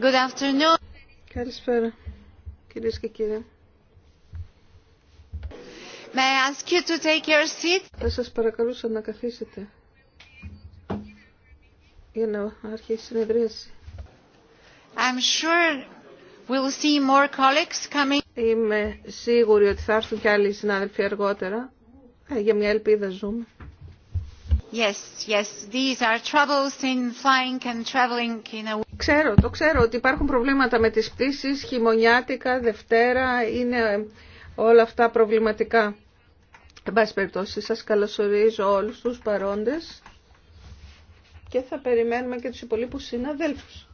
Good afternoon. Καλησπέρα, κυρίες και κύριοι. May I ask you to take your seat? Θα σας παρακαλούσα να καθίσετε για να αρχίσει η συνεδρίαση. I'm sure we'll see more colleagues coming. Είμαι σίγουρη ότι θα έρθουν και άλλοι συνάδελφοι αργότερα. Ε, για μια ελπίδα ζούμε. Yes, yes, these are troubles in flying and traveling in a way. Ξέρω, το ξέρω ότι υπάρχουν προβλήματα με τις πτήσεις, χειμωνιάτικα, Δευτέρα, είναι όλα αυτά προβληματικά. Εν πάση περιπτώσει, σας καλωσορίζω όλους τους παρόντες και θα περιμένουμε και τους υπολείπους συναδέλφους.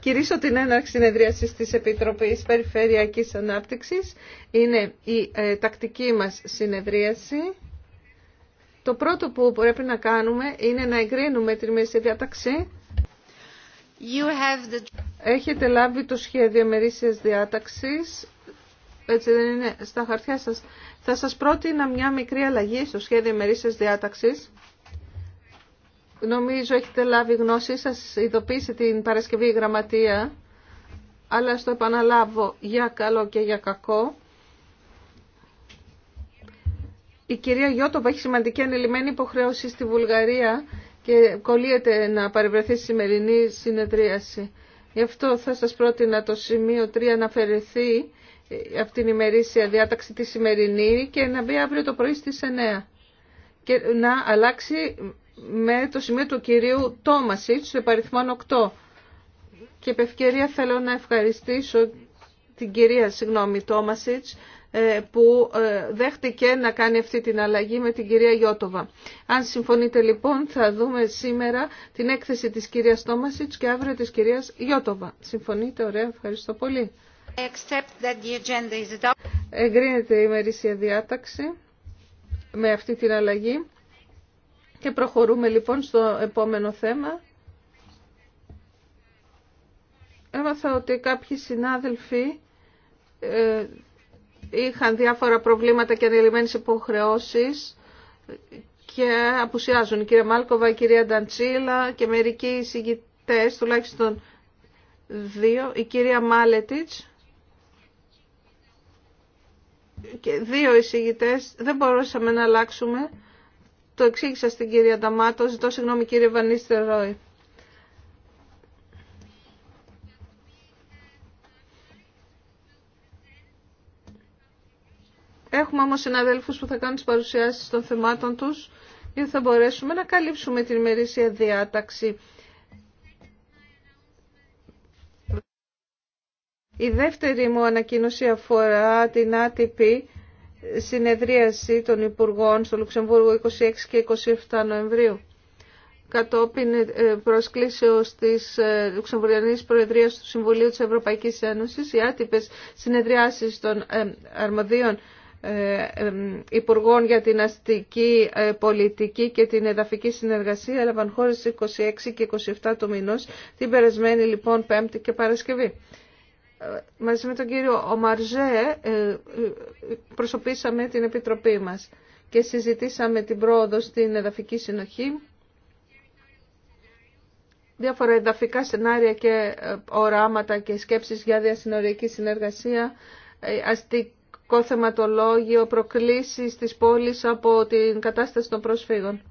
Κυρίσω την έναρξη συνεδρίασης της Επιτροπής Περιφερειακής Ανάπτυξης. Είναι η ε, τακτική μας συνεδρίαση. Το πρώτο που πρέπει να κάνουμε είναι να εγκρίνουμε τη μερίσια διάταξη. Έχετε λάβει το σχέδιο μερίσια διάταξη. Έτσι δεν είναι στα χαρτιά σας. Θα σας πρότεινα μια μικρή αλλαγή στο σχέδιο μερίσια διάταξη. Νομίζω έχετε λάβει γνώση, σας ειδοποίησε την Παρασκευή Γραμματεία, αλλά στο επαναλάβω για καλό και για κακό. Η κυρία Γιώτοβα έχει σημαντική ανελημμένη υποχρέωση στη Βουλγαρία και κολλείεται να παρευρεθεί στη σημερινή συνεδρίαση. Γι' αυτό θα σας πρότεινα το σημείο 3 να αφαιρεθεί ε, από την ημερήσια διάταξη τη σημερινή και να μπει αύριο το πρωί στις 9. Και να αλλάξει με το σημείο του κυρίου Τόμασιτ σε επαριθμών 8. Και επ' ευκαιρία θέλω να ευχαριστήσω την κυρία, συγγνώμη, Τόμασιτς, ε, που ε, δέχτηκε να κάνει αυτή την αλλαγή με την κυρία Γιώτοβα. Αν συμφωνείτε λοιπόν θα δούμε σήμερα την έκθεση της κυρίας Τόμασιτς και αύριο της κυρίας Γιώτοβα. Συμφωνείτε, ωραία, ευχαριστώ πολύ. Εγκρίνεται η ημερήσια διάταξη με αυτή την αλλαγή και προχωρούμε λοιπόν στο επόμενο θέμα. Έμαθα ότι κάποιοι συνάδελφοι ε, είχαν διάφορα προβλήματα και ανελημμένες υποχρεώσεις και απουσιάζουν η κυρία Μάλκοβα, η κυρία Νταντσίλα και μερικοί εισηγητές, τουλάχιστον δύο, η κυρία Μάλετιτς και δύο εισηγητές, δεν μπορούσαμε να αλλάξουμε. Το εξήγησα στην κυρία Νταμάτο, ζητώ συγγνώμη κύριε Βανίστεροι. Έχουμε όμως συναδέλφους που θα κάνουν τις παρουσιάσεις των θεμάτων τους Η θα μπορέσουμε να καλύψουμε την ημερήσια διάταξη. Η δεύτερη μου ανακοίνωση αφορά την άτυπη συνεδρίαση των Υπουργών στο Λουξεμβούργο 26 και 27 Νοεμβρίου κατόπιν ε, προσκλήσεως της ε, Λουξεμβουριανής Προεδρίας του Συμβουλίου της Ευρωπαϊκής Ένωσης οι άτυπες συνεδριάσεις των ε, αρμοδίων ε, Υπουργών για την Αστική ε, Πολιτική και την Εδαφική Συνεργασία έλαβαν χώρε 26 και 27 του μηνό, την περασμένη λοιπόν Πέμπτη και Παρασκευή. Ε, μαζί με τον κύριο Ομαρζέ προσωπήσαμε την Επιτροπή μας και συζητήσαμε την πρόοδο στην εδαφική συνοχή, διάφορα εδαφικά σενάρια και οράματα και σκέψεις για διασυνοριακή συνεργασία, θεματολόγιο, προκλήσεις της πόλης από την κατάσταση των προσφύγων.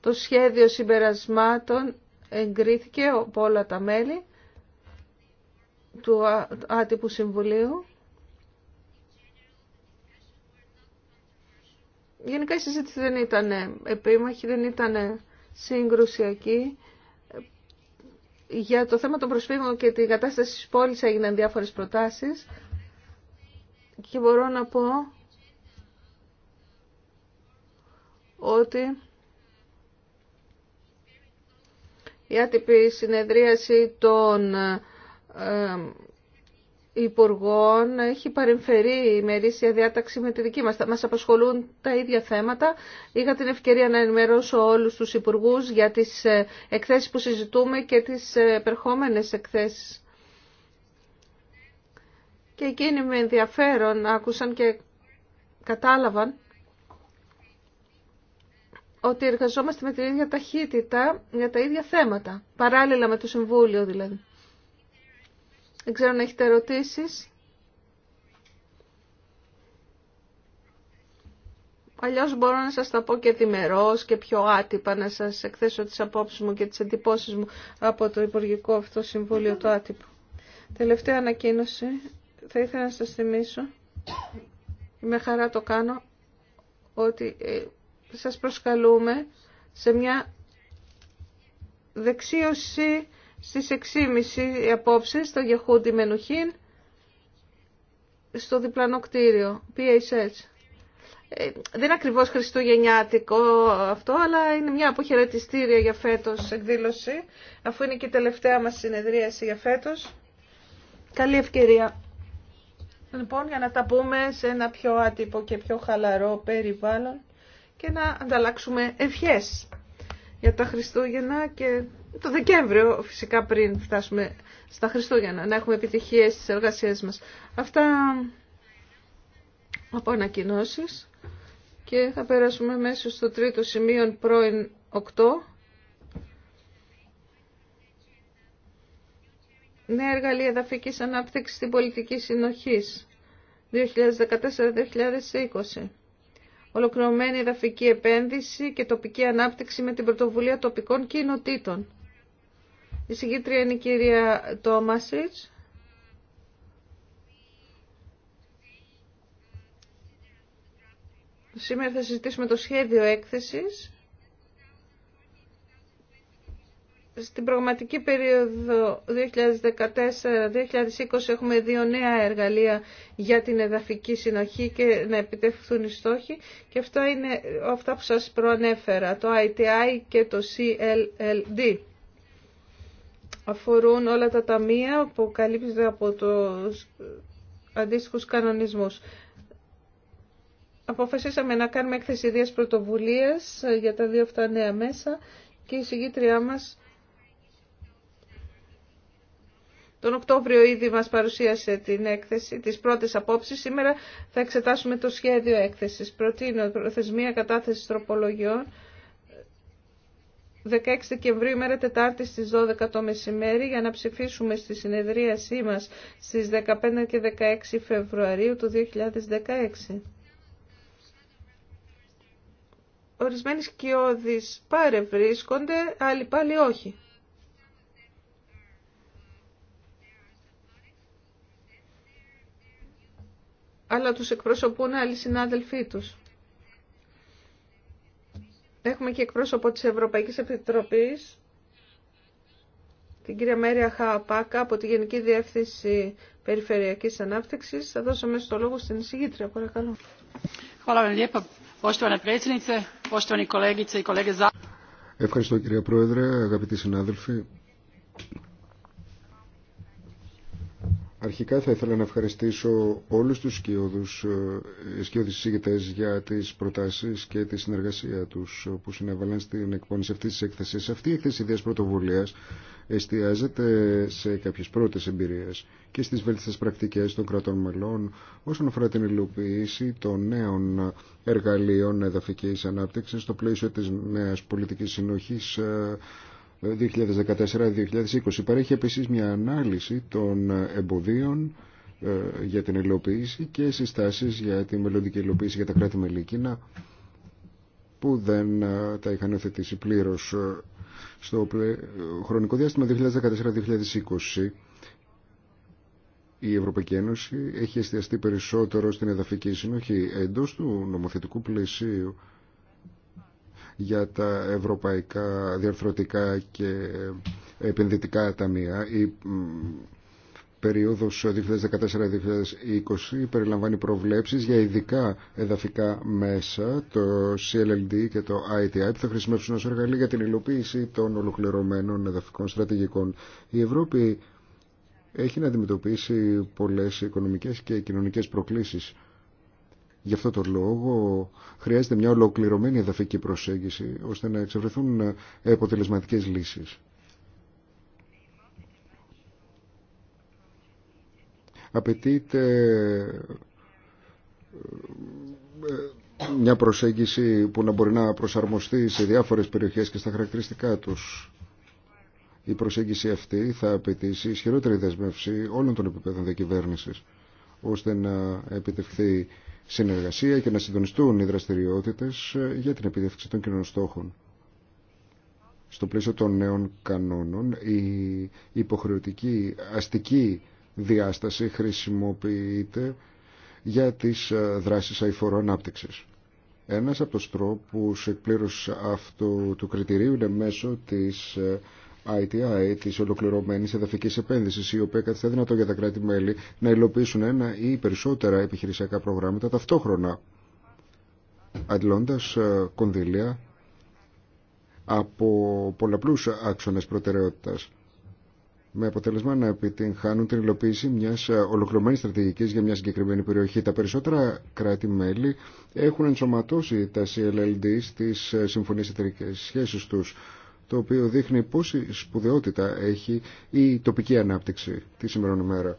Το σχέδιο συμπερασμάτων εγκρίθηκε από όλα τα μέλη του Άτυπου Συμβουλίου. Γενικά η συζήτηση δεν ήταν επίμαχη, δεν ήταν σύγκρουσιακή. Για το θέμα των προσφύγων και την κατάσταση της πόλης έγιναν διάφορες προτάσεις και μπορώ να πω ότι η άτυπη συνεδρίαση των Υπουργών έχει παρεμφερεί η μερίσια διάταξη με τη δική μας. Μας απασχολούν τα ίδια θέματα. Είχα την ευκαιρία να ενημερώσω όλους τους Υπουργούς για τις ε, εκθέσεις που συζητούμε και τις ε, επερχόμενες εκθέσεις και εκείνοι με ενδιαφέρον άκουσαν και κατάλαβαν ότι εργαζόμαστε με την ίδια ταχύτητα για τα ίδια θέματα, παράλληλα με το Συμβούλιο δηλαδή. Δεν ξέρω αν έχετε ερωτήσεις. Αλλιώς μπορώ να σας τα πω και διμερός και πιο άτυπα να σας εκθέσω τις απόψεις μου και τις εντυπώσεις μου από το Υπουργικό αυτό Συμβούλιο το άτυπο. Τελευταία ανακοίνωση θα ήθελα να σας θυμίσω, με χαρά το κάνω, ότι ε, σας προσκαλούμε σε μια δεξίωση στις 6.30 απόψε στο Γεχούντι Μενουχίν στο διπλανό κτίριο, PHS. Ε, δεν είναι ακριβώς χριστουγεννιάτικο αυτό, αλλά είναι μια αποχαιρετιστήρια για φέτος εκδήλωση, αφού είναι και η τελευταία μας συνεδρίαση για φέτος. Καλή ευκαιρία. Λοιπόν, για να τα πούμε σε ένα πιο άτυπο και πιο χαλαρό περιβάλλον και να ανταλλάξουμε ευχές για τα Χριστούγεννα και το Δεκέμβριο φυσικά πριν φτάσουμε στα Χριστούγεννα, να έχουμε επιτυχίες στις εργασίες μας. Αυτά από ανακοινώσει και θα περάσουμε μέσω στο τρίτο σημείο πρώην 8. νέα εργαλεία εδαφικής ανάπτυξη στην πολιτική συνοχής 2014-2020. Ολοκληρωμένη εδαφική επένδυση και τοπική ανάπτυξη με την πρωτοβουλία τοπικών κοινοτήτων. Η συγκήτρια είναι η κυρία Τόμασιτς. Σήμερα θα συζητήσουμε το σχέδιο έκθεσης στην πραγματικη περιοδο περίοδο 2014-2020 έχουμε δύο νέα εργαλεία για την εδαφική συνοχή και να επιτευχθούν οι στόχοι και αυτά είναι αυτά που σας προανέφερα, το ITI και το CLLD. Αφορούν όλα τα ταμεία που καλύπτονται από του αντίστοιχους κανονισμούς. Αποφασίσαμε να κάνουμε έκθεση πρωτοβουλίες πρωτοβουλίας για τα δύο αυτά νέα μέσα και η συγγήτριά μας Τον Οκτώβριο ήδη μας παρουσίασε την έκθεση, τις πρώτες απόψεις. Σήμερα θα εξετάσουμε το σχέδιο έκθεσης. Προτείνω προθεσμία κατάθεση τροπολογιών 16 Δεκεμβρίου, ημέρα Τετάρτη στις 12 το μεσημέρι, για να ψηφίσουμε στη συνεδρίασή μας στις 15 και 16 Φεβρουαρίου του 2016. Ορισμένοι σκιώδεις παρευρίσκονται, άλλοι πάλι όχι. αλλά τους εκπροσωπούν άλλοι συνάδελφοί τους. Έχουμε και εκπρόσωπο της Ευρωπαϊκής Επιτροπής, την κυρία Μέρια Χαπάκα, από τη Γενική Διεύθυνση Περιφερειακής Ανάπτυξης. Θα δώσω μέσα το λόγο στην εισηγήτρια, παρακαλώ. Ευχαριστώ κυρία Πρόεδρε, αγαπητοί συνάδελφοι. Αρχικά θα ήθελα να ευχαριστήσω όλους τους σκιώδους, ε, συζητητές για τις προτάσεις και τη συνεργασία τους ε, που συνέβαλαν στην εκπόνηση αυτής της έκθεσης. Αυτή η έκθεση ιδέας πρωτοβουλίας εστιάζεται σε κάποιες πρώτες εμπειρίες και στις βέλτιστες πρακτικές των κρατών μελών όσον αφορά την υλοποίηση των νέων εργαλείων εδαφικής ανάπτυξης στο πλαίσιο της νέας πολιτικής συνοχής ε, 2014-2020. Παρέχει επίσης μια ανάλυση των εμποδίων ε, για την υλοποίηση και συστάσεις για τη μελλοντική υλοποίηση για τα κρατη μελικίνα που δεν ε, τα είχαν οθετήσει πλήρω ε, στο χρονικό διάστημα 2014-2020. Η Ευρωπαϊκή Ένωση έχει εστιαστεί περισσότερο στην εδαφική συνοχή εντός του νομοθετικού πλαισίου για τα ευρωπαϊκά διαρθρωτικά και επενδυτικά ταμεία. Η περίοδος 2014-2020 περιλαμβάνει προβλέψεις για ειδικά εδαφικά μέσα, το CLLD και το ITI, που θα χρησιμεύσουν ως εργαλείο για την υλοποίηση των ολοκληρωμένων εδαφικών στρατηγικών. Η Ευρώπη έχει να αντιμετωπίσει πολλές οικονομικές και κοινωνικές προκλήσεις Γι' αυτό το λόγο χρειάζεται μια ολοκληρωμένη εδαφική προσέγγιση ώστε να εξευρεθούν ε, αποτελεσματικές λύσεις. Απαιτείται ε, ε, μια προσέγγιση που να μπορεί να προσαρμοστεί σε διάφορες περιοχές και στα χαρακτηριστικά τους. Η προσέγγιση αυτή θα απαιτήσει ισχυρότερη δεσμεύση όλων των επιπέδων διακυβέρνησης ώστε να επιτευχθεί συνεργασία και να συντονιστούν οι δραστηριότητες ε, για την επιδεύξη των κοινωνικών στόχων. Στο πλαίσιο των νέων κανόνων, η υποχρεωτική αστική διάσταση χρησιμοποιείται για τις ε, δράσεις αηφορού ανάπτυξης. Ένας από τους τρόπους εκπλήρωση αυτού του κριτηρίου είναι μέσω της ε, ITI, τη ολοκληρωμένη εδαφική επένδυση, η οποία καθιστά δυνατό για τα κράτη-μέλη να υλοποιήσουν ένα ή περισσότερα επιχειρησιακά προγράμματα ταυτόχρονα, αντλώντα ε, κονδύλια από πολλαπλού άξονε προτεραιότητα, με αποτέλεσμα να επιτυγχάνουν την υλοποίηση μια ε, ολοκληρωμένη στρατηγική για μια συγκεκριμένη περιοχή. Τα περισσότερα κράτη-μέλη έχουν ενσωματώσει τα CLLD στι ε, συμφωνίε εταιρικέ σχέσει του το οποίο δείχνει πόση σπουδαιότητα έχει η τοπική ανάπτυξη τη σημερινή μέρα.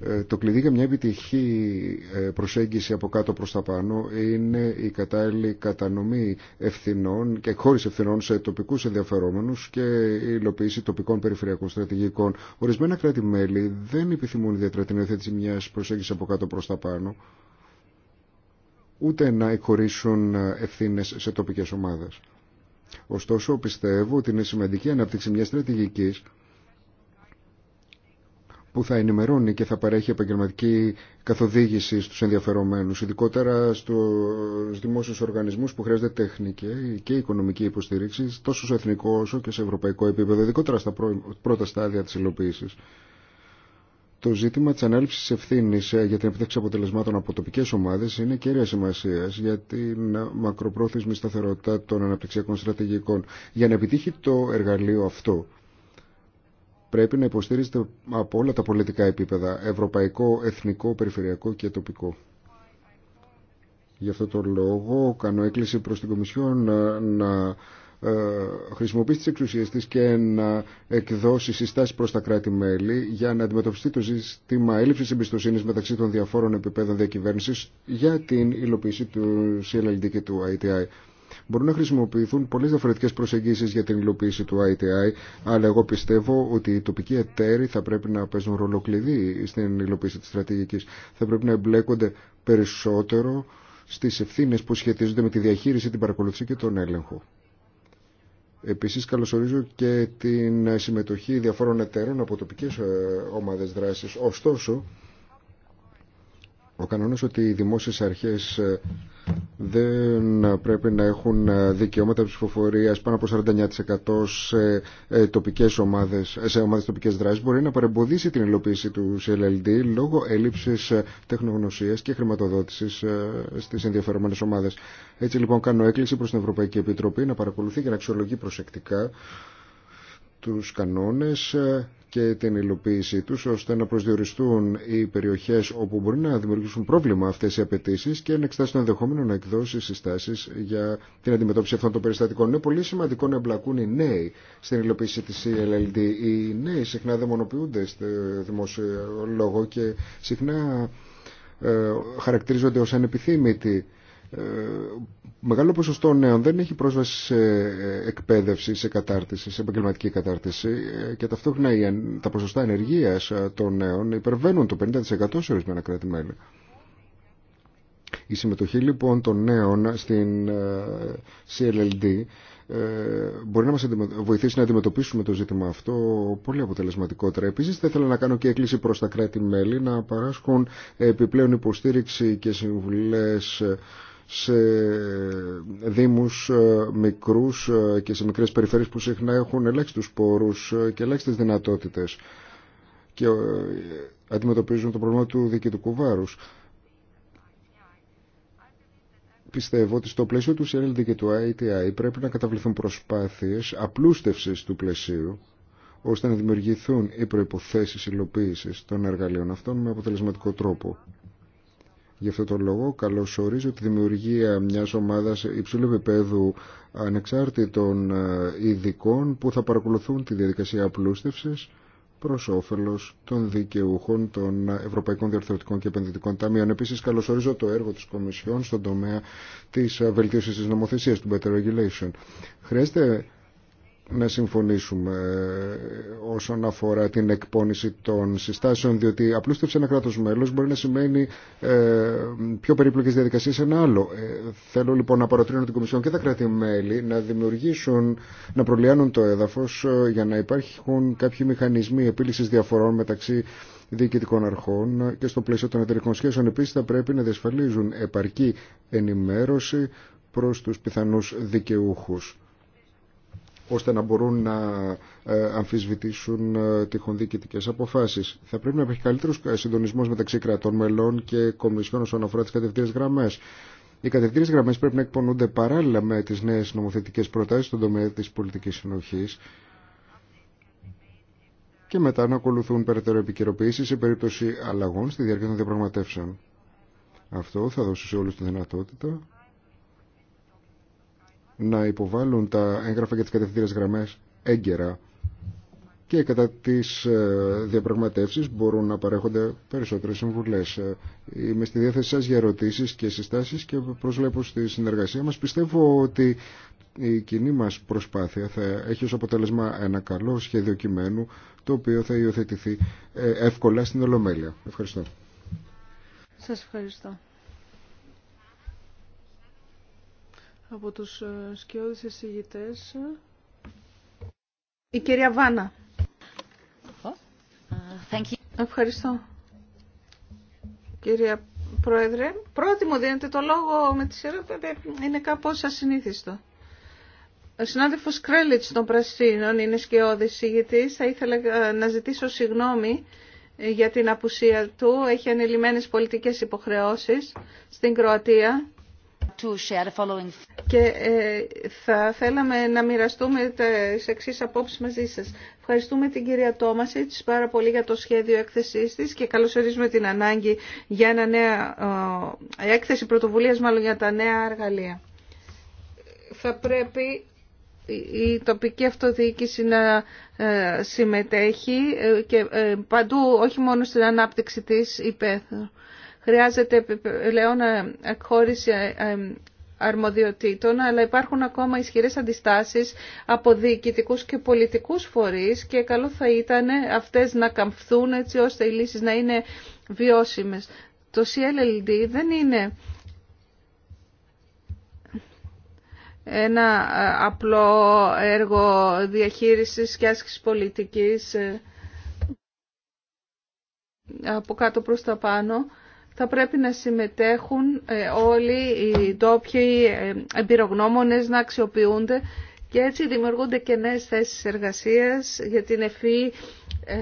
Ε, το κλειδί για μια επιτυχή ε, προσέγγιση από κάτω προς τα πάνω είναι η κατάλληλη κατανομή ευθυνών και χώρις ευθυνών σε τοπικούς ενδιαφερόμενους και η υλοποίηση τοπικών περιφερειακών στρατηγικών. Ορισμένα κράτη-μέλη δεν επιθυμούν ιδιαίτερα την υιοθέτηση μιας προσέγγισης από κάτω προς τα πάνω ούτε να εκχωρήσουν ε, ευθύνες σε τοπικές ομάδες. Ωστόσο, πιστεύω ότι είναι σημαντική ανάπτυξη μια στρατηγική που θα ενημερώνει και θα παρέχει επαγγελματική καθοδήγηση στους ενδιαφερομένους, ειδικότερα στους δημόσιους οργανισμούς που χρειάζεται τεχνική και οικονομική υποστήριξη, τόσο σε εθνικό όσο και σε ευρωπαϊκό επίπεδο, ειδικότερα στα πρώτα στάδια της υλοποίησης. Το ζήτημα της ανάληψης ευθύνης ε, για την επίτευξη αποτελεσμάτων από τοπικές ομάδες είναι κέρια σημασία για την μακροπρόθεσμη σταθερότητα των αναπτυξιακών στρατηγικών. Για να επιτύχει το εργαλείο αυτό πρέπει να υποστήριζεται από όλα τα πολιτικά επίπεδα, ευρωπαϊκό, εθνικό, περιφερειακό και τοπικό. Γι' αυτό το λόγο κάνω έκκληση προς την Κομισιόν ε, να ε, χρησιμοποιήσει τι εξουσίε τη και να εκδώσει συστάσει προ τα κράτη-μέλη για να αντιμετωπιστεί το ζήτημα έλλειψη εμπιστοσύνη μεταξύ των διαφόρων επιπέδων διακυβέρνηση για την υλοποίηση του CLLD και του ITI. Μπορούν να χρησιμοποιηθούν πολλέ διαφορετικέ προσεγγίσεις για την υλοποίηση του ITI, αλλά εγώ πιστεύω ότι οι τοπικοί εταίροι θα πρέπει να παίζουν ρόλο κλειδί στην υλοποίηση τη στρατηγική. Θα πρέπει να εμπλέκονται περισσότερο στις ευθύνε που σχετίζονται με τη διαχείριση, την παρακολουθήση και τον έλεγχο. Επίσης καλωσορίζω και την συμμετοχή διαφόρων εταίρων από τοπικέ ε, ομάδε δράσης. Ωστόσο, ο κανόνας ότι οι δημόσιες αρχές ε, δεν πρέπει να έχουν ε, δικαιώματα ψηφοφορία πάνω από 49% σε, ε, τοπικές ομάδες, σε ομάδες τοπικές δράσης μπορεί να παρεμποδίσει την υλοποίηση του CLLD λόγω έλλειψης τεχνογνωσίας και χρηματοδότησης στις ενδιαφερομένες ομάδες. Έτσι λοιπόν κάνω έκκληση προς την Ευρωπαϊκή Επιτροπή να παρακολουθεί και να αξιολογεί προσεκτικά τους κανόνες και την υλοποίησή τους ώστε να προσδιοριστούν οι περιοχές όπου μπορεί να δημιουργήσουν πρόβλημα αυτές οι απαιτήσει και να εξετάσει το ενδεχόμενο να εκδώσει συστάσεις για την αντιμετώπιση αυτών των περιστατικών. Είναι πολύ σημαντικό να εμπλακούν οι νέοι στην υλοποίηση της CLLD. Οι νέοι συχνά δαιμονοποιούνται στο δημόσιο λόγο και συχνά ε, χαρακτηρίζονται ως ανεπιθύμητοι ε, μεγάλο ποσοστό νέων δεν έχει πρόσβαση σε ε, εκπαίδευση, σε κατάρτιση, σε επαγγελματική κατάρτιση ε, και ταυτόχρονα τα ποσοστά ενεργείας ε, των νέων υπερβαίνουν το 50% σε ορισμένα κράτη-μέλη. Η συμμετοχή λοιπόν των νέων στην CLLD μπορεί να μας βοηθήσει να αντιμετωπίσουμε το ζήτημα αυτό πολύ αποτελεσματικότερα. Επίσης θα ήθελα να κάνω και έκκληση προς τα κράτη-μέλη να παράσχουν επιπλέον υποστήριξη και συμβουλές σε δήμους ε, μικρούς ε, και σε μικρές περιφέρειες που συχνά έχουν ελάχιστους πόρους ε, και ελάχιστες δυνατότητες και αντιμετωπίζουν το πρόβλημα του διοικητικού βάρους. Πιστεύω ότι στο πλαίσιο του CLD και του ITI πρέπει να καταβληθούν προσπάθειες απλούστευσης του πλαισίου ώστε να δημιουργηθούν οι προϋποθέσεις υλοποίησης των εργαλείων αυτών με αποτελεσματικό τρόπο. Γι' αυτό τον λόγο καλωσορίζω τη δημιουργία μιας ομάδας υψηλού επίπεδου ανεξάρτητων ε, ειδικών που θα παρακολουθούν τη διαδικασία απλούστευσης προ όφελο των δικαιούχων των Ευρωπαϊκών Διαρθρωτικών και Επενδυτικών Ταμείων. Επίση, καλωσορίζω το έργο της Κομισιόν στον τομέα της βελτίωσης της νομοθεσίας του Better Regulation. Χρειάζεται να συμφωνήσουμε ε, όσον αφορά την εκπόνηση των συστάσεων, διότι απλούστευσε ένα κράτος μέλος μπορεί να σημαίνει ε, πιο περίπλοκες διαδικασίες ένα άλλο. Ε, θέλω λοιπόν να παροτρύνω την Κομισιόν και τα κράτη-μέλη να δημιουργήσουν, να προλιάνουν το έδαφος για να υπάρχουν κάποιοι μηχανισμοί επίλυσης διαφορών μεταξύ διοικητικών αρχών και στο πλαίσιο των εταιρικών σχέσεων επίσης θα πρέπει να διασφαλίζουν επαρκή ενημέρωση προς τους πιθανούς δικαιούχους ώστε να μπορούν να ε, αμφισβητήσουν ε, τυχόν διοικητικέ αποφάσει. Θα πρέπει να υπάρχει καλύτερο ε, συντονισμό μεταξύ κρατών μελών και κομισιών όσον αφορά τι κατευθύνε γραμμέ. Οι κατευθύνε γραμμέ πρέπει να εκπονούνται παράλληλα με τι νέε νομοθετικέ προτάσει στον τομέα τη πολιτική συνοχή και μετά να ακολουθούν περαιτέρω επικαιροποιήσει σε περίπτωση αλλαγών στη διάρκεια των διαπραγματεύσεων. Αυτό θα δώσει σε όλου τη δυνατότητα να υποβάλουν τα έγγραφα για τις κατευθυντήρες γραμμές έγκαιρα και κατά τις ε, διαπραγματεύσεις μπορούν να παρέχονται περισσότερες συμβουλές. Ε, είμαι στη διάθεσή σας για ερωτήσεις και συστάσεις και προσλέπω στη συνεργασία μας. Πιστεύω ότι η κοινή μας προσπάθεια θα έχει ως αποτέλεσμα ένα καλό σχέδιο κειμένου το οποίο θα υιοθετηθεί ε, εύκολα στην Ολομέλεια. Ευχαριστώ. Σας ευχαριστώ. από τους ε, σκιώδεις εισηγητές. Η κυρία Βάνα. Uh, Ευχαριστώ. Κυρία Πρόεδρε, πρώτη μου δίνετε το λόγο με τη σειρά, είναι κάπως ασυνήθιστο. Ο συνάδελφος Κρέλιτς των Πρασίνων είναι σκιώδης ηγητής. Θα ήθελα ε, να ζητήσω συγγνώμη ε, για την απουσία του. Έχει ανελημμένες πολιτικές υποχρεώσεις στην Κροατία και ε, θα θέλαμε να μοιραστούμε τις εξή απόψεις μαζί σας. Ευχαριστούμε την κυρία Τόμασιτς πάρα πολύ για το σχέδιο έκθεσής της και καλωσορίζουμε την ανάγκη για ένα νέα, έκθεση πρωτοβουλίας μάλλον για τα νέα εργαλεία. Θα πρέπει η τοπική αυτοδιοίκηση να ε, συμμετέχει ε, και παντού, όχι μόνο στην ανάπτυξη της υπέθρου. Χρειάζεται πλέον εκχώρηση ε, ε, αρμοδιοτήτων, αλλά υπάρχουν ακόμα ισχυρές αντιστάσεις από διοικητικούς και πολιτικούς φορείς και καλό θα ήταν αυτές να καμφθούν έτσι ώστε οι λύσεις να είναι βιώσιμες. Το CLLD δεν είναι ένα ε, απλό έργο διαχείρισης και άσκησης πολιτικής από κάτω προς τα πάνω θα πρέπει να συμμετέχουν ε, όλοι οι ντόπιοι ε, εμπειρογνώμονες να αξιοποιούνται και έτσι δημιουργούνται και νέες θέσεις εργασίας για την ευφυή ε,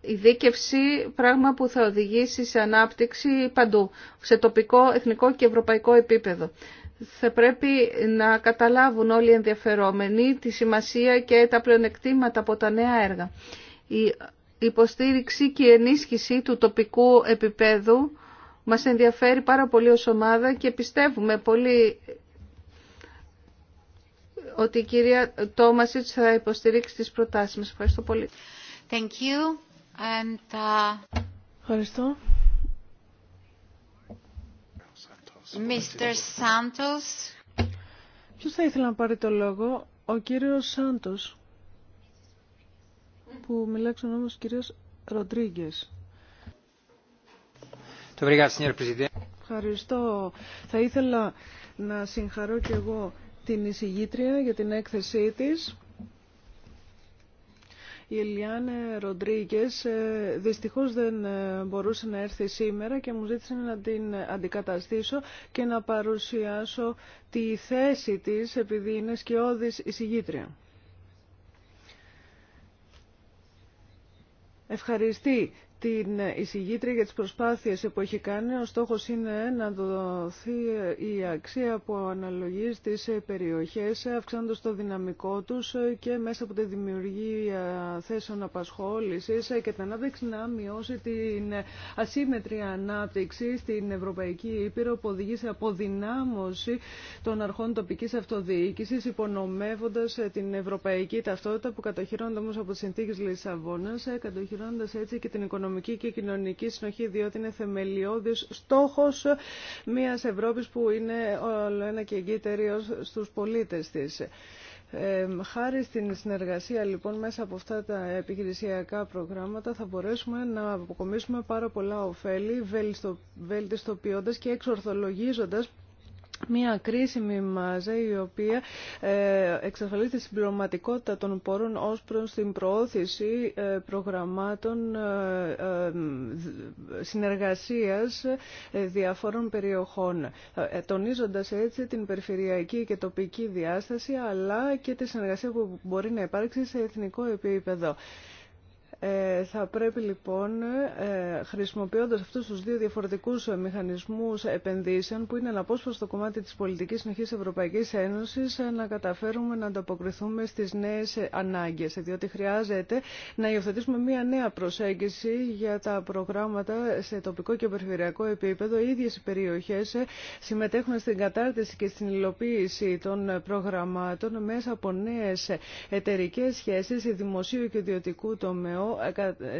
ειδίκευση, πράγμα που θα οδηγήσει σε ανάπτυξη παντού, σε τοπικό, εθνικό και ευρωπαϊκό επίπεδο. Θα πρέπει να καταλάβουν όλοι οι ενδιαφερόμενοι τη σημασία και τα πλεονεκτήματα από τα νέα έργα. Η υποστήριξη και η ενίσχυση του τοπικού επίπεδου μας ενδιαφέρει πάρα πολύ ως ομάδα και πιστεύουμε πολύ ότι η κυρία Τόμασιτς θα υποστηρίξει τις προτάσεις μας. Ευχαριστώ πολύ. Thank you. And, uh, Ευχαριστώ. Mr. Santos. Ποιος θα ήθελε να πάρει το λόγο, ο κύριος Σάντος, που μιλάει ξανά όμως ο κύριος Ροντρίγκες. Ευχαριστώ. Θα ήθελα να συγχαρώ και εγώ την εισηγήτρια για την έκθεσή της. Η Ελιάνε Ροντρίγκες ε, δυστυχώς δεν ε, μπορούσε να έρθει σήμερα και μου ζήτησε να την αντικαταστήσω και να παρουσιάσω τη θέση της επειδή είναι σκιώδης εισηγήτρια. Ευχαριστή την εισηγήτρια για τις προσπάθειες που έχει κάνει. Ο στόχος είναι να δοθεί η αξία που αναλογεί στις περιοχές, αυξάνοντας το δυναμικό τους και μέσα από τη δημιουργία θέσεων απασχόλησης και την ανάπτυξη να μειώσει την ασύμμετρη ανάπτυξη στην Ευρωπαϊκή Ήπειρο που οδηγεί σε αποδυνάμωση των αρχών τοπικής αυτοδιοίκησης, υπονομεύοντας την ευρωπαϊκή ταυτότητα που κατοχυρώνεται όμως από τις συνθήκες Λισαβόνας, έτσι και την οικονομική οικονομική και κοινωνική συνοχή, διότι είναι θεμελιώδη στόχος μιας Ευρώπης που είναι όλο ένα και εγκύτερη στου πολίτες της. χάρη στην συνεργασία λοιπόν μέσα από αυτά τα επιχειρησιακά προγράμματα θα μπορέσουμε να αποκομίσουμε πάρα πολλά ωφέλη βελτιστοποιώντας και εξορθολογίζοντας μια κρίσιμη μάζα η οποία ε, εξασφαλίζει τη συμπληρωματικότητα των πόρων ως προς την προώθηση ε, προγραμμάτων ε, συνεργασίας διαφόρων περιοχών, τονίζοντας έτσι την περιφερειακή και τοπική διάσταση αλλά και τη συνεργασία που μπορεί να υπάρξει σε εθνικό επίπεδο. Ε, θα πρέπει λοιπόν, ε, χρησιμοποιώντας αυτούς τους δύο διαφορετικούς μηχανισμούς επενδύσεων, που είναι αναπόσπαστο κομμάτι της πολιτικής συνοχής Ευρωπαϊκής Ένωσης, ε, να καταφέρουμε να ανταποκριθούμε στις νέες ανάγκες, διότι χρειάζεται να υιοθετήσουμε μια νέα προσέγγιση για τα προγράμματα σε τοπικό και περιφερειακό επίπεδο. Οι ίδιες οι περιοχές συμμετέχουν στην κατάρτιση και στην υλοποίηση των προγραμμάτων μέσα από νέες εταιρικές σχέσεις δημοσίου και ιδιωτικού τομέα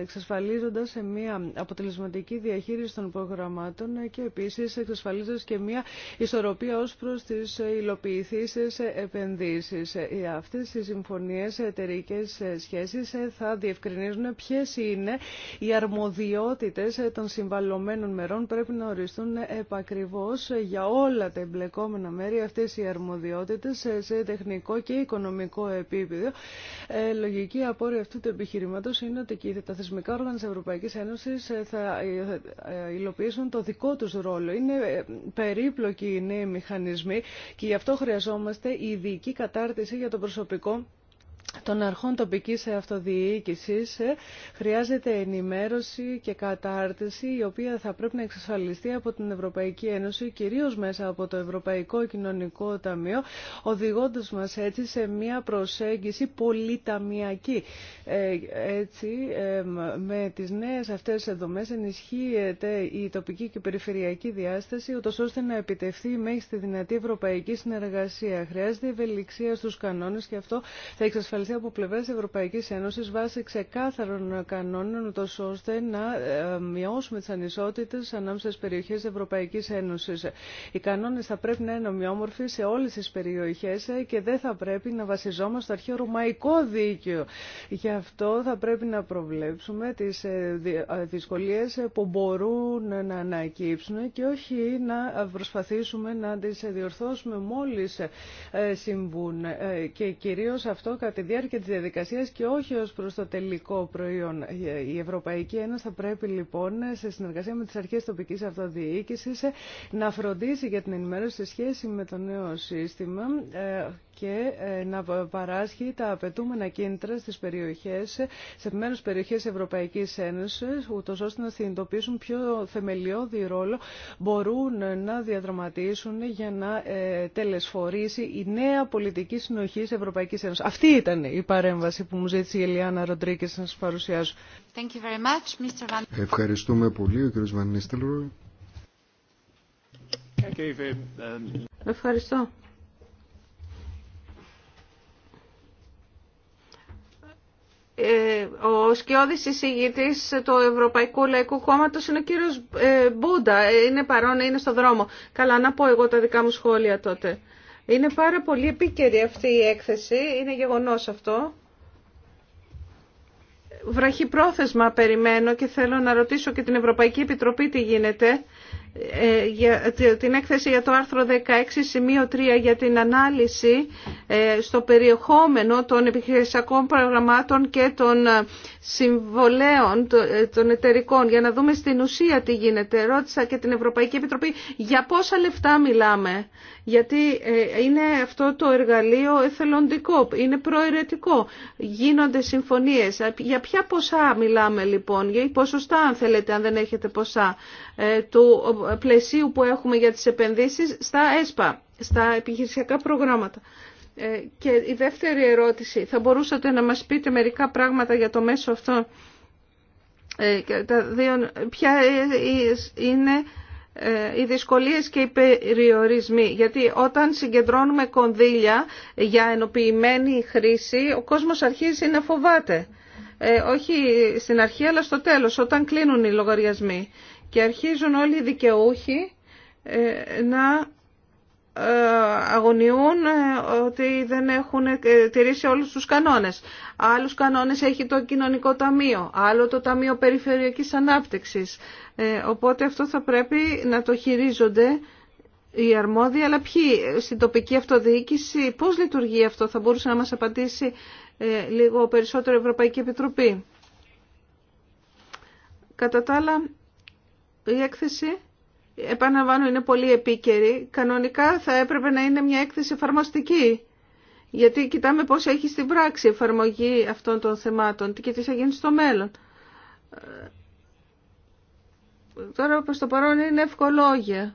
εξασφαλίζοντας σε μια αποτελεσματική διαχείριση των προγραμμάτων και επίσης εξασφαλίζοντας και μια ισορροπία ως προς τις υλοποιηθήσεις επενδύσεις. Ε, αυτές οι συμφωνίες εταιρικέ σχέσεις ε, θα διευκρινίζουν ποιες είναι οι αρμοδιότητες ε, των συμβαλωμένων μερών πρέπει να οριστούν επακριβώς για όλα τα εμπλεκόμενα μέρη αυτές οι αρμοδιότητες σε τεχνικό και οικονομικό επίπεδο. Λογική απόρρια αυτού του επιχειρήματο είναι είναι ότι τα θεσμικά όργανα της Ευρωπαϊκής Ένωσης ε, θα ε, ε, υλοποιήσουν το δικό τους ρόλο. Είναι περίπλοκοι οι νέοι μηχανισμοί και γι' αυτό χρειαζόμαστε ειδική κατάρτιση για το προσωπικό των αρχών τοπικής αυτοδιοίκησης ε, χρειάζεται ενημέρωση και κατάρτιση η οποία θα πρέπει να εξασφαλιστεί από την Ευρωπαϊκή Ένωση κυρίως μέσα από το Ευρωπαϊκό Κοινωνικό Ταμείο οδηγώντας μας έτσι σε μια προσέγγιση πολυταμιακή. Ε, έτσι με τις νέες αυτές δομές ενισχύεται η τοπική και περιφερειακή διάσταση ούτως ώστε να επιτευχθεί μέχρι στη δυνατή ευρωπαϊκή συνεργασία. Χρειάζεται ευελιξία στους κανόνες και αυτό θα εξασφαλιστεί από πλευρά τη Ευρωπαϊκή Ένωση βάσει ξεκάθαρων κανόνων, ώστε να ε, μειώσουμε τι ανισότητε ανάμεσα στι περιοχέ τη Ευρωπαϊκή Ένωση. Οι κανόνε θα πρέπει να είναι ομοιόμορφοι σε όλε τι περιοχέ και δεν θα πρέπει να βασιζόμαστε στο αρχαίο ρωμαϊκό δίκαιο. Γι' αυτό θα πρέπει να προβλέψουμε τι ε, ε, δυσκολίε που μπορούν να ανακύψουν και όχι να προσπαθήσουμε να τι διορθώσουμε μόλι συμβούν. Και κυρίω αυτό κατά τη διάρκεια της διαδικασίας και όχι ως προς το τελικό προϊόν. Η Ευρωπαϊκή Ένωση θα πρέπει λοιπόν σε συνεργασία με τις αρχές τοπικής αυτοδιοίκησης να φροντίσει για την ενημέρωση σε σχέση με το νέο σύστημα ε, και ε, να παράσχει τα απαιτούμενα κίνητρα στις περιοχές, σε επιμένους περιοχές Ευρωπαϊκής Ένωσης, ούτως ώστε να συνειδητοποιήσουν ποιο θεμελιώδη ρόλο μπορούν να διαδραματίσουν για να ε, τελεσφορήσει η νέα πολιτική συνοχή Ευρωπαϊκής Ένωσης. Αυτή ήταν η παρέμβαση που μου ζήτησε η Ελιάνα Ροντρίκης να σας παρουσιάσω. Thank you very much, Mr. Van... Ευχαριστούμε πολύ, ο κ. Βανίστελρο. Um, Ευχαριστώ. Ε, ο σκιώδης εισηγητής του Ευρωπαϊκού Λαϊκού Κόμματος είναι ο κύριος ε, Μπούντα. Ε, είναι παρόν, είναι στο δρόμο. Καλά, να πω εγώ τα δικά μου σχόλια τότε. Είναι πάρα πολύ επίκαιρη αυτή η έκθεση. Είναι γεγονός αυτό. Βραχυπρόθεσμα περιμένω και θέλω να ρωτήσω και την Ευρωπαϊκή Επιτροπή τι γίνεται ε, για την έκθεση για το άρθρο 16 σημείο 3 για την ανάλυση ε, στο περιεχόμενο των επιχειρησιακών προγραμμάτων και των ε, συμβολέων των εταιρικών για να δούμε στην ουσία τι γίνεται. Ρώτησα και την Ευρωπαϊκή Επιτροπή για πόσα λεφτά μιλάμε γιατί ε, είναι αυτό το εργαλείο εθελοντικό, είναι προαιρετικό. Γίνονται συμφωνίες. Για ποια ποσά μιλάμε λοιπόν, για ποσοστά αν θέλετε, αν δεν έχετε ποσά, ε, του πλαισίου που έχουμε για τις επενδύσεις στα ΕΣΠΑ, στα επιχειρησιακά προγράμματα. Ε, και η δεύτερη ερώτηση, θα μπορούσατε να μας πείτε μερικά πράγματα για το μέσο αυτό. Ποια είναι ε, οι δυσκολίες και οι περιορισμοί. Γιατί όταν συγκεντρώνουμε κονδύλια για ενοποιημένη χρήση, ο κόσμος αρχίζει να φοβάται. Ε, όχι στην αρχή, αλλά στο τέλος, όταν κλείνουν οι λογαριασμοί. Και αρχίζουν όλοι οι δικαιούχοι ε, να αγωνιούν ε, ότι δεν έχουν ε, τηρήσει όλους τους κανόνες. Άλλους κανόνες έχει το κοινωνικό ταμείο, άλλο το ταμείο περιφερειακής ανάπτυξης. Ε, οπότε αυτό θα πρέπει να το χειρίζονται οι αρμόδιοι, αλλά ποιοι στην τοπική αυτοδιοίκηση, πώς λειτουργεί αυτό, θα μπορούσε να μας απαντήσει λίγο περισσότερο η Ευρωπαϊκή Επιτροπή. Κατά τα άλλα, η έκθεση επαναλαμβάνω είναι πολύ επίκαιρη, κανονικά θα έπρεπε να είναι μια έκθεση εφαρμοστική. Γιατί κοιτάμε πώς έχει στην πράξη εφαρμογή αυτών των θεμάτων και τι θα γίνει στο μέλλον. Ε, τώρα προ το παρόν είναι ευκολόγια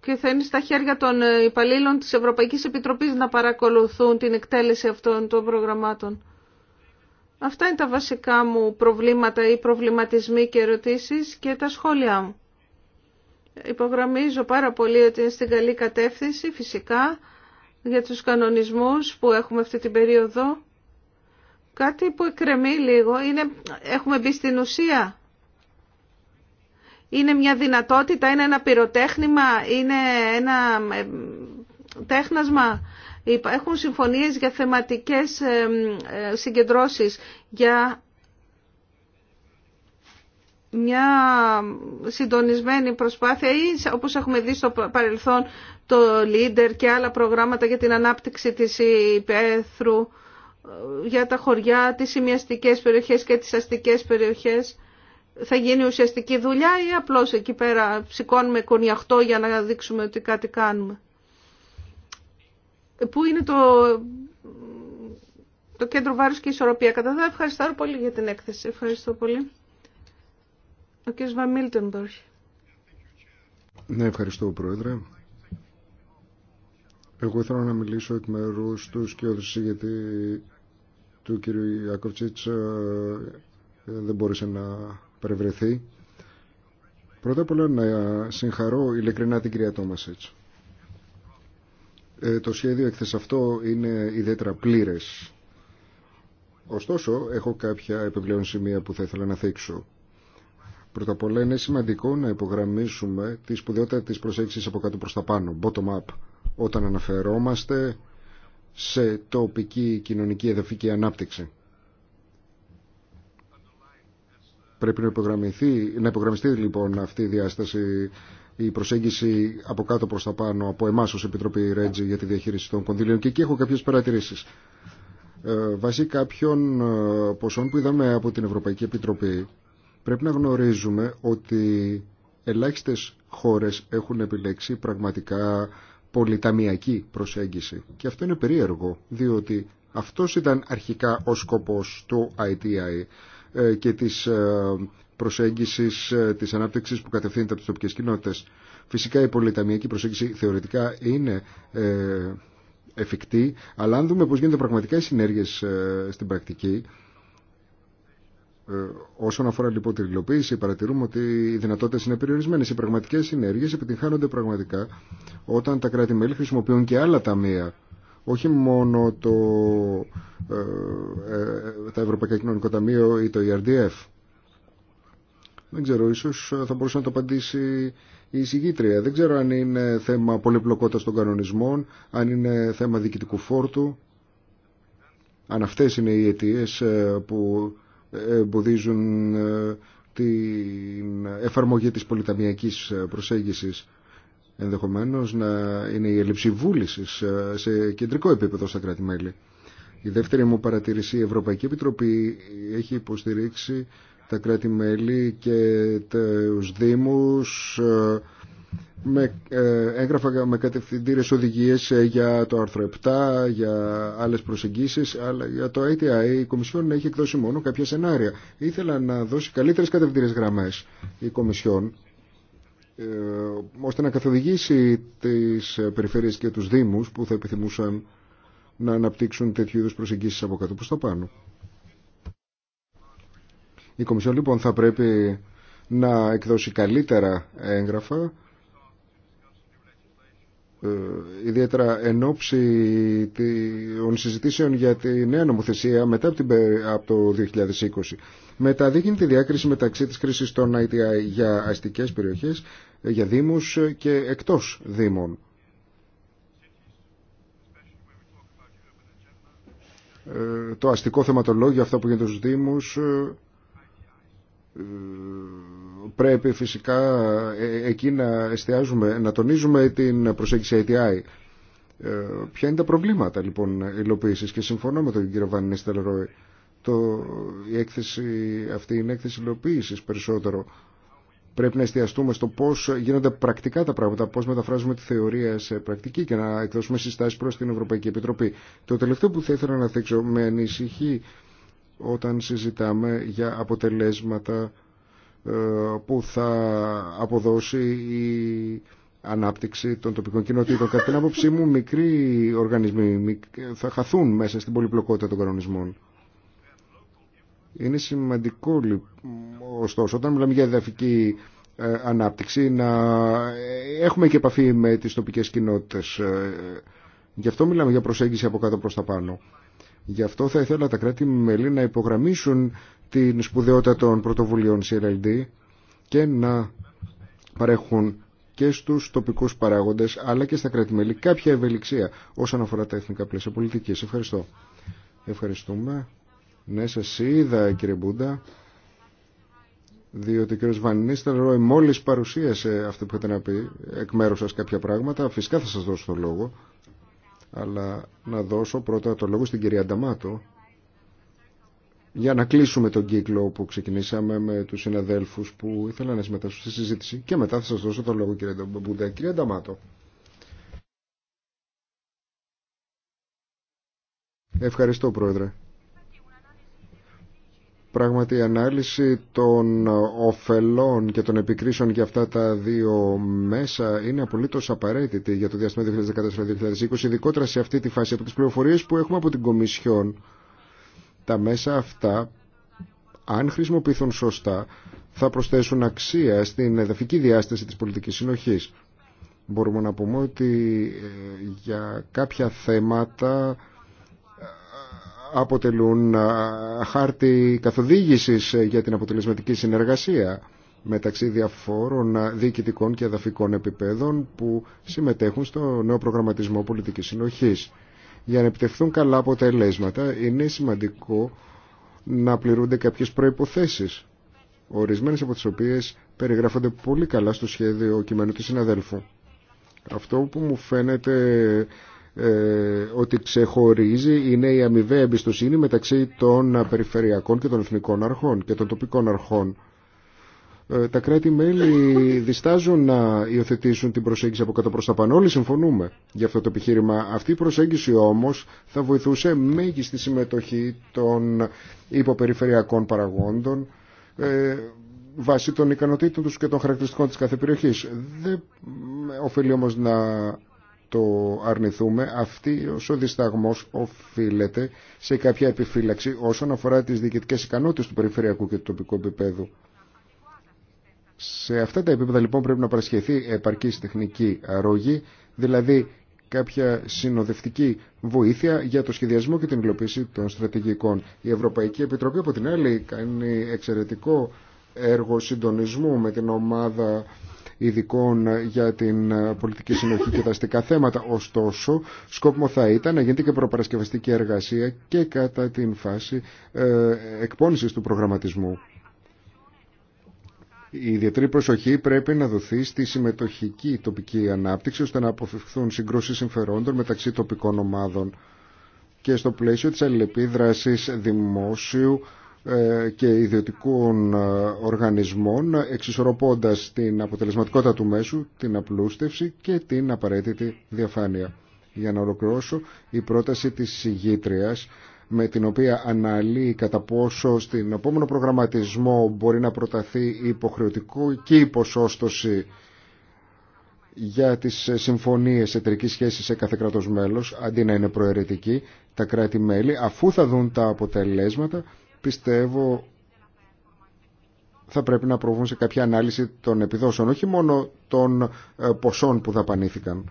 και θα είναι στα χέρια των ε, υπαλλήλων της Ευρωπαϊκής Επιτροπής να παρακολουθούν την εκτέλεση αυτών των προγραμμάτων. Αυτά είναι τα βασικά μου προβλήματα ή προβληματισμοί και ερωτήσεις και τα σχόλιά μου υπογραμμίζω πάρα πολύ ότι είναι στην καλή κατεύθυνση φυσικά για τους κανονισμούς που έχουμε αυτή την περίοδο. Κάτι που εκκρεμεί λίγο είναι έχουμε μπει στην ουσία. Είναι μια δυνατότητα, είναι ένα πυροτέχνημα, είναι ένα ε, τέχνασμα. Έχουν συμφωνίες για θεματικές ε, ε, συγκεντρώσεις, για μια συντονισμένη προσπάθεια ή όπως έχουμε δει στο παρελθόν το Leader και άλλα προγράμματα για την ανάπτυξη της υπαίθρου ε, για τα χωριά, τις σημειαστικές περιοχές και τις αστικές περιοχές θα γίνει ουσιαστική δουλειά ή απλώς εκεί πέρα σηκώνουμε κονιαχτό για να δείξουμε ότι κάτι κάνουμε. Ε, πού είναι το, το κέντρο βάρους και ισορροπία. Κατά ευχαριστώ πολύ για την έκθεση. Ευχαριστώ πολύ. Ο κ. Ναι, ευχαριστώ, Πρόεδρε. Εγώ ήθελα να μιλήσω εκ μέρου του σκιώδηση γιατί του κ. Ιακωτσίτς ε, δεν μπόρεσε να παρευρεθεί. Πρώτα απ' όλα να συγχαρώ ειλικρινά την κυρία Τόμασετς. Ε, το σχέδιο εκθεσ αυτό είναι ιδιαίτερα πλήρες. Ωστόσο, έχω κάποια επιπλέον σημεία που θα ήθελα να θίξω. Πρώτα απ' όλα είναι σημαντικό να υπογραμμίσουμε τη σπουδαιότητα της προσέγγισης από κάτω προς τα πάνω, bottom-up, όταν αναφερόμαστε σε τοπική κοινωνική εδαφική ανάπτυξη. Πρέπει να υπογραμμιστεί, να λοιπόν αυτή η διάσταση, η προσέγγιση από κάτω προς τα πάνω από εμάς ως Επιτροπή Ρέτζι για τη διαχείριση των κονδυλίων και εκεί έχω κάποιες παρατηρήσεις. Ε, βάσει κάποιων ε, ποσών που είδαμε από την Ευρωπαϊκή Επιτροπή Πρέπει να γνωρίζουμε ότι ελάχιστες χώρες έχουν επιλέξει πραγματικά πολυταμιακή προσέγγιση. Και αυτό είναι περίεργο, διότι αυτός ήταν αρχικά ο σκοπός του ITI ε, και της ε, προσέγγισης ε, της ανάπτυξης που κατευθύνεται από τις τοπικές κοινότητες. Φυσικά η πολυταμιακή προσέγγιση θεωρητικά είναι εφικτή, αλλά αν δούμε πώς γίνονται πραγματικά οι συνέργειες στην πρακτική, ε, όσον αφορά λοιπόν την υλοποίηση, παρατηρούμε ότι οι δυνατότητε είναι περιορισμένε. Οι πραγματικέ συνέργειε επιτυγχάνονται πραγματικά όταν τα κράτη-μέλη χρησιμοποιούν και άλλα ταμεία. Όχι μόνο το, ε, ε τα Ευρωπαϊκά Κοινωνικό Ταμείο ή το ERDF. Δεν ξέρω, ίσω θα μπορούσε να το απαντήσει η εισηγήτρια. Δεν ξέρω αν είναι θέμα πολυπλοκότητα των κανονισμών, αν είναι θέμα διοικητικού φόρτου. Αν αυτές είναι οι αιτίες ε, που εμποδίζουν ε, την εφαρμογή της πολυταμιακής προσέγγισης ενδεχομένως να είναι η έλλειψη βούλησης ε, σε κεντρικό επίπεδο στα κράτη-μέλη. Η δεύτερη μου παρατηρήση, η Ευρωπαϊκή Επιτροπή έχει υποστηρίξει τα κράτη-μέλη και τους Δήμους ε, με ε, έγγραφα με κατευθυντήρες οδηγίες ε, για το άρθρο 7, για άλλε προσεγγίσει, αλλά για το ITI η Κομισιόν έχει εκδώσει μόνο κάποια σενάρια. Ήθελα να δώσει καλύτερε κατευθυντήρε γραμμέ η Κομισιόν, ε, ώστε να καθοδηγήσει τι ε, περιφέρειες και του Δήμου που θα επιθυμούσαν να αναπτύξουν τέτοιου είδου προσεγγίσει από κάτω προ τα πάνω. Η Κομισιόν λοιπόν θα πρέπει να εκδώσει καλύτερα έγγραφα ε, ιδιαίτερα εν ώψη των συζητήσεων για τη νέα νομοθεσία μετά από, την, από το 2020. Μεταδείχνει τη διάκριση μεταξύ της κρίσης των ITI για αστικές περιοχές, ε, για δήμους ε, και εκτός δήμων. Το αστικό θεματολόγιο, αυτό που γίνεται στους δήμους, πρέπει φυσικά ε, εκεί να εστιάζουμε, να τονίζουμε την προσέγγιση ATI. Ε, ποια είναι τα προβλήματα λοιπόν υλοποίηση και συμφωνώ με τον κύριο Βανίστελ Ρόι. Το, η έκθεση, αυτή είναι έκθεση υλοποίηση περισσότερο. Πρέπει να εστιαστούμε στο πώ γίνονται πρακτικά τα πράγματα, πώ μεταφράζουμε τη θεωρία σε πρακτική και να εκδώσουμε συστάσει προ την Ευρωπαϊκή Επιτροπή. Το τελευταίο που θα ήθελα να θίξω με ανησυχεί όταν συζητάμε για αποτελέσματα ε, που θα αποδώσει η ανάπτυξη των τοπικών κοινοτήτων. Κατά την άποψή μου, μικροί οργανισμοί θα χαθούν μέσα στην πολυπλοκότητα των κανονισμών. Είναι σημαντικό, ωστόσο, όταν μιλάμε για εδαφική ε, ανάπτυξη, να έχουμε και επαφή με τις τοπικές κοινότητες. Ε, γι' αυτό μιλάμε για προσέγγιση από κάτω προς τα πάνω. Γι' αυτό θα ήθελα τα κράτη-μέλη να υπογραμμίσουν την σπουδαιότητα των πρωτοβουλίων CRLD και να παρέχουν και στους τοπικούς παράγοντες αλλά και στα κράτη-μέλη κάποια ευελιξία όσον αφορά τα εθνικά πλαίσια πολιτικής. Ευχαριστώ. Ευχαριστούμε. Ναι, σας είδα κύριε Μπούντα διότι ο κ. Βανίστελ Ρόι μόλις παρουσίασε αυτό που είχατε να πει εκ μέρους σας κάποια πράγματα. Φυσικά θα σας δώσω το λόγο αλλά να δώσω πρώτα το λόγο στην κυρία Νταμάτο για να κλείσουμε τον κύκλο που ξεκινήσαμε με τους συναδέλφους που ήθελαν να συμμετάσχουν στη συζήτηση και μετά θα σας δώσω το λόγο κύριε Κυρία Νταμάτο. Ευχαριστώ πρόεδρε. Πράγματι η ανάλυση των ωφελών και των επικρίσεων για αυτά τα δύο μέσα είναι απολύτως απαραίτητη για το διάστημα 2014-2020, ειδικότερα σε αυτή τη φάση από τις πληροφορίες που έχουμε από την Κομισιόν. Τα μέσα αυτά, αν χρησιμοποιηθούν σωστά, θα προσθέσουν αξία στην εδαφική διάσταση της πολιτικής συνοχής. Μπορούμε να πούμε ότι ε, για κάποια θέματα αποτελούν χάρτη καθοδήγησης ε, για την αποτελεσματική συνεργασία μεταξύ διαφόρων διοικητικών και εδαφικών επιπέδων που συμμετέχουν στο νέο προγραμματισμό πολιτικής συνοχής. Για να επιτευχθούν καλά αποτελέσματα είναι σημαντικό να πληρούνται κάποιες προϋποθέσεις, ορισμένες από τις οποίες περιγράφονται πολύ καλά στο σχέδιο κειμένου του συναδέλφου. Αυτό που μου φαίνεται ε, ότι ξεχωρίζει είναι η αμοιβαία εμπιστοσύνη μεταξύ των περιφερειακών και των εθνικών αρχών και των τοπικών αρχών. Ε, τα κράτη-μέλη διστάζουν να υιοθετήσουν την προσέγγιση από κάτω προς τα πάνω. Όλοι συμφωνούμε για αυτό το επιχείρημα. Αυτή η προσέγγιση όμως θα βοηθούσε μέγιστη συμμετοχή των υποπεριφερειακών παραγόντων ε, βάσει των ικανοτήτων τους και των χαρακτηριστικών της κάθε περιοχής. Δεν οφείλει όμως να το αρνηθούμε, αυτή ο δισταγμός οφείλεται σε κάποια επιφύλαξη όσον αφορά τις διοικητικές ικανότητες του περιφερειακού και του τοπικού επίπεδου. Σε αυτά τα επίπεδα λοιπόν πρέπει να παρασχεθεί επαρκής τεχνική αρρώγη, δηλαδή κάποια συνοδευτική βοήθεια για το σχεδιασμό και την υλοποίηση των στρατηγικών. Η Ευρωπαϊκή Επιτροπή από την άλλη κάνει εξαιρετικό έργο συντονισμού με την ομάδα ειδικών για την πολιτική συνοχή και τα αστικά θέματα. Ωστόσο, σκόπιμο θα ήταν να γίνεται και προπαρασκευαστική εργασία και κατά την φάση ε, εκπόνησης του προγραμματισμού. Η ιδιαίτερη προσοχή πρέπει να δοθεί στη συμμετοχική τοπική ανάπτυξη ώστε να αποφευχθούν συγκρούσεις συμφερόντων μεταξύ τοπικών ομάδων και στο πλαίσιο της αλληλεπίδρασης δημόσιου ε, και ιδιωτικών ε, οργανισμών εξισορροπώντας την αποτελεσματικότητα του μέσου, την απλούστευση και την απαραίτητη διαφάνεια. Για να ολοκληρώσω, η πρόταση της συγγήτριας με την οποία αναλύει κατά πόσο στην επόμενο προγραμματισμό μπορεί να προταθεί η υποχρεωτική ποσόστοση για τις συμφωνίες εταιρικής σχέση σε κάθε κράτος μέλος, αντί να είναι προαιρετική, τα κράτη-μέλη, αφού θα δουν τα αποτελέσματα, πιστεύω θα πρέπει να προβούν σε κάποια ανάλυση των επιδόσεων, όχι μόνο των ε, ποσών που δαπανήθηκαν.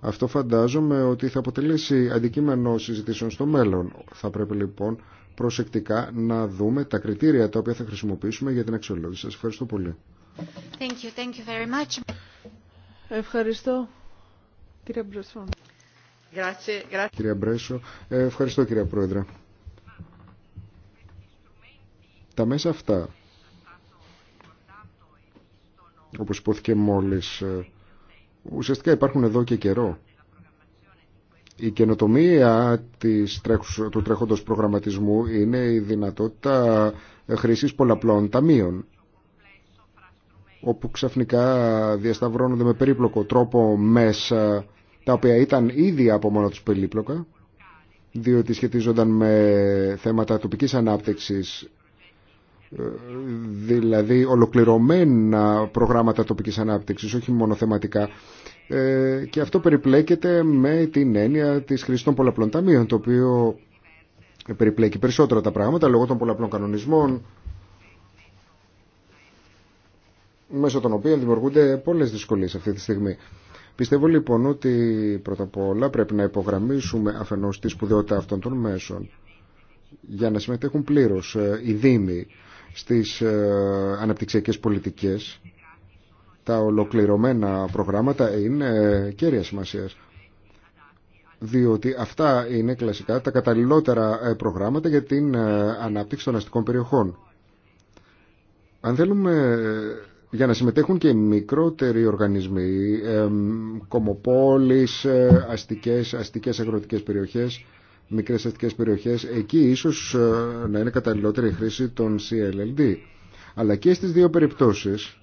Αυτό φαντάζομαι ότι θα αποτελέσει αντικείμενο συζητήσεων στο μέλλον. Θα πρέπει λοιπόν προσεκτικά να δούμε τα κριτήρια τα οποία θα χρησιμοποιήσουμε για την αξιολόγηση. Σας ευχαριστώ πολύ. Thank you, thank you very much. Ευχαριστώ. κυρία Μπρέσο. Ε, ευχαριστώ κύριε Πρόεδρε. Τα μέσα αυτά, όπως υπόθηκε μόλις, ε, ουσιαστικά υπάρχουν εδώ και καιρό. Η καινοτομία της, του τρέχοντος προγραμματισμού είναι η δυνατότητα χρήσης πολλαπλών ταμείων όπου ξαφνικά διασταυρώνονται με περίπλοκο τρόπο μέσα τα οποία ήταν ήδη από μόνο τους περίπλοκα διότι σχετίζονταν με θέματα τοπικής ανάπτυξης ε, δηλαδή ολοκληρωμένα προγράμματα τοπικής ανάπτυξης, όχι μόνο θεματικά. Ε, και αυτό περιπλέκεται με την έννοια της χρήση των πολλαπλών ταμείων, το οποίο περιπλέκει περισσότερα τα πράγματα λόγω των πολλαπλών κανονισμών, μέσω των οποίων δημιουργούνται πολλές δυσκολίες αυτή τη στιγμή. Πιστεύω λοιπόν ότι πρώτα απ' όλα πρέπει να υπογραμμίσουμε αφενός τη σπουδαιότητα αυτών των μέσων για να συμμετέχουν πλήρως ε, οι Δήμοι στις ε, αναπτυξιακές πολιτικές. Τα ολοκληρωμένα προγράμματα είναι ε, κέρια σημασίας διότι αυτά είναι κλασικά τα καταλληλότερα ε, προγράμματα για την ανάπτυξη των αστικών περιοχών. Αν θέλουμε για να συμμετέχουν και οι μικρότεροι οργανισμοί, κομοπόλεις, αστικές, αστικές αγροτικές περιοχές, μικρές αστικές περιοχές, εκεί ίσως ε, να είναι καταλληλότερη η χρήση των CLLD. Αλλά και στις δύο περιπτώσεις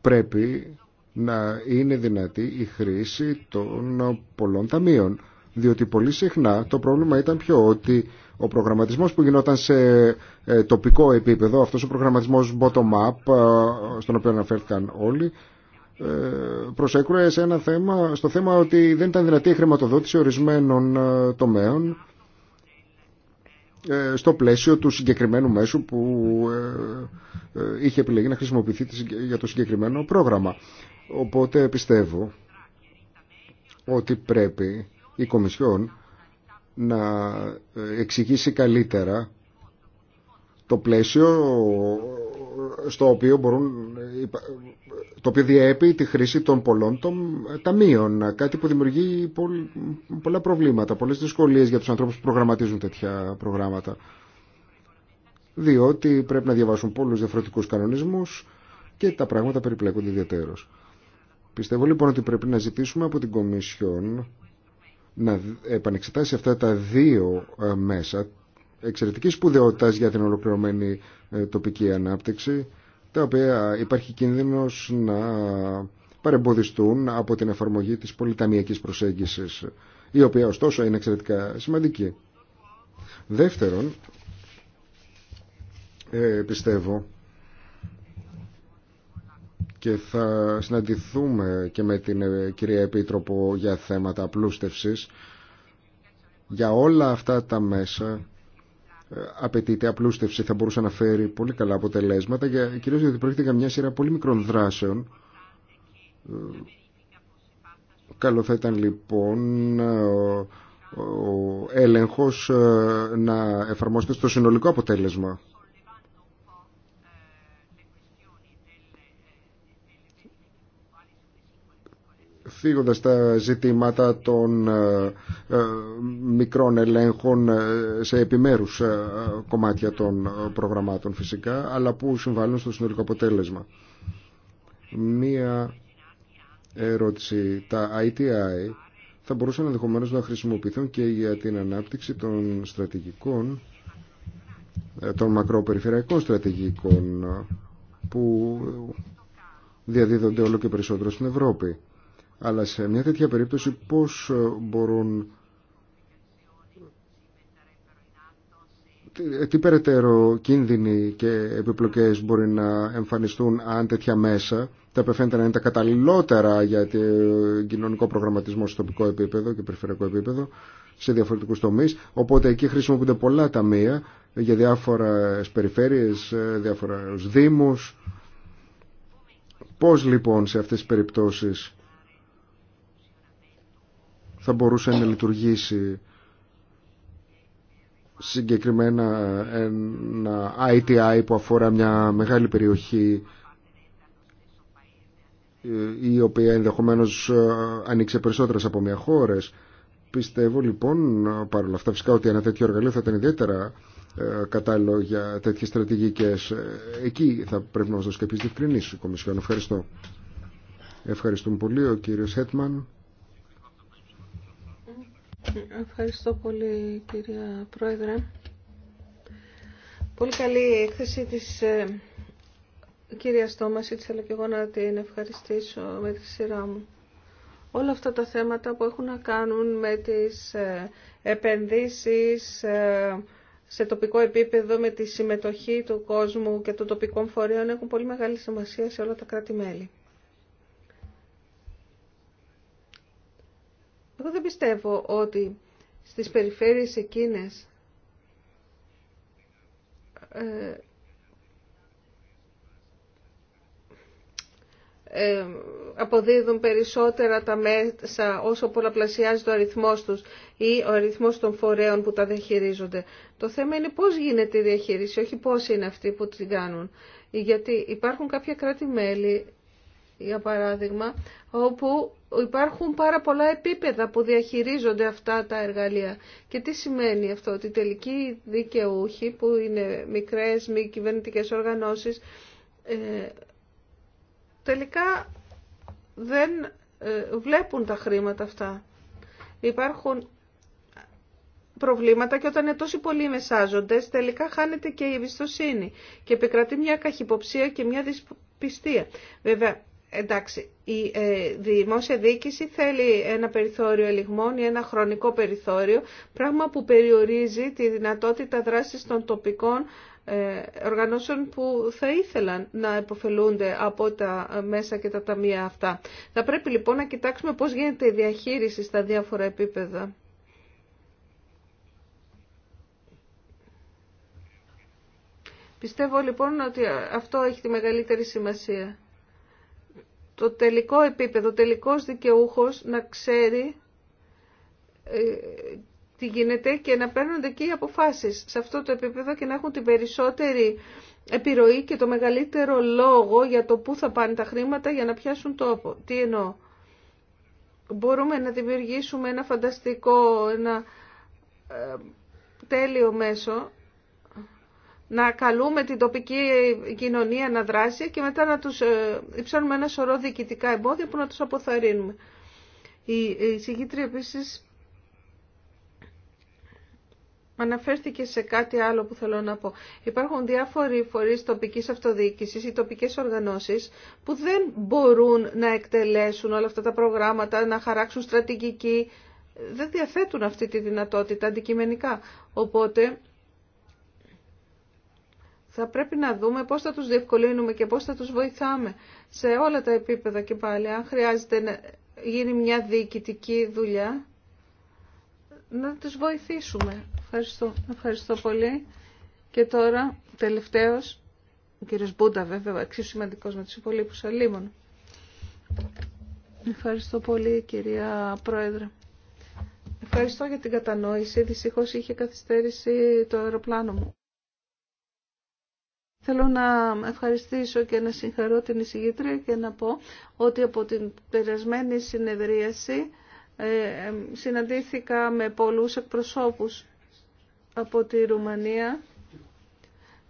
πρέπει να είναι δυνατή η χρήση των πολλών ταμείων. Διότι πολύ συχνά το πρόβλημα ήταν πιο ότι ο προγραμματισμός που γινόταν σε ε, τοπικό επίπεδο, αυτός ο προγραμματισμός bottom-up, ε, στον οποίο αναφέρθηκαν όλοι, ε, προσέκρουε σε ένα θέμα, στο θέμα ότι δεν ήταν δυνατή η χρηματοδότηση ορισμένων ε, τομέων ε, στο πλαίσιο του συγκεκριμένου μέσου που είχε επιλεγεί να χρησιμοποιηθεί για το συγκεκριμένο πρόγραμμα. Οπότε πιστεύω ότι πρέπει η Κομισιόν να εξηγήσει καλύτερα το πλαίσιο στο οποίο μπορούν, το οποίο διέπει τη χρήση των πολλών των ε, ταμείων. Κάτι που δημιουργεί πολλά προβλήματα, πολλές δυσκολίες για τους ανθρώπους που προγραμματίζουν τέτοια προγράμματα. Διότι πρέπει να διαβάσουν πολλούς διαφορετικούς κανονισμούς και τα πράγματα περιπλέκονται ιδιαίτερως. Πιστεύω λοιπόν ότι πρέπει να ζητήσουμε από την Κομισιόν να επανεξετάσει αυτά τα δύο ε, μέσα Εξαιρετική σπουδαιότητα για την ολοκληρωμένη ε, τοπική ανάπτυξη, τα οποία υπάρχει κίνδυνος να παρεμποδιστούν από την εφαρμογή της πολυταμιακής προσέγγισης, η οποία ωστόσο είναι εξαιρετικά σημαντική. Δεύτερον, ε, πιστεύω, και θα συναντηθούμε και με την ε, κυρία Επίτροπο για θέματα πλούστευσης για όλα αυτά τα μέσα απαιτείται απλούστευση, θα μπορούσε να φέρει πολύ καλά αποτελέσματα, για, κυρίως γιατί πρόκειται για μια σειρά πολύ μικρών δράσεων. Ε, καλό θα ήταν λοιπόν ε, ο έλεγχος ε, να εφαρμόστε στο συνολικό αποτέλεσμα θίγοντας τα ζητήματα των ε, ε, μικρών ελέγχων ε, σε επιμέρους κομμάτια των προγραμμάτων φυσικά, αλλά που συμβάλλουν στο συνολικό αποτέλεσμα. Μία ερώτηση. Τα ITI θα μπορούσαν ενδεχομένω να χρησιμοποιηθούν και για την ανάπτυξη των στρατηγικών, των μακροπεριφερειακών στρατηγικών που διαδίδονται όλο και περισσότερο στην Ευρώπη. Αλλά σε μια τέτοια περίπτωση πώς ε, μπορούν ε, τι περαιτέρω κίνδυνοι και επιπλοκές μπορεί να εμφανιστούν αν τέτοια μέσα τα απεφαίνεται να είναι τα καταλληλότερα για ε, κοινωνικό προγραμματισμό στο τοπικό επίπεδο και περιφερειακό επίπεδο σε διαφορετικούς τομείς. Οπότε εκεί χρησιμοποιούνται πολλά ταμεία για διάφορες περιφέρειες, διάφορους δήμους. Πώς λοιπόν σε αυτές τις περιπτώσεις θα μπορούσε να λειτουργήσει συγκεκριμένα ένα ITI που αφορά μια μεγάλη περιοχή η οποία ενδεχομένως ε, ανοίξε περισσότερες από μια χώρες. Πιστεύω λοιπόν παρόλα αυτά φυσικά ότι ένα τέτοιο εργαλείο θα ήταν ιδιαίτερα ε, κατάλληλο για τέτοιες στρατηγικές. Ε, εκεί θα πρέπει να μας δώσει κάποιες διευκρινήσεις Κομισιόν. Ευχαριστώ. Ευχαριστούμε πολύ ο κύριος Χέτμαν. Ευχαριστώ πολύ κυρία Πρόεδρε. Πολύ καλή έκθεση της ε, κυρίας Τόμας, θέλω και εγώ να την ευχαριστήσω με τη σειρά μου. Όλα αυτά τα θέματα που έχουν να κάνουν με τις ε, επενδύσεις ε, σε τοπικό επίπεδο, με τη συμμετοχή του κόσμου και των τοπικών φορέων έχουν πολύ μεγάλη σημασία σε όλα τα κράτη-μέλη. Εγώ δεν πιστεύω ότι στις περιφέρειες εκείνες ε, ε, αποδίδουν περισσότερα τα μέσα όσο πολλαπλασιάζει το αριθμός τους ή ο αριθμός των φορέων που τα διαχειρίζονται. Το θέμα είναι πώς γίνεται η διαχείριση, όχι πώς είναι αυτοί που την κάνουν. Γιατί υπάρχουν κάποια κράτη-μέλη, για παράδειγμα, όπου υπάρχουν πάρα πολλά επίπεδα που διαχειρίζονται αυτά τα εργαλεία. Και τι σημαίνει αυτό, ότι οι τελικοί δικαιούχοι που είναι μικρές μη κυβερνητικές οργανώσεις ε, τελικά δεν ε, βλέπουν τα χρήματα αυτά. Υπάρχουν προβλήματα και όταν είναι τόσοι πολλοί μεσάζοντες τελικά χάνεται και η εμπιστοσύνη και επικρατεί μια καχυποψία και μια δυσπιστία. Βέβαια Εντάξει, η ε, δημόσια διοίκηση θέλει ένα περιθώριο ελιγμών ή ένα χρονικό περιθώριο, πράγμα που περιορίζει τη δυνατότητα δράσης των τοπικών ε, οργανώσεων που θα ήθελαν να υποφελούνται από τα μέσα και τα ταμεία αυτά. Θα πρέπει λοιπόν να κοιτάξουμε πώς γίνεται η διαχείριση στα διάφορα επίπεδα. Πιστεύω λοιπόν ότι αυτό έχει τη μεγαλύτερη σημασία το τελικό επίπεδο, ο τελικός δικαιούχος να ξέρει ε, τι γίνεται και να παίρνονται και οι αποφάσεις σε αυτό το επίπεδο και να έχουν την περισσότερη επιρροή και το μεγαλύτερο λόγο για το πού θα πάνε τα χρήματα για να πιάσουν τόπο. Τι εννοώ. Μπορούμε να δημιουργήσουμε ένα φανταστικό, ένα ε, τέλειο μέσο να καλούμε την τοπική κοινωνία να δράσει και μετά να τους ε, υψώνουμε ένα σωρό διοικητικά εμπόδια που να τους αποθαρρύνουμε. Η συγκήτρια επίση. αναφέρθηκε σε κάτι άλλο που θέλω να πω. Υπάρχουν διάφοροι φορείς τοπικής αυτοδιοίκησης ή τοπικές οργανώσεις που δεν μπορούν να εκτελέσουν όλα αυτά τα προγράμματα, να χαράξουν στρατηγική, δεν διαθέτουν αυτή τη δυνατότητα αντικειμενικά. Οπότε θα πρέπει να δούμε πώς θα τους διευκολύνουμε και πώς θα τους βοηθάμε σε όλα τα επίπεδα και πάλι. Αν χρειάζεται να γίνει μια διοικητική δουλειά, να τους βοηθήσουμε. Ευχαριστώ. πολύ. Και τώρα, τελευταίος, ο κύριος Μπούντα βέβαια, εξίσου σημαντικός με τους υπολείπους αλίμων. Ευχαριστώ πολύ κυρία Πρόεδρε. Ευχαριστώ για την κατανόηση. Δυστυχώ είχε καθυστέρηση το αεροπλάνο μου. Θέλω να ευχαριστήσω και να συγχαρώ την εισηγήτρια και να πω ότι από την περασμένη συνεδρίαση ε, συναντήθηκα με πολλούς εκπροσώπους από τη Ρουμανία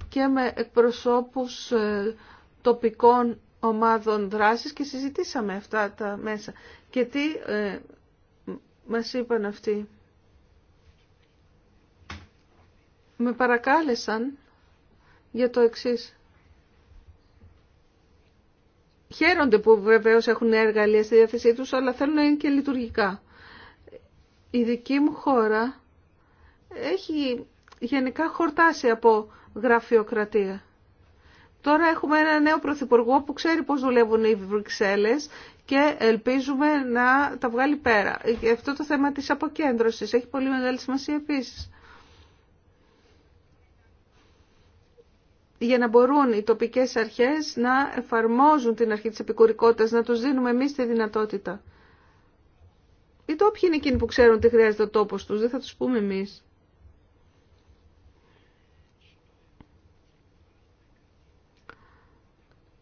και με εκπροσώπους ε, τοπικών ομάδων δράσης και συζητήσαμε αυτά τα μέσα. Και τι ε, μας είπαν αυτοί. Με παρακάλεσαν για το εξή. Χαίρονται που βεβαίως έχουν εργαλεία στη διάθεσή τους, αλλά θέλουν να είναι και λειτουργικά. Η δική μου χώρα έχει γενικά χορτάσει από γραφειοκρατία. Τώρα έχουμε ένα νέο πρωθυπουργό που ξέρει πώς δουλεύουν οι Βρυξέλλες και ελπίζουμε να τα βγάλει πέρα. Αυτό το θέμα της αποκέντρωσης έχει πολύ μεγάλη σημασία επίσης. για να μπορούν οι τοπικές αρχές να εφαρμόζουν την αρχή της επικουρικότητας, να τους δίνουμε εμείς τη δυνατότητα. Οι τόποι είναι εκείνοι που ξέρουν τι χρειάζεται ο τόπος τους, δεν θα τους πούμε εμείς.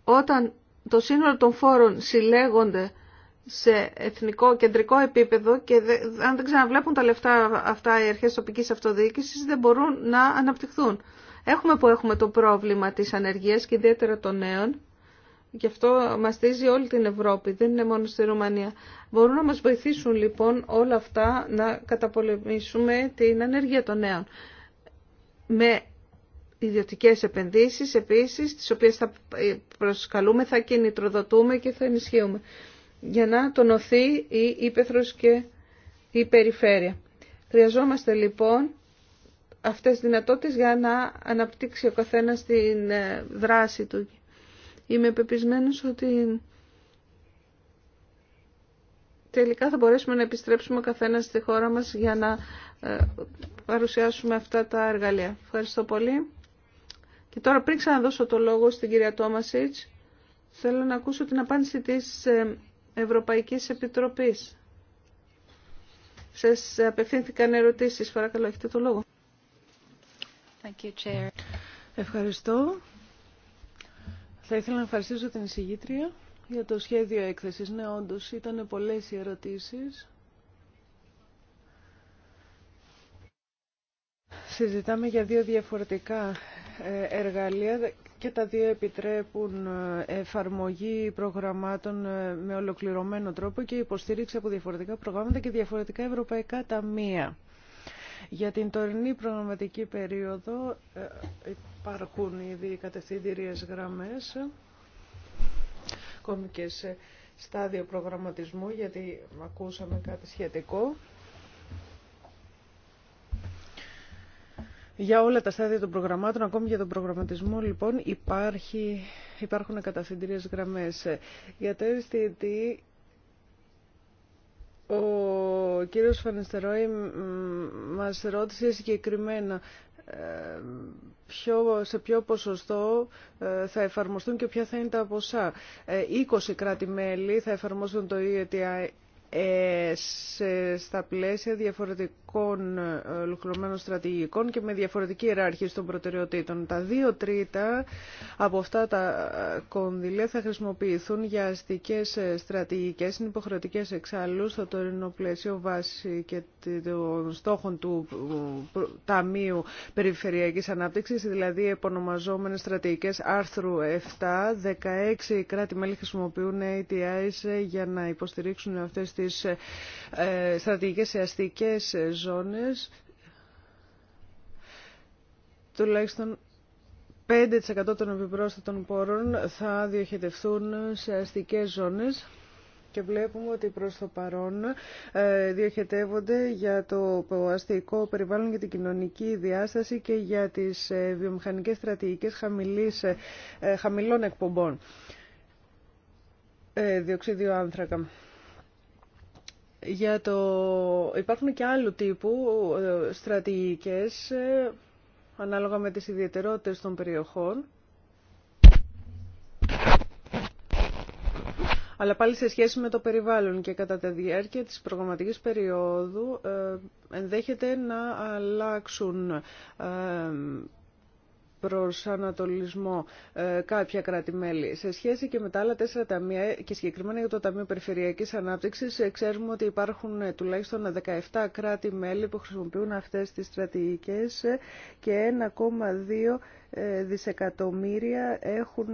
Όταν το σύνολο των φόρων συλλέγονται σε εθνικό, κεντρικό επίπεδο και αν δεν ξαναβλέπουν τα λεφτά αυτά οι αρχές τοπικής αυτοδιοίκησης δεν μπορούν να αναπτυχθούν. Έχουμε που έχουμε το πρόβλημα της ανεργίας και ιδιαίτερα των νέων. Γι' αυτό μαστίζει όλη την Ευρώπη, δεν είναι μόνο στη Ρουμανία. Μπορούν να μας βοηθήσουν λοιπόν όλα αυτά να καταπολεμήσουμε την ανεργία των νέων. Με ιδιωτικές επενδύσεις επίσης, τις οποίες θα προσκαλούμε, θα κινητροδοτούμε και θα ενισχύουμε. Για να τονωθεί η ύπεθρος και η περιφέρεια. Χρειαζόμαστε λοιπόν αυτές τις δυνατότητες για να αναπτύξει ο καθένας την ε, δράση του. Είμαι πεπισμένος ότι τελικά θα μπορέσουμε να επιστρέψουμε ο καθένας στη χώρα μας για να ε, παρουσιάσουμε αυτά τα εργαλεία. Ευχαριστώ πολύ. Και τώρα πριν ξαναδώσω το λόγο στην κυρία Τόμασιτς, θέλω να ακούσω την απάντηση της ε, Ευρωπαϊκής Επιτροπής. Σας απευθύνθηκαν ερωτήσεις. Παρακαλώ, έχετε το λόγο. Ευχαριστώ. Θα ήθελα να ευχαριστήσω την εισηγήτρια για το σχέδιο έκθεσης. Ναι, όντως, ήταν πολλές οι ερωτήσεις. Συζητάμε για δύο διαφορετικά ε, εργαλεία και τα δύο επιτρέπουν ε, εφαρμογή προγραμμάτων ε, με ολοκληρωμένο τρόπο και υποστήριξη από διαφορετικά προγράμματα και διαφορετικά ευρωπαϊκά ταμεία. Για την τωρινή προγραμματική περίοδο ε, υπάρχουν ήδη κατευθυντηρίες γραμμές, ακόμη και σε στάδιο προγραμματισμού, γιατί ακούσαμε κάτι σχετικό. Για όλα τα στάδια των προγραμμάτων, ακόμη για τον προγραμματισμό, λοιπόν, υπάρχει, υπάρχουν κατευθυντηρίες γραμμές. Για το ο κύριος Φανεστερόη μας ρώτησε συγκεκριμένα ε, σε ποιο ποσοστό ε, θα εφαρμοστούν και ποια θα είναι τα ποσά. 20 ε, κράτη-μέλη θα εφαρμόσουν το e ε, στα πλαίσια διαφορετικών ε, ολοκληρωμένων στρατηγικών και με διαφορετική ιεράρχηση των προτεραιοτήτων. Τα δύο τρίτα από αυτά τα ε, κονδυλία θα χρησιμοποιηθούν για αστικές στρατηγικές, είναι υποχρεωτικέ εξάλλου στο τωρινό πλαίσιο βάση και των στόχων του Ταμείου Περιφερειακής Ανάπτυξης, δηλαδή επωνομαζόμενες στρατηγικές άρθρου 7, 16 κράτη-μέλη χρησιμοποιούν ATIs για να υποστηρίξουν αυτές στις ε, ε, στρατηγικές σε αστικές ζώνες τουλάχιστον 5% των επιπρόσθετων πόρων θα διοχετευθούν σε αστικές ζώνες και βλέπουμε ότι προς το παρόν ε, διοχετεύονται για το αστικό περιβάλλον και την κοινωνική διάσταση και για τις βιομηχανικές στρατηγικές χαμηλής, χαμηλών εκπομπών διοξίδιο άνθρακα. Για το... Υπάρχουν και άλλου τύπου ε, στρατηγικές ε, ανάλογα με τις ιδιαιτερότητες των περιοχών. αλλά πάλι σε σχέση με το περιβάλλον και κατά τη διάρκεια της προγραμματικής περίοδου ε, ενδέχεται να αλλάξουν προς ανατολισμό ε, κάποια κράτη-μέλη. Σε σχέση και με τα άλλα τέσσερα ταμεία και συγκεκριμένα για το Ταμείο Περιφερειακής Ανάπτυξης ξέρουμε ότι υπάρχουν ε, τουλάχιστον 17 κράτη-μέλη που χρησιμοποιούν αυτές τις στρατηγικές ε, και 1,2 δισεκατομμύρια έχουν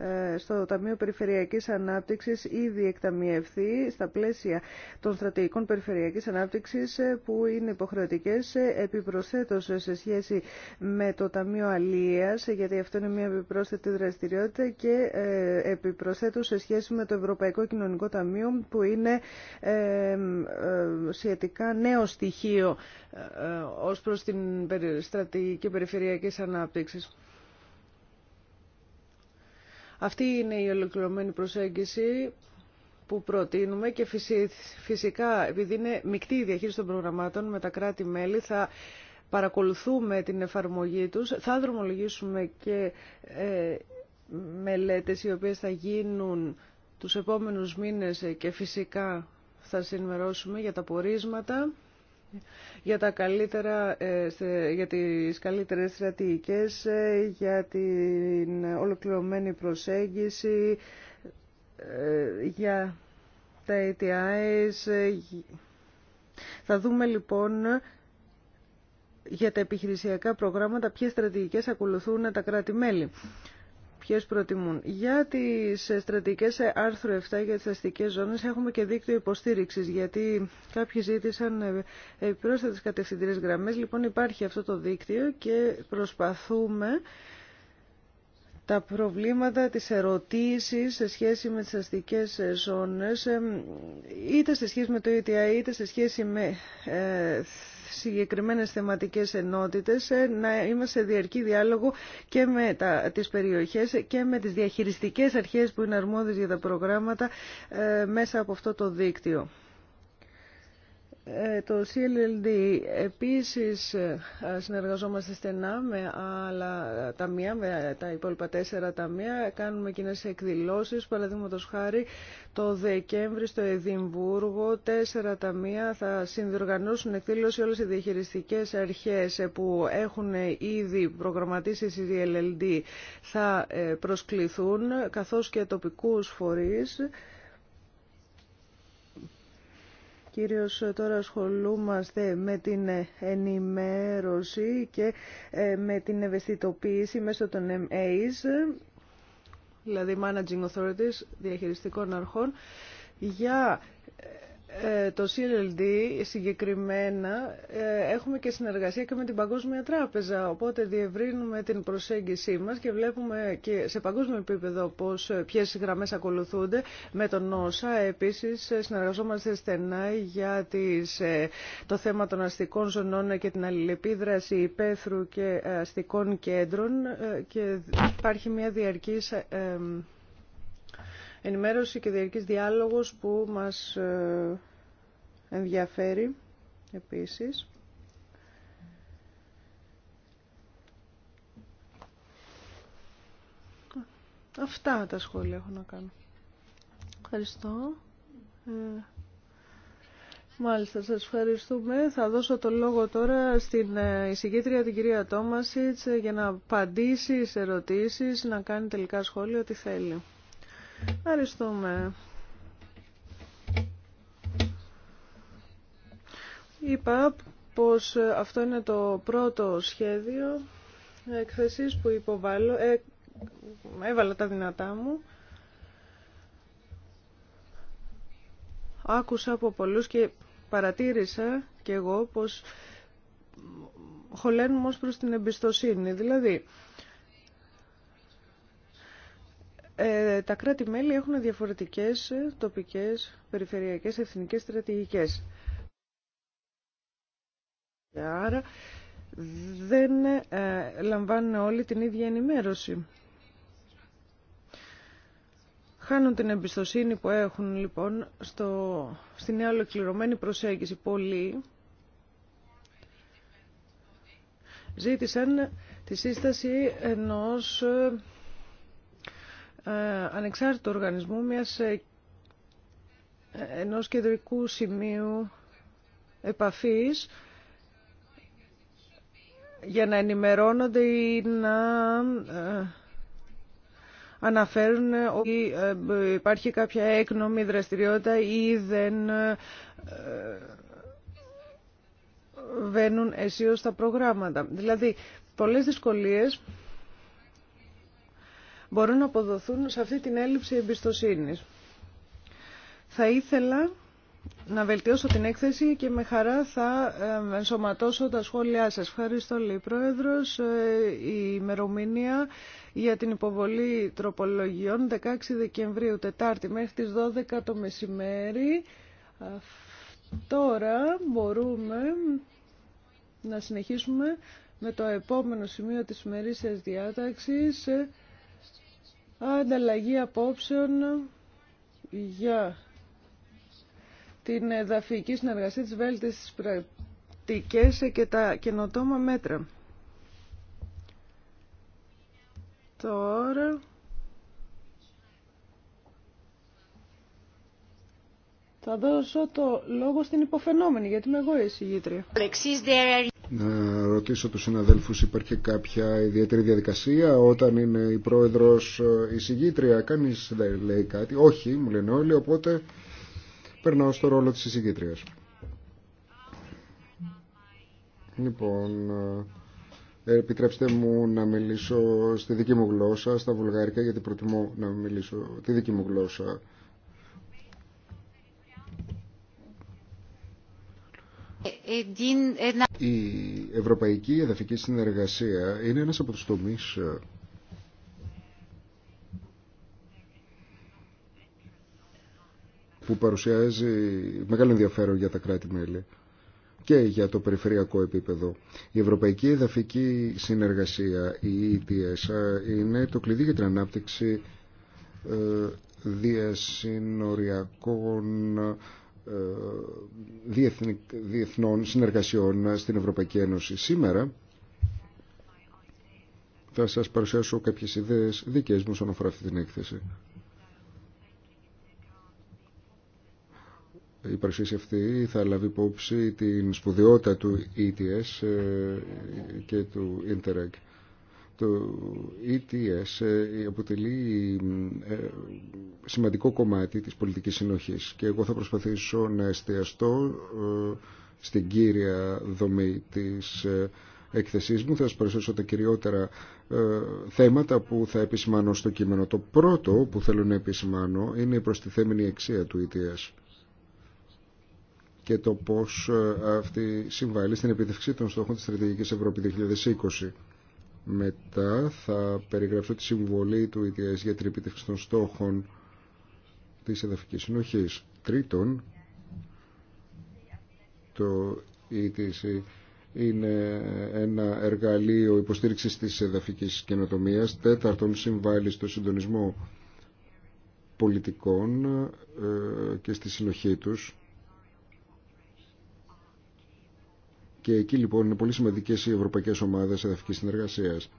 ε, στο Ταμείο Περιφερειακής Ανάπτυξης ήδη εκταμιευθεί στα πλαίσια των στρατηγικών περιφερειακής ανάπτυξης ε, που είναι υποχρεωτικές ε, επιπροσθέτως σε σχέση με το Ταμείο Αλίας γιατί αυτό είναι μια επιπρόσθετη δραστηριότητα και επιπροσθέτως σε σχέση με το Ευρωπαϊκό Κοινωνικό Ταμείο που είναι σχετικά νέο στοιχείο ως προς την στρατηγική περιφερειακής ανάπτυξης. Αυτή είναι η ολοκληρωμένη προσέγγιση που προτείνουμε και φυσικά επειδή είναι μεικτή η διαχείριση των προγραμμάτων με τα κράτη-μέλη θα παρακολουθούμε την εφαρμογή τους, θα δρομολογήσουμε και ε, μελέτες οι οποίες θα γίνουν τους επόμενους μήνες και φυσικά θα συνημερώσουμε για τα πορίσματα για, τα καλύτερα, ε, για τις καλύτερες στρατηγικές, ε, για την ολοκληρωμένη προσέγγιση, ε, για τα Ε, Θα δούμε λοιπόν για τα επιχειρησιακά προγράμματα ποιες στρατηγικές ακολουθούν τα κράτη-μέλη ποιες προτιμούν. Για τις στρατηγικές ε, άρθρου 7 για τις αστικές ζώνες έχουμε και δίκτυο υποστήριξης, γιατί κάποιοι ζήτησαν ε, ε, πρόσθετες κατευθυντήρες γραμμές. Λοιπόν υπάρχει αυτό το δίκτυο και προσπαθούμε τα προβλήματα τις ερωτήσεις σε σχέση με τις αστικές ζώνες, είτε σε σχέση με το ETI, είτε σε σχέση με συγκεκριμένες θεματικές ενότητες, ε, να είμαστε σε διαρκή διάλογο και με τα, τις περιοχές και με τις διαχειριστικές αρχές που είναι αρμόδιες για τα προγράμματα ε, μέσα από αυτό το δίκτυο. Ε, το CLLD επίσης ε, συνεργαζόμαστε στενά με άλλα ταμεία, με τα υπόλοιπα τέσσερα ταμεία. Κάνουμε κοινέ εκδηλώσεις, παραδείγματο χάρη το Δεκέμβρη στο Εδιμβούργο. Τέσσερα ταμεία θα συνδιοργανώσουν εκδήλωση όλες οι διαχειριστικές αρχές που έχουν ήδη προγραμματίσει η CLLD θα ε, προσκληθούν, καθώς και τοπικούς φορείς. Κύριος, ε, τώρα ασχολούμαστε με την ε, ενημέρωση και ε, με την ευαισθητοποίηση μέσω των MAs, δηλαδή Managing Authorities, διαχειριστικών αρχών, για ε, το CLD συγκεκριμένα ε, έχουμε και συνεργασία και με την Παγκόσμια Τράπεζα, οπότε διευρύνουμε την προσέγγιση μας και βλέπουμε και σε παγκόσμιο επίπεδο πώς, ε, ποιες γραμμές ακολουθούνται. Με τον ΩΣΑ επίσης συνεργαζόμαστε στενά για τις, το θέμα των αστικών ζωνών και την αλληλεπίδραση υπαίθρου και αστικών κέντρων και υπάρχει μια διαρκής ενημέρωση και διαρκής διάλογος που μας ε, ενδιαφέρει επίσης. Αυτά τα σχόλια έχω να κάνω. Ευχαριστώ. Ε, μάλιστα, σας ευχαριστούμε. Θα δώσω το λόγο τώρα στην ε, εισηγήτρια την κυρία Τόμασιτς για να απαντήσει σε ερωτήσεις, να κάνει τελικά σχόλιο, ό,τι θέλει. Ευχαριστούμε. Είπα πως αυτό είναι το πρώτο σχέδιο εκθεσής που υποβάλλω. Ε, έβαλα τα δυνατά μου. Άκουσα από πολλούς και παρατήρησα και εγώ πως χωλένουμε ως προς την εμπιστοσύνη. Δηλαδή, Ε, τα κράτη-μέλη έχουν διαφορετικές τοπικές, περιφερειακές, εθνικές στρατηγικές. Άρα δεν ε, λαμβάνουν όλοι την ίδια ενημέρωση. Χάνουν την εμπιστοσύνη που έχουν λοιπόν στο, στην νέα ολοκληρωμένη προσέγγιση. Πολλοί ζήτησαν τη σύσταση ενός ε, ε, ανεξάρτητου οργανισμού μιας ε, ενός κεντρικού σημείου επαφής για να ενημερώνονται ή να ε, αναφέρουν ότι υπάρχει κάποια έκνομη δραστηριότητα ή δεν βαίνουν αισίως τα προγράμματα. Δηλαδή, πολλές δυσκολίες μπορούν να αποδοθούν σε αυτή την έλλειψη εμπιστοσύνης. Θα ήθελα να βελτιώσω την έκθεση και με χαρά θα ε, ενσωματώσω τα σχόλιά σας. Ευχαριστώ, λέει Πρόεδρος. Ε, η ημερομηνία για την υποβολή τροπολογιών 16 Δεκεμβρίου, Τετάρτη, μέχρι τις 12 το μεσημέρι. Τώρα μπορούμε να συνεχίσουμε με το επόμενο σημείο της ημερήσιας διάταξης ανταλλαγή απόψεων για την εδαφική συνεργασία της βέλτιστης πρακτικές και τα καινοτόμα μέτρα. Τώρα... Θα δώσω το λόγο στην υποφαινόμενη, γιατί είμαι εγώ η συγγήτρια να ρωτήσω τους συναδέλφους υπάρχει κάποια ιδιαίτερη διαδικασία όταν είναι η πρόεδρος ε, η συγγήτρια κανείς δεν λέει κάτι όχι μου λένε όλοι οπότε περνάω στο ρόλο της συγκήτριας λοιπόν ε, επιτρέψτε μου να μιλήσω στη δική μου γλώσσα στα βουλγάρικα γιατί προτιμώ να μιλήσω τη δική μου γλώσσα Η Ευρωπαϊκή Εδαφική Συνεργασία είναι ένας από τους τομείς ε, που παρουσιάζει μεγάλο ενδιαφέρον για τα κράτη-μέλη και για το περιφερειακό επίπεδο. Η Ευρωπαϊκή Εδαφική Συνεργασία, η ETS, ε, είναι το κλειδί για την ανάπτυξη ε, διασυνοριακών ε, διεθνών συνεργασιών στην Ευρωπαϊκή Ένωση. Σήμερα θα σας παρουσιάσω κάποιες ιδέες δικές μου όσον αφορά αυτή την έκθεση. Η παρουσίαση αυτή θα λάβει υπόψη την σπουδαιότητα του ETS ε, και του Interreg. Το ETS ε, αποτελεί ε, σημαντικό κομμάτι της πολιτικής συνοχής και εγώ θα προσπαθήσω να εστιαστώ ε, στην κύρια δομή της εκθεσής μου. Θα σας παρουσιάσω τα κυριότερα θέματα που θα επισημάνω στο κείμενο. Το πρώτο που θέλω να επισημάνω είναι η προστιθέμενη αξία του ETS και το πώς αυτή συμβάλλει στην επίτευξη των στόχων της Στρατηγικής Ευρώπη 2020. Μετά θα περιγράψω τη συμβολή του ΙΤΕΣ για την επίτευξη των στόχων της εδαφικής συνοχής. Τρίτον, το ΙΤΕΣ είναι ένα εργαλείο υποστήριξης της εδαφικής καινοτομίας. Τέταρτον, συμβάλλει στο συντονισμό πολιτικών ε, και στη συνοχή τους Και εκεί λοιπόν είναι πολύ σημαντικές οι ευρωπαϊκές ομάδες εδαφικής συνεργασίας.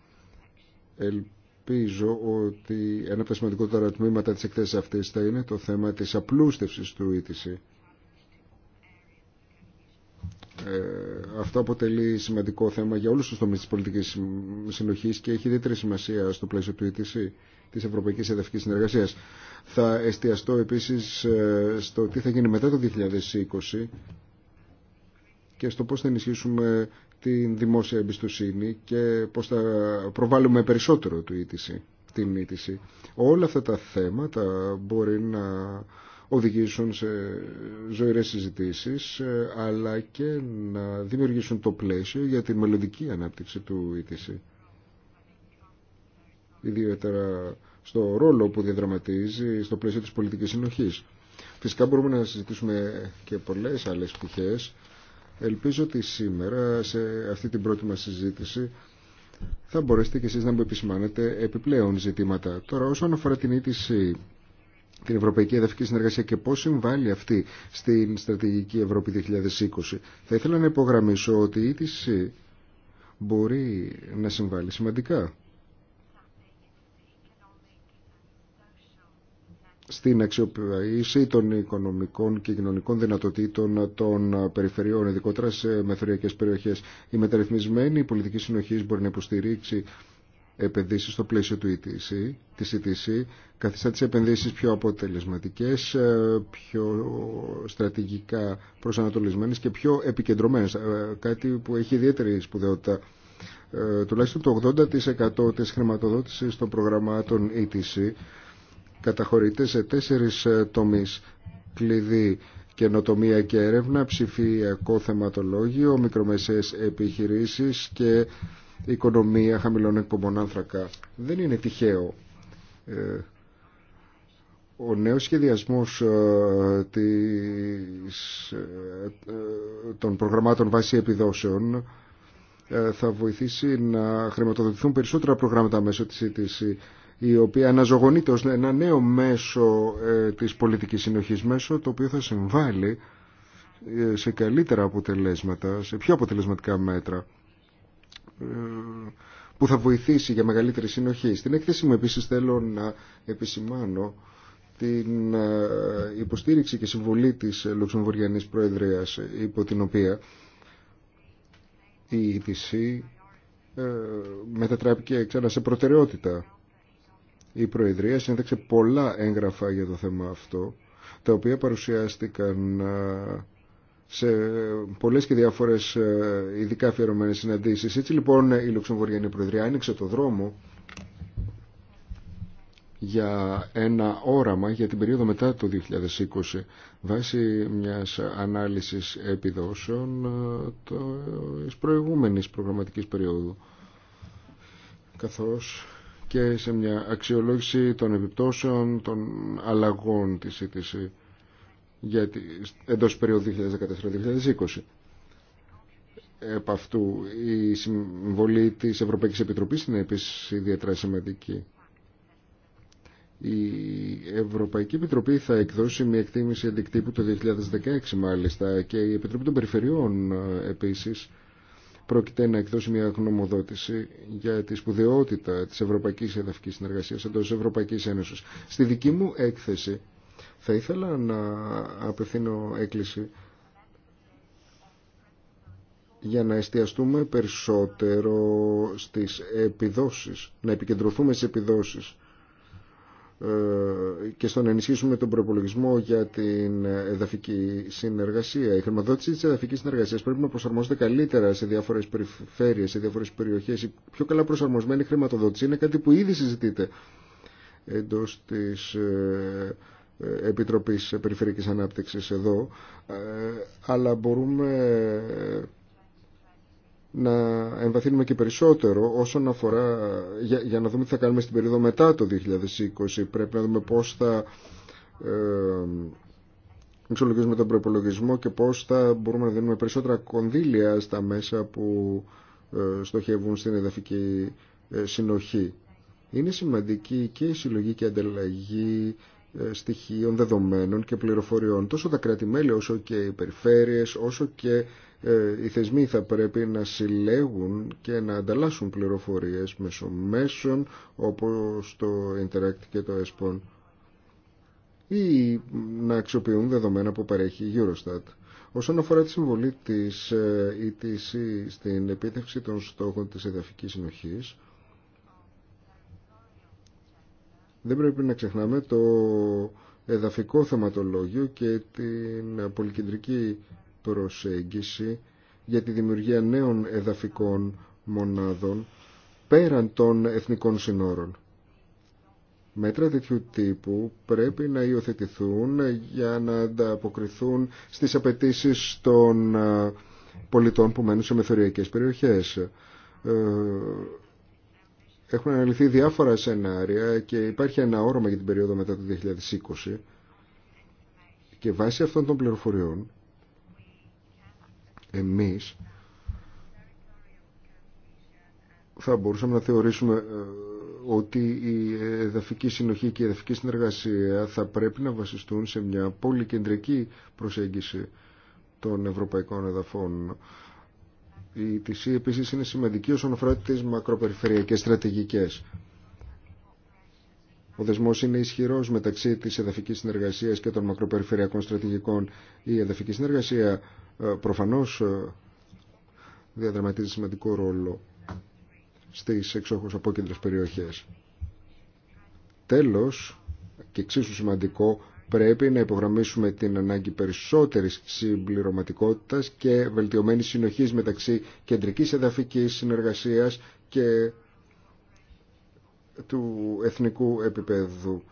Ελπίζω ότι ένα από τα σημαντικότερα τμήματα της εκθέσης αυτής θα είναι το θέμα της απλούστευσης του ETC. Ε, αυτό αποτελεί σημαντικό θέμα για όλους τους τομείς της πολιτικής συνοχής και έχει ιδιαίτερη σημασία στο πλαίσιο του ETC, της Ευρωπαϊκής Εδαφικής Συνεργασίας. Θα εστιαστώ επίσης ε, στο τι θα γίνει μετά το 2020 και στο πώς θα ενισχύσουμε την δημόσια εμπιστοσύνη και πώς θα προβάλλουμε περισσότερο του ETC, την ETC. Όλα αυτά τα θέματα μπορεί να οδηγήσουν σε ζωηρές συζητήσεις ε, αλλά και να δημιουργήσουν το πλαίσιο για τη μελλοντική ανάπτυξη του Ήτηση. E Ιδιαίτερα στο ρόλο που διαδραματίζει στο πλαίσιο της πολιτικής συνοχής. Φυσικά μπορούμε να συζητήσουμε και πολλές άλλες πτυχές Ελπίζω ότι σήμερα σε αυτή την πρώτη μας συζήτηση θα μπορέσετε και εσείς να μου επισημάνετε επιπλέον ζητήματα. Τώρα όσον αφορά την ήτηση την Ευρωπαϊκή Εδαφική Συνεργασία και πώς συμβάλλει αυτή στην Στρατηγική Ευρώπη 2020. Θα ήθελα να υπογραμμίσω ότι η ήτηση μπορεί να συμβάλλει σημαντικά στην αξιοποίηση των οικονομικών και κοινωνικών δυνατοτήτων των περιφερειών, ειδικότερα σε μεθοριακές περιοχές. Η μεταρρυθμισμένη πολιτική συνοχή μπορεί να υποστηρίξει επενδύσεις στο πλαίσιο του ETC, της ETC, καθιστά τις επενδύσεις πιο αποτελεσματικές, πιο στρατηγικά προσανατολισμένες και πιο επικεντρωμένες, ε, κάτι που έχει ιδιαίτερη σπουδαιότητα. Ε, τουλάχιστον το 80% της χρηματοδότησης των προγραμμάτων ETC καταχωρείται σε τέσσερις ε, τομείς κλειδί καινοτομία και έρευνα, ψηφιακό θεματολόγιο, μικρομεσαίες επιχειρήσεις και οικονομία χαμηλών εκπομπών άνθρακα. Δεν είναι τυχαίο. Ε, ο νέος σχεδιασμός ε, της, των προγραμμάτων βάση επιδόσεων θα βοηθήσει να χρηματοδοτηθούν περισσότερα προγράμματα μέσω της η οποία αναζωογονείται ως ένα νέο μέσο ε, της πολιτικής συνοχής μέσο το οποίο θα συμβάλλει ε, σε καλύτερα αποτελέσματα, σε πιο αποτελεσματικά μέτρα ε, που θα βοηθήσει για μεγαλύτερη συνοχή. Στην έκθεση μου επίσης θέλω να επισημάνω την υποστήριξη και συμβολή της Λουξεμβουργιανής Προεδρίας υπό την οποία η ETC μετατράπηκε ξανά σε προτεραιότητα η Προεδρία συνέδεξε πολλά έγγραφα για το θέμα αυτό, τα οποία παρουσιάστηκαν ε, σε πολλές και διάφορες ε, ειδικά αφιερωμένες συναντήσεις. Έτσι λοιπόν η Λουξεμβουργιανή Προεδρία άνοιξε το δρόμο για ένα όραμα για την περίοδο μετά το 2020 βάσει μιας ανάλυσης επιδόσεων ε, της προηγούμενης προγραμματικής περίοδου καθώς και σε μια αξιολόγηση των επιπτώσεων των αλλαγών της ΣΥΤΙΣΗ εντο εντός περίοδου 2014-2020. Επ' αυτού η συμβολή της Ευρωπαϊκής Επιτροπής είναι επίσης ιδιαίτερα σημαντική. Η Ευρωπαϊκή Επιτροπή θα εκδώσει μια εκτίμηση αντικτύπου το 2016 μάλιστα και η Επιτροπή των Περιφερειών ε, επίσης πρόκειται να εκδώσει μια γνωμοδότηση για τη σπουδαιότητα της Ευρωπαϊκής Εδαφικής Συνεργασίας εντό της Ευρωπαϊκής Ένωσης. Στη δική μου έκθεση θα ήθελα να απευθύνω έκκληση για να εστιαστούμε περισσότερο στις επιδόσεις, να επικεντρωθούμε στις επιδόσεις ε, και στο να ενισχύσουμε τον προπολογισμό για την εδαφική συνεργασία. Η χρηματοδότηση τη εδαφική συνεργασία πρέπει να προσαρμόζεται καλύτερα σε διάφορε περιφέρειες, σε διάφορε περιοχέ. Η πιο καλά προσαρμοσμένη χρηματοδότηση είναι κάτι που ήδη συζητείται εντό τη ε, Επιτροπή Περιφερειακή Ανάπτυξη εδώ. Ε, αλλά μπορούμε να εμβαθύνουμε και περισσότερο όσον αφορά, για, να δούμε τι θα κάνουμε στην περίοδο μετά το 2020. Πρέπει να δούμε πώς θα ε, εξολογήσουμε τον προπολογισμό και πώς θα μπορούμε να δίνουμε περισσότερα κονδύλια στα μέσα που ε, στοχεύουν στην εδαφική ε, συνοχή. Είναι σημαντική και η συλλογή και η ανταλλαγή ε, στοιχείων, δεδομένων και πληροφοριών τόσο τα κράτη-μέλη όσο και οι περιφέρειες όσο και ε, οι θεσμοί θα πρέπει να συλλέγουν και να ανταλλάσσουν πληροφορίες μέσω μέσων όπως το Interact και το ESPON ή να αξιοποιούν δεδομένα που παρέχει η Eurostat. Όσον αφορά τη συμβολή της ε, ETC στην επίτευξη των στόχων της εδαφικής συνοχής, δεν πρέπει να ξεχνάμε το εδαφικό θεματολόγιο και την πολυκεντρική προσέγγιση για τη δημιουργία νέων εδαφικών μονάδων πέραν των εθνικών συνόρων. Μέτρα τέτοιου τύπου πρέπει να υιοθετηθούν για να ανταποκριθούν στις απαιτήσεις των ε, πολιτών που μένουν σε μεθοριακές περιοχές. Ε, έχουν αναλυθεί διάφορα σενάρια και υπάρχει ένα όρομα για την περίοδο μετά το 2020 και βάσει αυτών των πληροφοριών εμείς θα μπορούσαμε να θεωρήσουμε ε, ότι η εδαφική συνοχή και η εδαφική συνεργασία θα πρέπει να βασιστούν σε μια πολυκεντρική προσέγγιση των ευρωπαϊκών εδαφών. Η ΤΣΥ επίσης είναι σημαντική όσον αφορά τις μακροπεριφερειακές στρατηγικές. Ο δεσμό είναι ισχυρό μεταξύ τη εδαφική συνεργασία και των μακροπεριφερειακών στρατηγικών. Η εδαφική συνεργασία ε, προφανώ ε, διαδραματίζει σημαντικό ρόλο στι εξόχω απόκεντρε περιοχέ. Τέλο, και εξίσου σημαντικό, πρέπει να υπογραμμίσουμε την ανάγκη περισσότερης συμπληρωματικότητα και βελτιωμένη συνοχή μεταξύ κεντρική εδαφική συνεργασία και του εθνικού επίπεδου.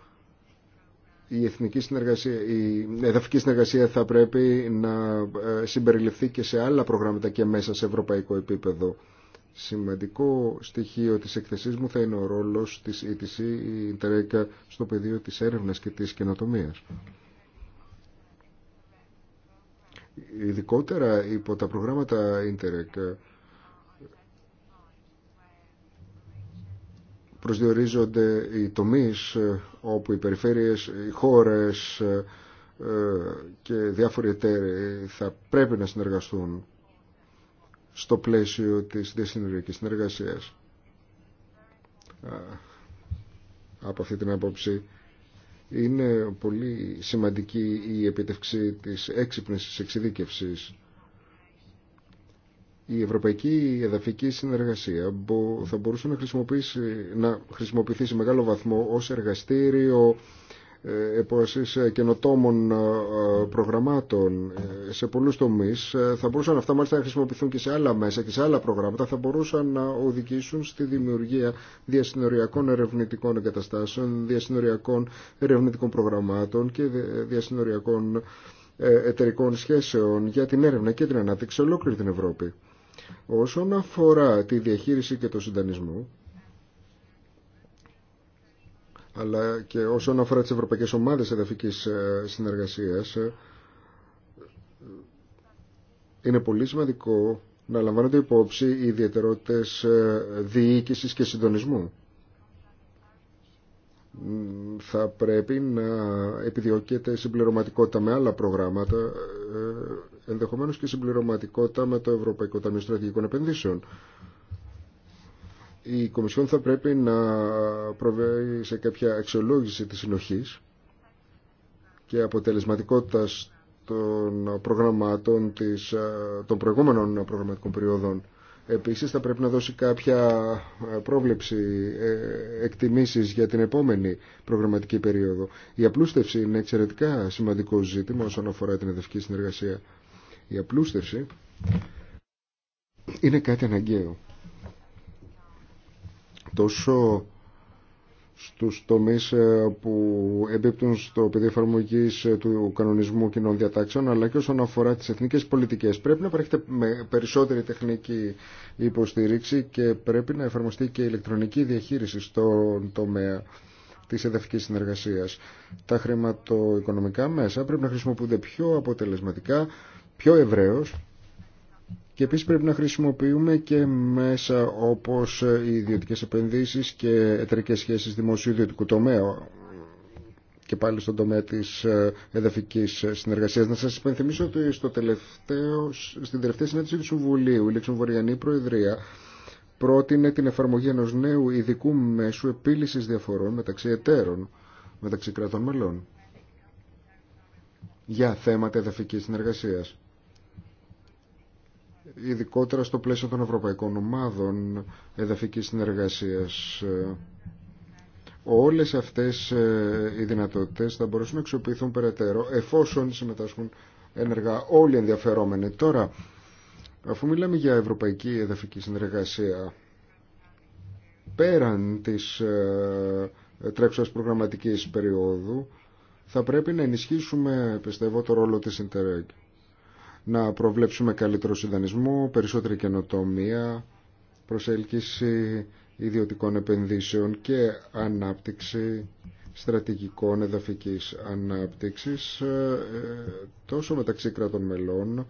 Η εθνική συνεργασία, η εδαφική συνεργασία θα πρέπει να ε, συμπεριληφθεί και σε άλλα προγράμματα και μέσα σε ευρωπαϊκό επίπεδο. Σημαντικό στοιχείο της εκθεσής μου θα είναι ο ρόλος της ETC, η στο πεδίο της έρευνας και της καινοτομίας. Ειδικότερα υπό τα προγράμματα Interreg προσδιορίζονται οι τομείς ε, όπου οι περιφέρειες, οι χώρες ε, ε, και διάφοροι εταίροι θα πρέπει να συνεργαστούν στο πλαίσιο της διασυνοριακής συνεργασίας. Από αυτή την άποψη είναι πολύ σημαντική η επίτευξη της έξυπνης εξειδίκευσης η ευρωπαϊκή εδαφική συνεργασία θα μπορούσε να, χρησιμοποιήσει, να χρησιμοποιηθεί σε μεγάλο βαθμό ως εργαστήριο ε, επόσης ε, καινοτόμων ε, προγραμμάτων σε πολλούς τομείς θα μπορούσαν αυτά μάλιστα να χρησιμοποιηθούν και σε άλλα μέσα και σε άλλα προγράμματα θα μπορούσαν να οδηγήσουν στη δημιουργία διασυνοριακών ερευνητικών εγκαταστάσεων διασυνοριακών ερευνητικών προγραμμάτων και διασυνοριακών εταιρικών σχέσεων για την έρευνα και την ανάπτυξη ολόκληρη την Ευρώπη. Όσον αφορά τη διαχείριση και το συντανισμό, αλλά και όσον αφορά τις Ευρωπαϊκές Ομάδες Εδαφικής ε, Συνεργασίας, ε, είναι πολύ σημαντικό να λαμβάνονται υπόψη οι ιδιαιτερότητες ε, διοίκησης και συντονισμού. Θα πρέπει να επιδιώκεται συμπληρωματικότητα με άλλα προγράμματα ενδεχομένως και συμπληρωματικότητα με το Ευρωπαϊκό Ταμείο Στρατηγικών Επενδύσεων. Η Κομισιόν θα πρέπει να προβεί σε κάποια αξιολόγηση της συνοχής και αποτελεσματικότητας των προγραμμάτων της, ε, των προηγούμενων προγραμματικών περίοδων. Επίσης θα πρέπει να δώσει κάποια ε, πρόβλεψη ε, εκτιμήσεις για την επόμενη προγραμματική περίοδο. Η απλούστευση είναι εξαιρετικά σημαντικό ζήτημα όσον αφορά την εδευτική συνεργασία. Η απλούστευση είναι κάτι αναγκαίο. Τόσο στους τομείς ε, που εμπίπτουν στο πεδίο εφαρμογή ε, του κανονισμού κοινών διατάξεων αλλά και όσον αφορά τις εθνικές πολιτικές. Πρέπει να παρέχεται με περισσότερη τεχνική υποστηρίξη και πρέπει να εφαρμοστεί και ηλεκτρονική διαχείριση στον τομέα της εδαφικής συνεργασίας. Τα χρηματοοικονομικά μέσα πρέπει να χρησιμοποιούνται πιο αποτελεσματικά πιο ευρέως και επίσης πρέπει να χρησιμοποιούμε και μέσα όπως οι ιδιωτικές επενδύσεις και εταιρικές σχέσεις δημοσίου-ιδιωτικού τομέα και πάλι στον τομέα της ε, εδαφικής συνεργασίας. Να σας υπενθυμίσω ότι στο τελευταίο, στην τελευταία συνέντευξη του Συμβουλίου η Λεξομβοριανή Προεδρία πρότεινε την εφαρμογή ενός νέου ειδικού μέσου επίλυσης διαφορών μεταξύ εταίρων, μεταξύ κρατών μελών για θέματα εδαφικής συνεργασίας ειδικότερα στο πλαίσιο των ευρωπαϊκών ομάδων εδαφικής συνεργασίας. Όλες αυτές ε, οι δυνατότητες θα μπορούσαν να αξιοποιηθούν περαιτέρω εφόσον συμμετάσχουν ενεργά όλοι οι ενδιαφερόμενοι. Τώρα, αφού μιλάμε για ευρωπαϊκή εδαφική συνεργασία, πέραν της ε, τρέχουσας προγραμματικής περίοδου, θα πρέπει να ενισχύσουμε, πιστεύω, το ρόλο της Interreg να προβλέψουμε καλύτερο συνδανισμό, περισσότερη καινοτομία, προσέλκυση ιδιωτικών επενδύσεων και ανάπτυξη στρατηγικών εδαφικής ανάπτυξης ε, τόσο μεταξύ κρατών μελών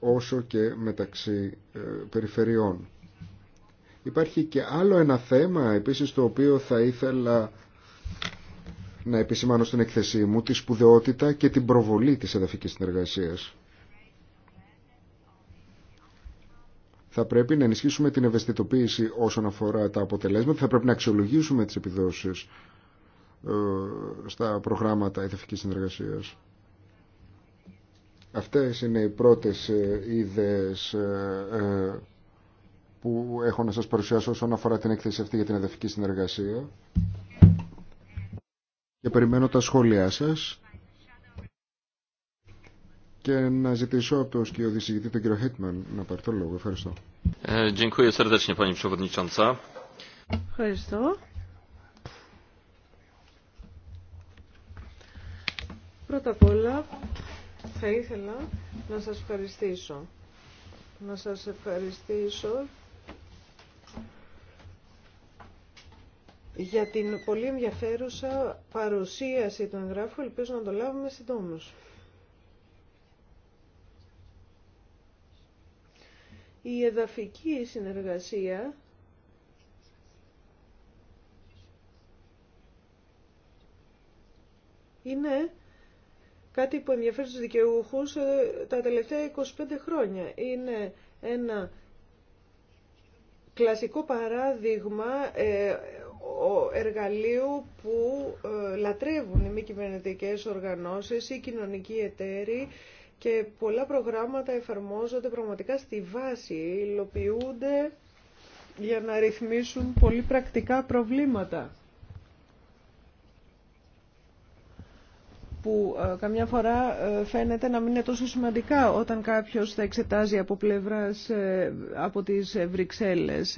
όσο και μεταξύ ε, περιφερειών. Υπάρχει και άλλο ένα θέμα επίσης το οποίο θα ήθελα να επισημάνω στην εκθεσή μου τη σπουδαιότητα και την προβολή της εδαφικής συνεργασίας. θα πρέπει να ενισχύσουμε την ευαισθητοποίηση όσον αφορά τα αποτελέσματα, θα πρέπει να αξιολογήσουμε τις επιδόσεις ε, στα προγράμματα ειδευτικής συνεργασίας. Αυτές είναι οι πρώτες ε, ιδέες ε, που έχω να σας παρουσιάσω όσον αφορά την έκθεση αυτή για την ειδευτική συνεργασία. Και περιμένω τα σχόλιά σας και να ζητήσω από τον κύριο συγητή, τον κύριο Χίτμαν, να πάρει το λόγο. Ευχαριστώ. Ε, Ευχαριστώ. Πρώτα απ' όλα θα ήθελα να σας ευχαριστήσω. Να σας ευχαριστήσω για την πολύ ενδιαφέρουσα παρουσίαση του εγγράφου. Ελπίζω να το λάβουμε συντόμως. η εδαφική συνεργασία είναι κάτι που ενδιαφέρει τους δικαιούχους ε, τα τελευταία 25 χρόνια. Είναι ένα κλασικό παράδειγμα ε, εργαλείου που ε, λατρεύουν οι μη κυβερνητικές οργανώσεις, η κοινωνικοί εταίροι, και πολλά προγράμματα εφαρμόζονται πραγματικά στη βάση, υλοποιούνται για να ρυθμίσουν πολύ πρακτικά προβλήματα. που ε, καμιά φορά ε, φαίνεται να μην είναι τόσο σημαντικά όταν κάποιος θα εξετάζει από πλευράς ε, από τις Βρυξέλλες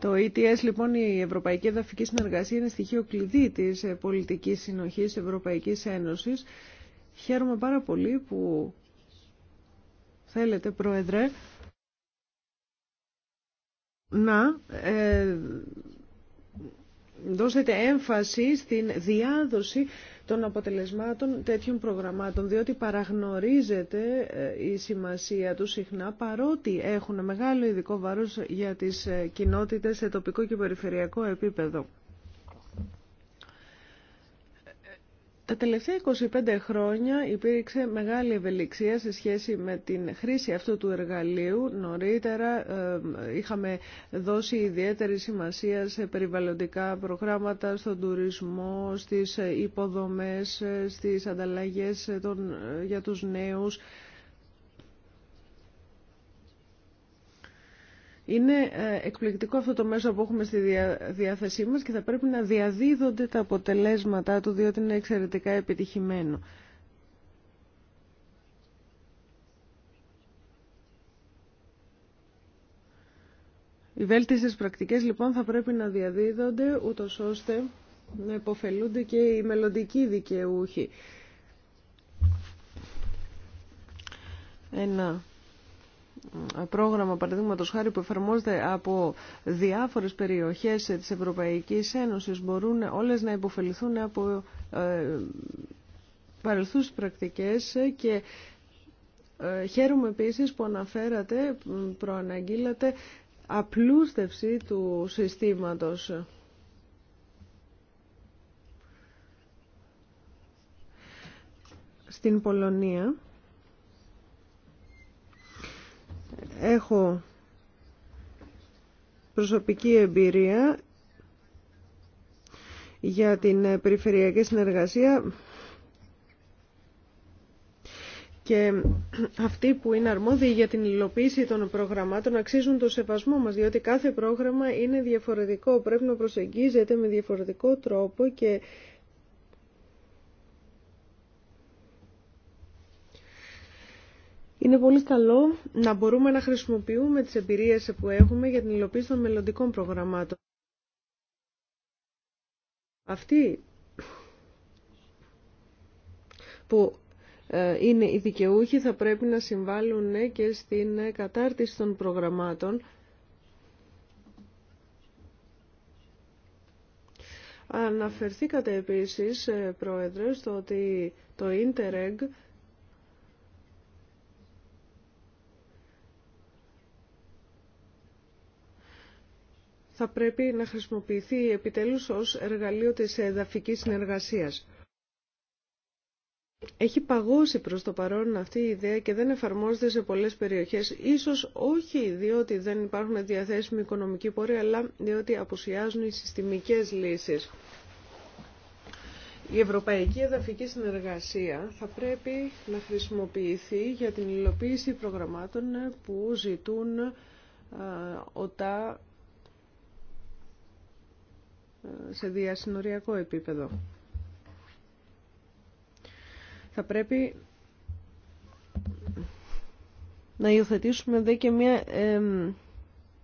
το ETS, λοιπόν, η Ευρωπαϊκή Εδαφική Συνεργασία, είναι στοιχείο κλειδί της ε, πολιτικής συνοχής ευρωπαϊκή Ευρωπαϊκής Ένωσης. Χαίρομαι πάρα πολύ που θέλετε, Πρόεδρε, να ε, δώσετε έμφαση στην διάδοση των αποτελεσμάτων τέτοιων προγραμμάτων, διότι παραγνωρίζεται ε, η σημασία του συχνά, παρότι έχουν μεγάλο ειδικό βάρος για τις ε, κοινότητες σε τοπικό και περιφερειακό επίπεδο. Τα τελευταία 25 χρόνια υπήρξε μεγάλη ευελιξία σε σχέση με την χρήση αυτού του εργαλείου. Νωρίτερα ε, είχαμε δώσει ιδιαίτερη σημασία σε περιβαλλοντικά προγράμματα, στον τουρισμό, στις υποδομές, ε, στις ανταλλαγές ε, των, για τους νέους. Είναι ε, εκπληκτικό αυτό το μέσο που έχουμε στη διάθεσή μας και θα πρέπει να διαδίδονται τα αποτελέσματά του διότι είναι εξαιρετικά επιτυχημένο. Οι βέλτιστες πρακτικές λοιπόν θα πρέπει να διαδίδονται ούτως ώστε να υποφελούνται και οι μελλοντικοί δικαιούχοι. Ένα πρόγραμμα παραδείγματο χάρη που εφαρμόζεται από διάφορες περιοχές της Ευρωπαϊκής Ένωσης μπορούν όλες να υποφεληθούν από ε, παρελθούς πρακτικές και ε, χαίρομαι επίσης που αναφέρατε, προαναγγείλατε απλούστευση του συστήματος. Στην Πολωνία έχω προσωπική εμπειρία για την περιφερειακή συνεργασία και αυτοί που είναι αρμόδιοι για την υλοποίηση των προγραμμάτων αξίζουν το σεβασμό μας, διότι κάθε πρόγραμμα είναι διαφορετικό, πρέπει να προσεγγίζεται με διαφορετικό τρόπο και Είναι πολύ καλό να μπορούμε να χρησιμοποιούμε τις εμπειρίες που έχουμε για την υλοποίηση των μελλοντικών προγραμμάτων. Αυτοί που ε, είναι οι δικαιούχοι θα πρέπει να συμβάλλουν ναι, και στην ε, κατάρτιση των προγραμμάτων Αναφερθήκατε επίσης, ε, Πρόεδρε, στο ότι το Interreg θα πρέπει να χρησιμοποιηθεί επιτέλους ως εργαλείο της εδαφικής συνεργασίας. Έχει παγώσει προς το παρόν αυτή η ιδέα και δεν εφαρμόζεται σε πολλές περιοχές. Ίσως όχι διότι δεν υπάρχουν διαθέσιμοι οικονομικοί πόροι, αλλά διότι απουσιάζουν οι συστημικές λύσεις. Η Ευρωπαϊκή Εδαφική Συνεργασία θα πρέπει να χρησιμοποιηθεί για την υλοποίηση προγραμμάτων που ζητούν ε, οτά σε διασυνοριακό επίπεδο. Θα πρέπει να υιοθετήσουμε δε και μια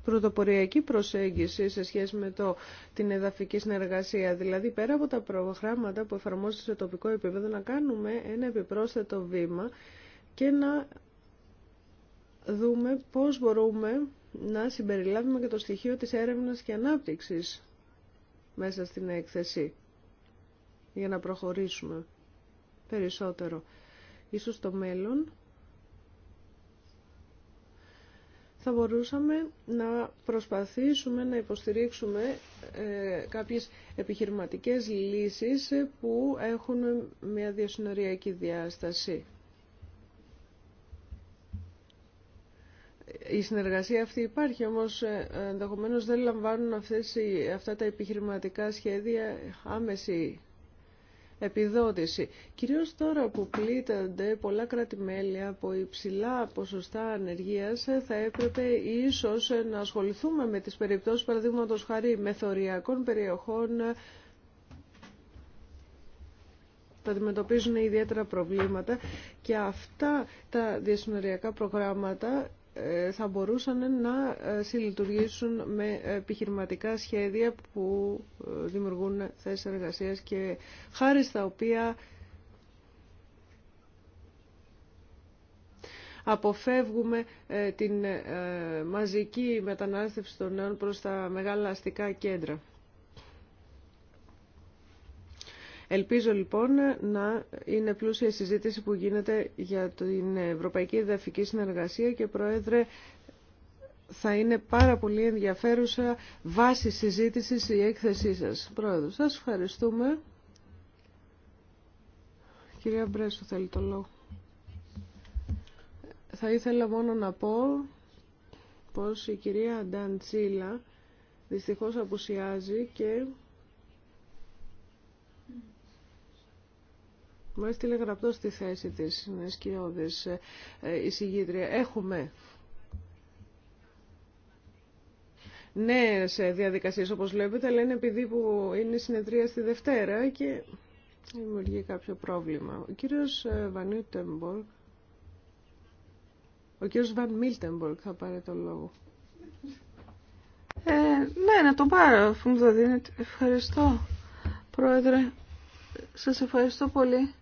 πρωτοποριακή προσέγγιση σε σχέση με το, την εδαφική συνεργασία. Δηλαδή, πέρα από τα προγράμματα που εφαρμόζονται σε τοπικό επίπεδο, να κάνουμε ένα επιπρόσθετο βήμα και να δούμε πώς μπορούμε να συμπεριλάβουμε και το στοιχείο της έρευνας και ανάπτυξης μέσα στην έκθεση για να προχωρήσουμε περισσότερο. Ίσως στο μέλλον θα μπορούσαμε να προσπαθήσουμε να υποστηρίξουμε ε, κάποιες επιχειρηματικές λύσεις που έχουν μια διασυνοριακή διάσταση. Η συνεργασία αυτή υπάρχει, όμως ε, ενδεχομένω δεν λαμβάνουν αυτές, αυτά τα επιχειρηματικά σχέδια άμεση επιδότηση. Κυρίως τώρα που πλήττονται πολλά από υψηλά ποσοστά ανεργίας, θα έπρεπε ίσως να ασχοληθούμε με τις περιπτώσεις, παραδείγματος χαρή, μεθοριακών περιοχών, τα αντιμετωπίζουν ιδιαίτερα προβλήματα και αυτά τα διασυνοριακά προγράμματα θα μπορούσαν να ε, συλλειτουργήσουν με επιχειρηματικά σχέδια που ε, δημιουργούν θέσεις εργασίας και χάρη στα οποία αποφεύγουμε ε, την μαζική μετανάστευση των νέων προς τα μεγάλα αστικά κέντρα. Ελπίζω λοιπόν να είναι πλούσια η συζήτηση που γίνεται για την Ευρωπαϊκή Εδαφική Συνεργασία και Πρόεδρε θα είναι πάρα πολύ ενδιαφέρουσα βάση συζήτησης η έκθεσή σας. Πρόεδρε, σας ευχαριστούμε. Κυρία Μπρέσου θέλει το λόγο. Θα ήθελα μόνο να πω πως η κυρία Νταντσίλα δυστυχώς απουσιάζει και Μου έστειλε γραπτό στη θέση της σκιώδης εισηγήτρια. Ε, Έχουμε σε διαδικασίες όπως βλέπετε, αλλά είναι επειδή που είναι συνεδρία στη Δευτέρα και δημιουργεί κάποιο πρόβλημα. Ο κύριος ε, Βανίτεμπορκ, ο κύριος Βαν Μίλτεμπορκ θα πάρει το λόγο. Ε, ναι, να τον πάρω, αφού μου το δίνετε. Ευχαριστώ, Πρόεδρε. Σας ευχαριστώ πολύ.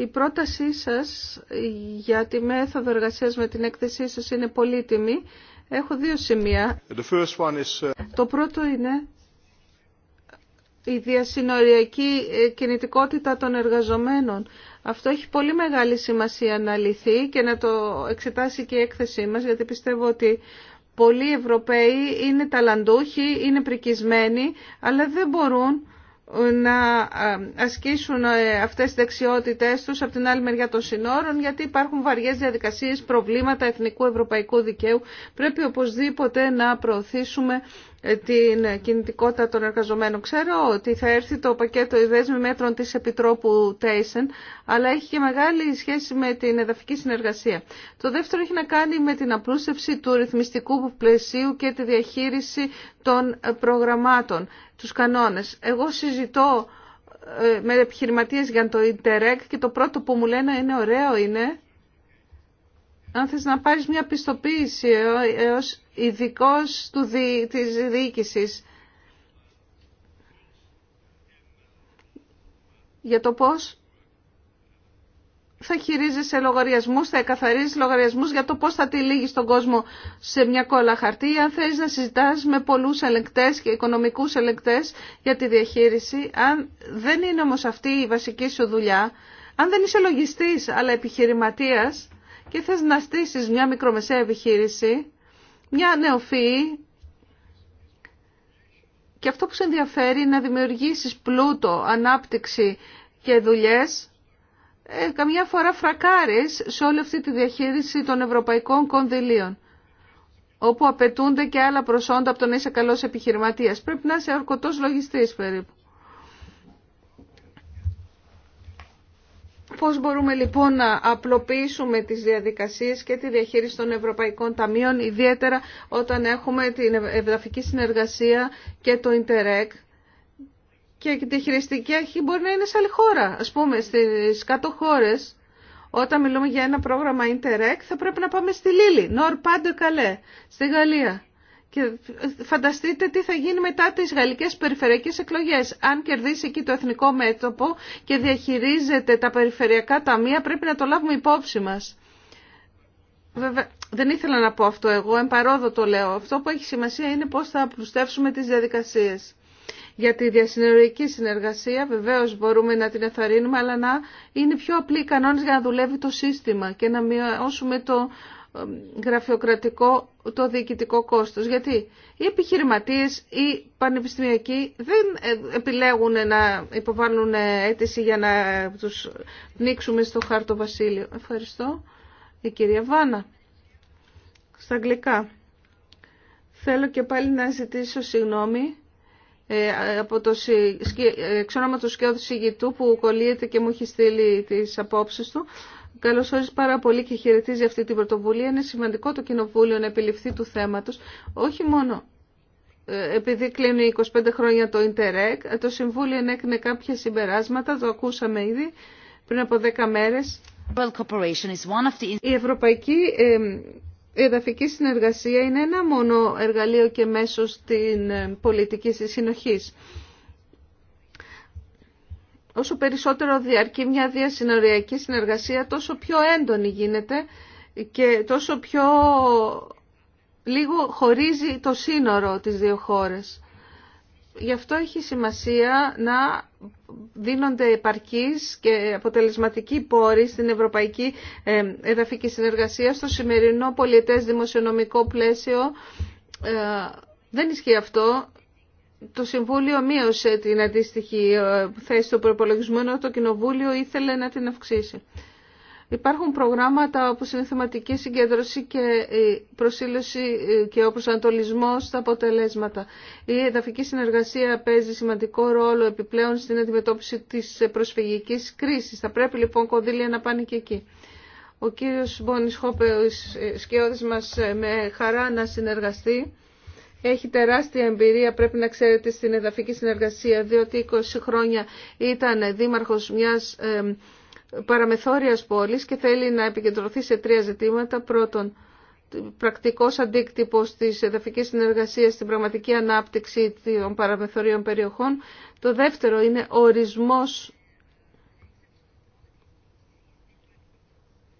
Η πρότασή σας για τη μέθοδο εργασίας με την έκθεσή σας είναι πολύτιμη. Έχω δύο σημεία. Uh, το πρώτο είναι η διασυνοριακή ε, κινητικότητα των εργαζομένων. Αυτό έχει πολύ μεγάλη σημασία να λυθεί και να το εξετάσει και η έκθεσή μας, γιατί πιστεύω ότι πολλοί Ευρωπαίοι είναι ταλαντούχοι, είναι πρικισμένοι, αλλά δεν μπορούν να ε, ασκήσουν ε, αυτές τις δεξιότητες τους από την άλλη μεριά των συνόρων γιατί υπάρχουν βαριές διαδικασίες, προβλήματα εθνικού ευρωπαϊκού δικαίου. Πρέπει οπωσδήποτε να προωθήσουμε ε, την κινητικότητα των εργαζομένων. Ξέρω ότι θα έρθει το πακέτο με μέτρων της Επιτρόπου Τέισεν, αλλά έχει και μεγάλη σχέση με την εδαφική συνεργασία. Το δεύτερο έχει να κάνει με την απλούστευση του ρυθμιστικού πλαισίου και τη διαχείριση των προγραμμάτων τους κανόνες. Εγώ συζητώ ε, με επιχειρηματίες για το Ιντερεκ και το πρώτο που μου λένε είναι ωραίο είναι αν θες να πάρεις μια πιστοποίηση ε, ως ειδικό της διοίκησης για το πώς θα χειρίζεσαι λογαριασμού, θα εκαθαρίζει λογαριασμού για το πώ θα λύγει τον κόσμο σε μια κόλλα χαρτί. Αν θε να συζητά με πολλού ελεγκτέ και οικονομικού ελεγκτέ για τη διαχείριση, αν δεν είναι όμω αυτή η βασική σου δουλειά, αν δεν είσαι λογιστή αλλά επιχειρηματία και θε να στήσει μια μικρομεσαία επιχείρηση, μια νεοφυή, και αυτό που σε ενδιαφέρει είναι να δημιουργήσεις πλούτο, ανάπτυξη και δουλειέ ε, καμιά φορά φρακάρες σε όλη αυτή τη διαχείριση των ευρωπαϊκών κονδυλίων όπου απαιτούνται και άλλα προσόντα από τον να είσαι καλός επιχειρηματίας. Πρέπει να είσαι αρκωτός λογιστής περίπου. Πώς μπορούμε λοιπόν να απλοποιήσουμε τις διαδικασίες και τη διαχείριση των Ευρωπαϊκών Ταμείων, ιδιαίτερα όταν έχουμε την Ευδαφική Συνεργασία και το Ιντερεκ και τη χειριστική αρχή μπορεί να είναι σε άλλη χώρα. Α πούμε στι κάτω χώρε όταν μιλούμε για ένα πρόγραμμα Interreg, θα πρέπει να πάμε στη Λίλη, Νορ Πάντε Καλέ, στη Γαλλία. Και φανταστείτε τι θα γίνει μετά τι γαλλικέ περιφερειακές εκλογές. Αν κερδίσει εκεί το εθνικό μέτωπο και διαχειρίζεται τα περιφερειακά ταμεία, πρέπει να το λάβουμε υπόψη μα. Βέβαια, δεν ήθελα να πω αυτό εγώ, εμπαρόδο το λέω. Αυτό που έχει σημασία είναι πώς θα απλουστεύσουμε τις διαδικασίες για τη διασυνεργική συνεργασία. Βεβαίως μπορούμε να την εθαρρύνουμε, αλλά να είναι πιο απλοί οι κανόνες για να δουλεύει το σύστημα και να μειώσουμε το γραφειοκρατικό, το διοικητικό κόστος. Γιατί οι επιχειρηματίες, οι πανεπιστημιακοί δεν ε, επιλέγουν να υποβάλουν ε, αίτηση για να τους νίξουμε στο χάρτο βασίλειο. Ευχαριστώ. Η κυρία Βάνα. Στα αγγλικά. Θέλω και πάλι να ζητήσω συγγνώμη ε, από το εξ του του Σιγητού που κολλείται και μου έχει στείλει τις απόψεις του. Καλώς όρισε πάρα πολύ και χαιρετίζει αυτή την πρωτοβουλία. Είναι σημαντικό το Κοινοβούλιο να επιληφθεί του θέματος, όχι μόνο ε, επειδή κλείνει 25 χρόνια το Ιντερεκ, το Συμβούλιο ενέκρινε κάποια συμπεράσματα, το ακούσαμε ήδη πριν από 10 μέρες. Η Ευρωπαϊκή ε, η εδαφική συνεργασία είναι ένα μόνο εργαλείο και μέσο στην ε, πολιτική συνοχή. συνοχής. Όσο περισσότερο διαρκεί μια διασυνοριακή συνεργασία, τόσο πιο έντονη γίνεται και τόσο πιο λίγο χωρίζει το σύνορο της δύο χώρες. Γι' αυτό έχει σημασία να δίνονται επαρκείς και αποτελεσματικοί πόροι στην Ευρωπαϊκή ε, Εδαφική Συνεργασία στο σημερινό πολιτές δημοσιονομικό πλαίσιο. Ε, δεν ισχύει αυτό. Το Συμβούλιο μείωσε την αντίστοιχη ε, θέση του προπολογισμού, ενώ το Κοινοβούλιο ήθελε να την αυξήσει. Υπάρχουν προγράμματα όπως είναι θεματική συγκέντρωση και η προσήλωση ε, και ο προσανατολισμός στα αποτελέσματα. Η εδαφική συνεργασία παίζει σημαντικό ρόλο επιπλέον στην αντιμετώπιση της προσφυγικής κρίσης. Θα πρέπει λοιπόν κονδύλια να πάνε και εκεί. Ο κύριος Μπόνις Χόπε, ο ε, σκιώδης μας, ε, με χαρά να συνεργαστεί. Έχει τεράστια εμπειρία, πρέπει να ξέρετε, στην εδαφική συνεργασία, διότι 20 χρόνια ήταν δήμαρχος μιας παραμεθόριας πόλης και θέλει να επικεντρωθεί σε τρία ζητήματα. Πρώτον, πρακτικός αντίκτυπος της εδαφικής συνεργασίας στην πραγματική ανάπτυξη των παραμεθορίων περιοχών. Το δεύτερο είναι ορισμός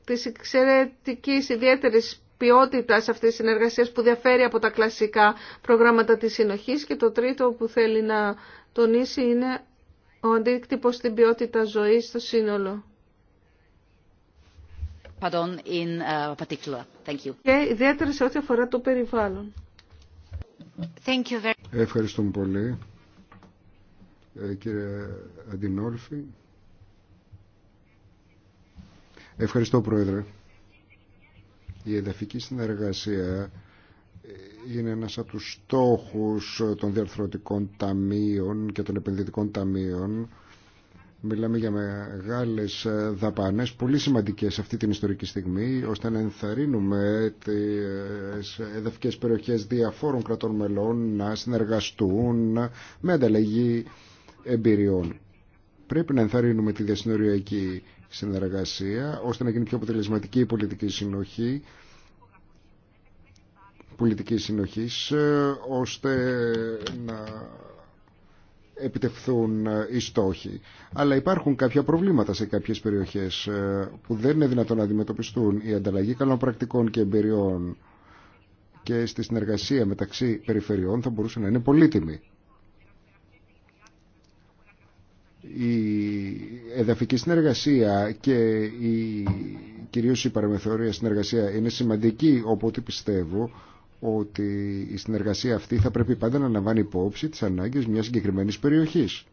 της εξαιρετικής ιδιαίτερης ποιότητας αυτής της συνεργασίας που διαφέρει από τα κλασικά προγράμματα της συνοχής και το τρίτο που θέλει να τονίσει είναι ο αντίκτυπος στην ποιότητα ζωής στο σύνολο. Pardon, in uh, particular. Thank you. Και ιδιαίτερα σε ό,τι αφορά το περιβάλλον. Thank you very... Ευχαριστούμε πολύ. Ε, κύριε Αντινόλφη. Ευχαριστώ, Πρόεδρε. Η εδαφική συνεργασία ε, είναι ένας από τους στόχους των διαρθρωτικών ταμείων και των επενδυτικών ταμείων Μιλάμε για μεγάλε ε, δαπάνες, πολύ σημαντικές αυτή την ιστορική στιγμή, ώστε να ενθαρρύνουμε τι ε, εδαφικές περιοχές διαφόρων κρατών μελών να συνεργαστούν με ανταλλαγή εμπειριών. Πρέπει να ενθαρρύνουμε τη διασυνοριακή συνεργασία, ώστε να γίνει πιο αποτελεσματική η πολιτική συνοχή, πολιτική συνοχής, ε, ώστε να επιτευχθούν ε, οι στόχοι. Αλλά υπάρχουν κάποια προβλήματα σε κάποιες περιοχές ε, που δεν είναι δυνατόν να αντιμετωπιστούν η ανταλλαγή καλών πρακτικών και εμπειριών και στη συνεργασία μεταξύ περιφερειών θα μπορούσε να είναι πολύτιμη. Η εδαφική συνεργασία και η, κυρίως η παραμεθορία συνεργασία είναι σημαντική, οπότε πιστεύω ότι η συνεργασία αυτή θα πρέπει πάντα να λαμβάνει υπόψη τις ανάγκες μιας συγκεκριμένης περιοχής,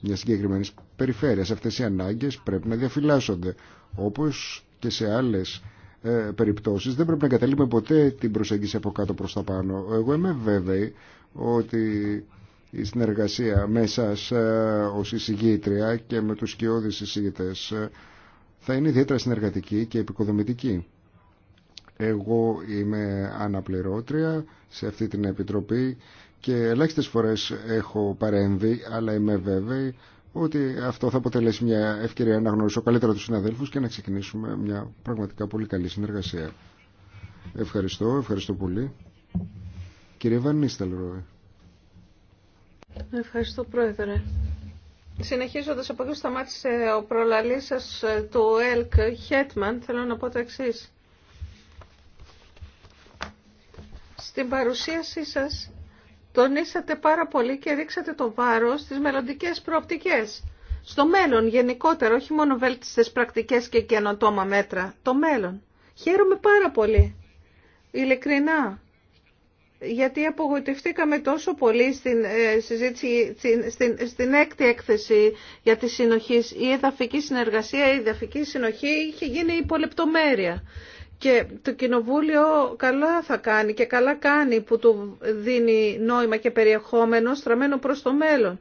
μιας συγκεκριμένης περιφέρειας. Αυτές οι ανάγκες πρέπει να διαφυλάσσονται, όπως και σε άλλες ε, περιπτώσεις. Δεν πρέπει να καταλήγουμε ποτέ την προσέγγιση από κάτω προς τα πάνω. Εγώ είμαι βέβαιη ότι η συνεργασία με ως εισηγήτρια και με τους σκιώδεις εισηγητές ε, θα είναι ιδιαίτερα συνεργατική και επικοδομητική. Εγώ είμαι αναπληρώτρια σε αυτή την επιτροπή και ελάχιστες φορές έχω παρέμβει, αλλά είμαι βέβαιη ότι αυτό θα αποτελέσει μια ευκαιρία να γνωρίσω καλύτερα τους συναδέλφους και να ξεκινήσουμε μια πραγματικά πολύ καλή συνεργασία. Ευχαριστώ, ευχαριστώ πολύ. Κύριε Βανίσταλ Ροέ. Ευχαριστώ Πρόεδρε. Συνεχίζοντα από εκεί σταμάτησε ο προλαλή σα ε, του ΕΛΚ Χέτμαν, θέλω να πω το εξή. Στην παρουσίασή σας τονίσατε πάρα πολύ και ρίξατε το βάρος στις μελλοντικέ προοπτικές. Στο μέλλον γενικότερα, όχι μόνο βέλτιστες πρακτικές και καινοτόμα μέτρα. Το μέλλον. Χαίρομαι πάρα πολύ. Ειλικρινά. Γιατί απογοητευτήκαμε τόσο πολύ στην, ε, συζήτηση, στην, στην, στην, έκτη έκθεση για τη συνοχή. Η εδαφική συνεργασία, η εδαφική συνοχή είχε γίνει υπολεπτομέρεια. Και το Κοινοβούλιο καλά θα κάνει και καλά κάνει που του δίνει νόημα και περιεχόμενο στραμμένο προς το μέλλον.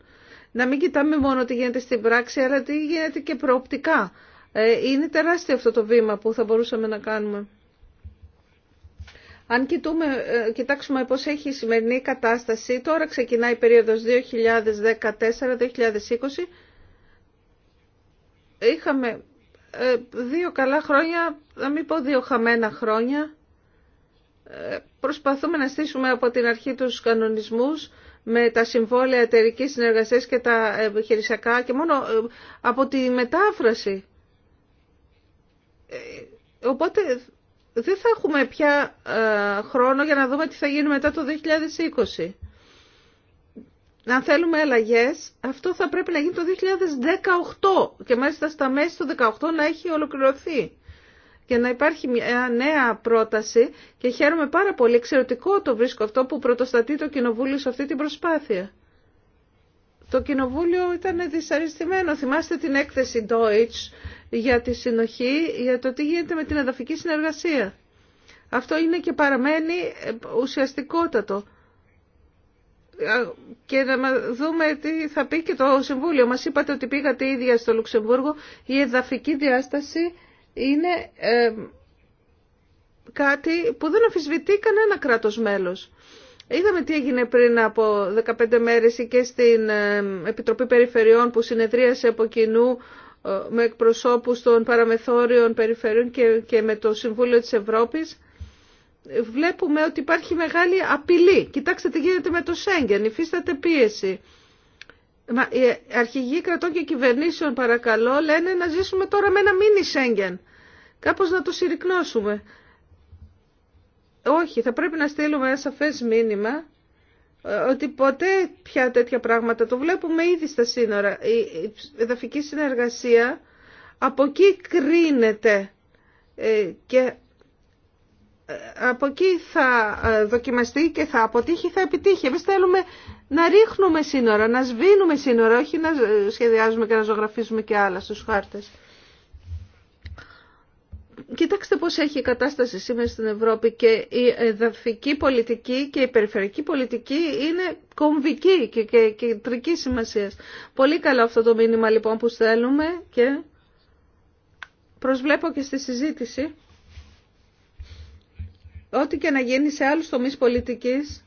Να μην κοιτάμε μόνο τι γίνεται στην πράξη, αλλά τι γίνεται και προοπτικά. Ε, είναι τεράστιο αυτό το βήμα που θα μπορούσαμε να κάνουμε. Αν κοιτούμε, ε, κοιτάξουμε πώς έχει η σημερινή κατάσταση, τώρα ξεκινάει η περίοδος 2014-2020. Είχαμε ε, δύο καλά χρόνια να μην πω δύο χαμένα χρόνια, ε, προσπαθούμε να στήσουμε από την αρχή τους κανονισμούς με τα συμβόλαια εταιρική συνεργασίας και τα επιχειρησιακά και μόνο ε, από τη μετάφραση. Ε, οπότε δεν θα έχουμε πια χρόνο για να δούμε τι θα γίνει μετά το 2020. Αν θέλουμε αλλαγέ, αυτό θα πρέπει να γίνει το 2018 και μάλιστα στα μέση του 2018 να έχει ολοκληρωθεί για να υπάρχει μια ε, νέα πρόταση και χαίρομαι πάρα πολύ. Εξαιρετικό το βρίσκω αυτό που πρωτοστατεί το Κοινοβούλιο σε αυτή την προσπάθεια. Το Κοινοβούλιο ήταν δυσαρεστημένο. Θυμάστε την έκθεση Deutsch για τη συνοχή, για το τι γίνεται με την εδαφική συνεργασία. Αυτό είναι και παραμένει ε, ουσιαστικότατο. Και να δούμε τι θα πει και το Συμβούλιο. Μας είπατε ότι πήγατε ίδια στο Λουξεμβούργο. Η εδαφική διάσταση είναι κάτι που δεν αφισβητεί κανένα κράτος μέλος. Είδαμε τι έγινε πριν από 15 μέρες και στην Επιτροπή Περιφερειών που συνεδρίασε από κοινού ε, με εκπροσώπους των παραμεθόριων περιφερειών και με το Συμβούλιο της Ευρώπης. Βλέπουμε ότι υπάρχει μεγάλη απειλή. Κοιτάξτε τι γίνεται με το Σέγγεν, υφίσταται πίεση. Μα οι αρχηγοί κρατών και κυβερνήσεων παρακαλώ λένε να ζήσουμε τώρα με ένα μίνι Σέγγεν. Κάπως να το συρρυκνώσουμε. Όχι, θα πρέπει να στείλουμε ένα σαφές μήνυμα ε, ότι ποτέ πια τέτοια πράγματα το βλέπουμε ήδη στα σύνορα. Η εδαφική συνεργασία από εκεί κρίνεται ε, και ε, από εκεί θα δοκιμαστεί και θα αποτύχει, θα επιτύχει. Εμείς θέλουμε να ρίχνουμε σύνορα, να σβήνουμε σύνορα, όχι να σχεδιάζουμε και να ζωγραφίζουμε και άλλα στους χάρτες. Κοιτάξτε πώς έχει η κατάσταση σήμερα στην Ευρώπη και η εδαφική πολιτική και η περιφερειακή πολιτική είναι κομβική και κεντρική σημασία. Πολύ καλό αυτό το μήνυμα λοιπόν που στέλνουμε και προσβλέπω και στη συζήτηση. Ό,τι και να γίνει σε άλλους τομείς πολιτικής,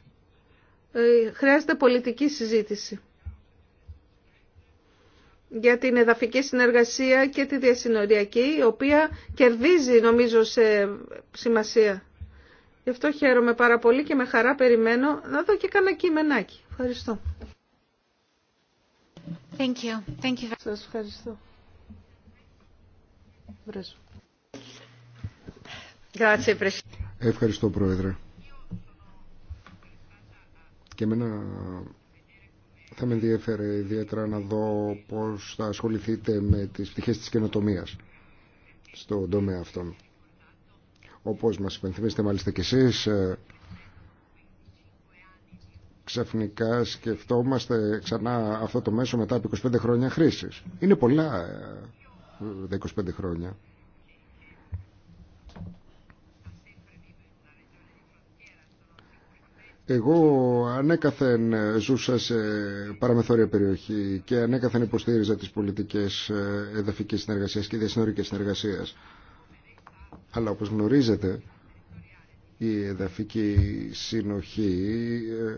ε, χρειάζεται πολιτική συζήτηση για την εδαφική συνεργασία και τη διασυνοριακή, η οποία κερδίζει νομίζω σε σημασία. Γι' αυτό χαίρομαι πάρα πολύ και με χαρά περιμένω να δω και κανένα κειμενάκι. Ευχαριστώ. Thank you. Thank you. Σας ευχαριστώ. Ευχαριστώ, Πρόεδρε. Και εμένα θα με ενδιαφέρε ιδιαίτερα να δω πώς θα ασχοληθείτε με τις πτυχές της καινοτομίας στον τομέα αυτών. Όπως μας υπενθυμίσετε μάλιστα κι εσείς, ε, ξαφνικά σκεφτόμαστε ξανά αυτό το μέσο μετά από 25 χρόνια χρήσης. Είναι πολλά τα ε, 25 χρόνια. Εγώ ανέκαθεν ζούσα σε παραμεθόρια περιοχή και ανέκαθεν υποστήριζα τις πολιτικές ε, εδαφικής συνεργασίας και διασύνορικες συνεργασίας. Αλλά όπως γνωρίζετε, η εδαφική συνοχή ε,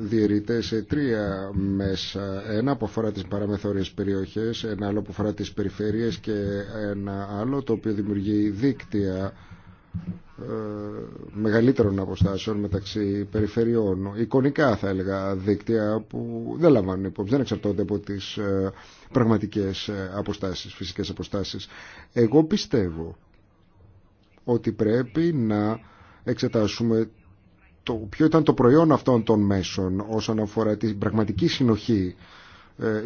διαιρείται σε τρία μέσα. Ένα που αφορά τις παραμεθόριες περιοχές, ένα άλλο που αφορά τις περιφέρειες και ένα άλλο το οποίο δημιουργεί δίκτυα ε, μεγαλύτερων αποστάσεων μεταξύ περιφερειών, εικονικά θα έλεγα δίκτυα που δεν λαμβάνουν υπόψη, δεν εξαρτώνται από τις ε, πραγματικές ε, αποστάσεις, φυσικές αποστάσεις. Εγώ πιστεύω ότι πρέπει να εξετάσουμε το ποιο ήταν το προϊόν αυτών των μέσων όσον αφορά την πραγματική συνοχή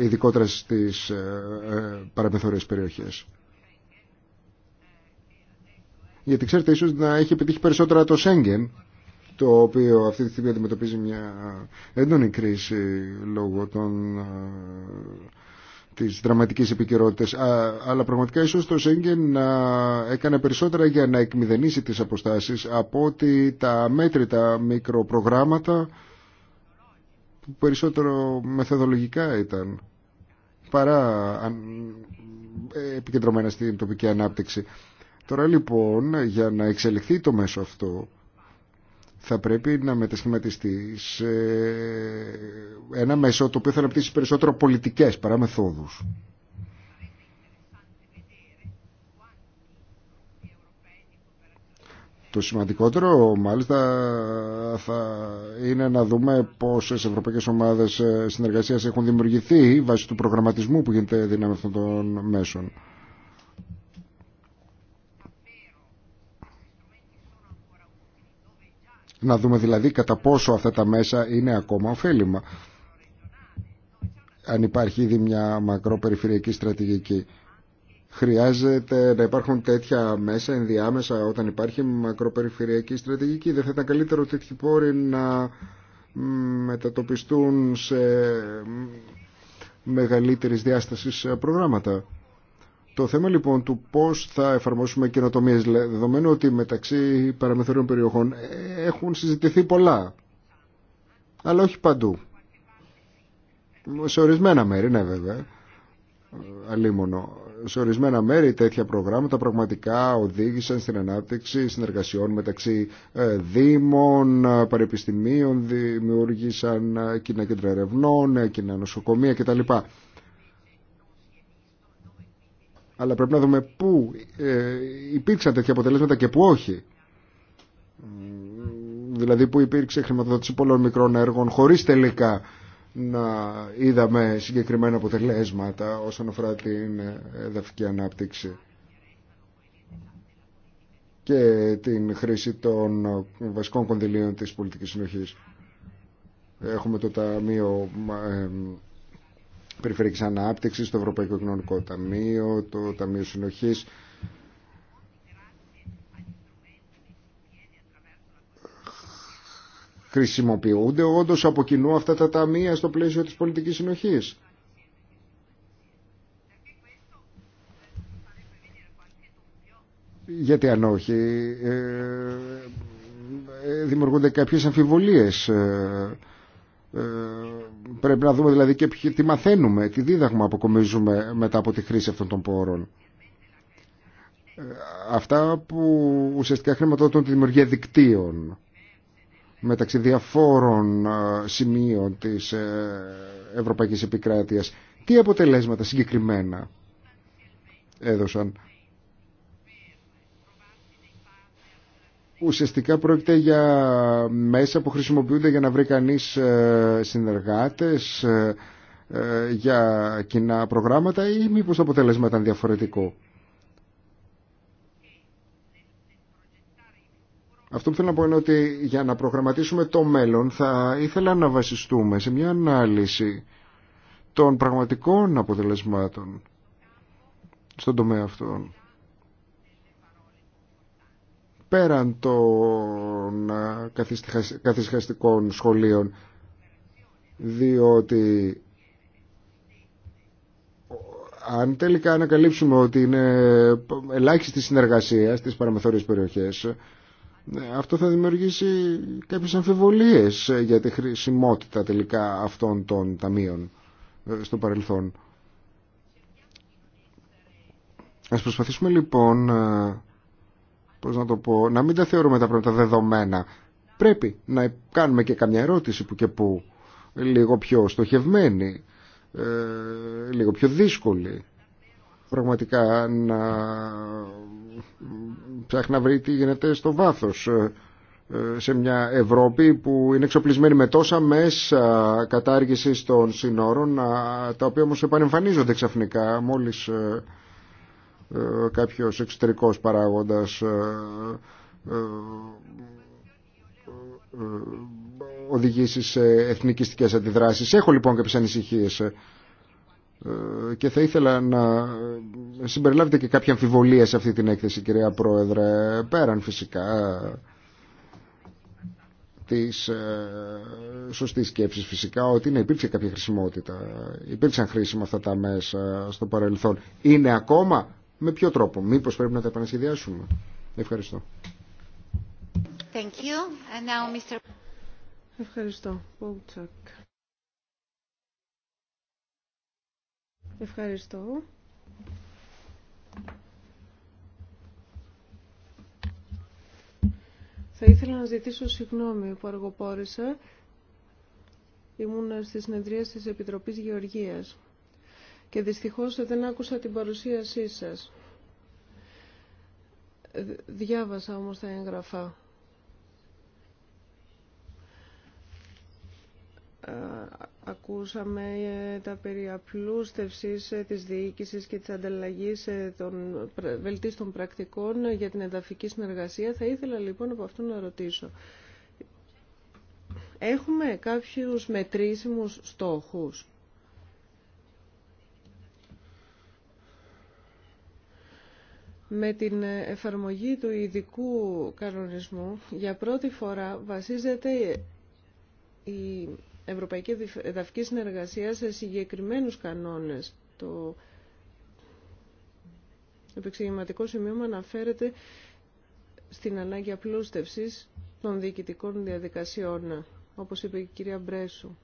ειδικότερα στις παραμεθορίες περιοχές γιατί ξέρετε ίσως να έχει επιτύχει περισσότερα το Σέγγεν το οποίο αυτή τη στιγμή αντιμετωπίζει μια έντονη κρίση λόγω των, της δραματικής επικαιρότητας αλλά πραγματικά ίσως το Σέγγεν να έκανε περισσότερα για να εκμηδενήσει τις αποστάσεις από ότι τα μέτρητα μικροπρογράμματα που περισσότερο μεθοδολογικά ήταν παρά επικεντρωμένα στην τοπική ανάπτυξη. Τώρα λοιπόν για να εξελιχθεί το μέσο αυτό θα πρέπει να μετασχηματιστεί σε ένα μέσο το οποίο θα αναπτύσσει περισσότερο πολιτικές παρά μεθόδους. Το σημαντικότερο μάλιστα θα είναι να δούμε πόσες ευρωπαϊκές ομάδες συνεργασίας έχουν δημιουργηθεί βάσει του προγραμματισμού που γίνεται δύναμη αυτών των μέσων. Να δούμε δηλαδή κατά πόσο αυτά τα μέσα είναι ακόμα ωφέλιμα. Αν υπάρχει ήδη μια μακροπεριφερειακή στρατηγική. Χρειάζεται να υπάρχουν τέτοια μέσα ενδιάμεσα όταν υπάρχει μακροπεριφερειακή στρατηγική. Δεν θα ήταν καλύτερο τέτοιοι πόροι να μετατοπιστούν σε μεγαλύτερης διάστασης προγράμματα. Το θέμα λοιπόν του πώ θα εφαρμόσουμε καινοτομίε, δεδομένου ότι μεταξύ παραμεθορίων περιοχών ε, έχουν συζητηθεί πολλά, αλλά όχι παντού. Σε ορισμένα μέρη, ναι βέβαια, αλίμονο. Σε ορισμένα μέρη τέτοια προγράμματα πραγματικά οδήγησαν στην ανάπτυξη συνεργασιών μεταξύ ε, δήμων, ε, παρεπιστημίων, δημιούργησαν κοινά κέντρα ερευνών, κοινά νοσοκομεία κτλ αλλά πρέπει να δούμε πού ε, υπήρξαν τέτοια αποτελέσματα και πού όχι. Δηλαδή που υπήρξε χρηματοδότηση πολλών μικρών έργων χωρίς τελικά να είδαμε συγκεκριμένα αποτελέσματα όσον αφορά την ε, εδαφική ανάπτυξη και την χρήση των ε, βασικών κονδυλίων της πολιτικής συνοχής. Έχουμε το Ταμείο Περιφερειακή ανάπτυξη, το Ευρωπαϊκό Κοινωνικό Ταμείο, το Ταμείο συνοχή. Χρησιμοποιούνται όντω από κοινού αυτά τα ταμεία στο πλαίσιο τη πολιτική συνοχή. Γιατί αν όχι, ε, ε, δημιουργούνται κάποιες αμφιβολίες ε, Πρέπει να δούμε δηλαδή και τι μαθαίνουμε, τι δίδαγμα αποκομίζουμε μετά από τη χρήση αυτών των πόρων. Ε, αυτά που ουσιαστικά χρηματοδοτούν τη δημιουργία δικτύων μεταξύ διαφόρων ε, σημείων της ε, Ευρωπαϊκής Επικράτειας. Τι αποτελέσματα συγκεκριμένα έδωσαν Ουσιαστικά πρόκειται για μέσα που χρησιμοποιούνται για να βρει κανείς ε, συνεργάτες ε, ε, για κοινά προγράμματα ή μήπως το αποτέλεσμα ήταν διαφορετικό. Αυτό που θέλω να πω είναι ότι για να προγραμματίσουμε το μέλλον θα ήθελα να βασιστούμε σε μια ανάλυση των πραγματικών αποτελεσμάτων στον τομέα αυτών πέραν των ε, καθυσχαστικών σχολείων διότι αν τελικά ανακαλύψουμε ότι είναι ελάχιστη συνεργασία στις παραμεθόριες περιοχές ε, αυτό θα δημιουργήσει κάποιες αμφιβολίες για τη χρησιμότητα τελικά αυτών των ταμείων ε, στο παρελθόν. Ας προσπαθήσουμε λοιπόν πώς να το πω, να μην τα θεωρούμε τα πρώτα δεδομένα. Πρέπει να κάνουμε και καμιά ερώτηση που και που λίγο πιο στοχευμένη, ε, λίγο πιο δύσκολη. Πραγματικά να ψάχνει να βρει τι γίνεται στο βάθος ε, ε, σε μια Ευρώπη που είναι εξοπλισμένη με τόσα μέσα κατάργησης των συνόρων τα οποία όμως επανεμφανίζονται ξαφνικά μόλις ε, κάποιος εξωτερικός παράγοντας ε, ε, οδηγήσει σε εθνικιστικές αντιδράσεις. Έχω λοιπόν κάποιες ανησυχίες και θα ήθελα να συμπεριλάβετε και κάποια αμφιβολία σε αυτή την έκθεση κυρία Πρόεδρε πέραν φυσικά της σωστής σκέψης φυσικά ότι είναι, υπήρξε κάποια χρησιμότητα υπήρξαν χρήσιμα αυτά τα μέσα στο παρελθόν είναι ακόμα με ποιο τρόπο. μήπω πρέπει να τα επανασχεδιάσουμε. Ευχαριστώ. Ευχαριστώ. Ευχαριστώ. Θα ήθελα να ζητήσω συγγνώμη που αργοπόρησα. Ήμουν στη συνεδρία της Επιτροπής Γεωργίας και δυστυχώς δεν άκουσα την παρουσίασή σας. Διάβασα όμως τα έγγραφα. Ακούσαμε ε, τα περί απλούστευσης ε, της διοίκησης και της ανταλλαγής ε, των βελτίστων πρακτικών για την εδαφική συνεργασία. Θα ήθελα λοιπόν από αυτό να ρωτήσω. Έχουμε κάποιους μετρήσιμους στόχους Με την εφαρμογή του ειδικού κανονισμού, για πρώτη φορά βασίζεται η Ευρωπαϊκή Εδαφική Συνεργασία σε συγκεκριμένους κανόνες. Το επεξηγηματικό σημείωμα αναφέρεται στην ανάγκη απλούστευσης των διοικητικών διαδικασιών, όπως είπε η κυρία Μπρέσου.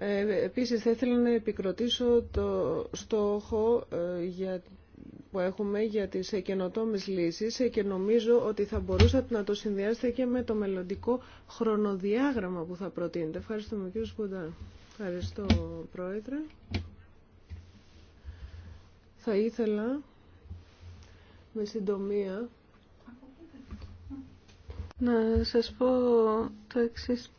Ε, επίσης θα ήθελα να επικροτήσω το στόχο ε, για που έχουμε για τις καινοτόμες λύσεις και νομίζω ότι θα μπορούσατε να το συνδυάσετε και με το μελλοντικό χρονοδιάγραμμα που θα προτείνετε. Ευχαριστούμε κύριο Σπουδά. Ευχαριστώ Πρόεδρε. Θα ήθελα με συντομία να σας πω το εξής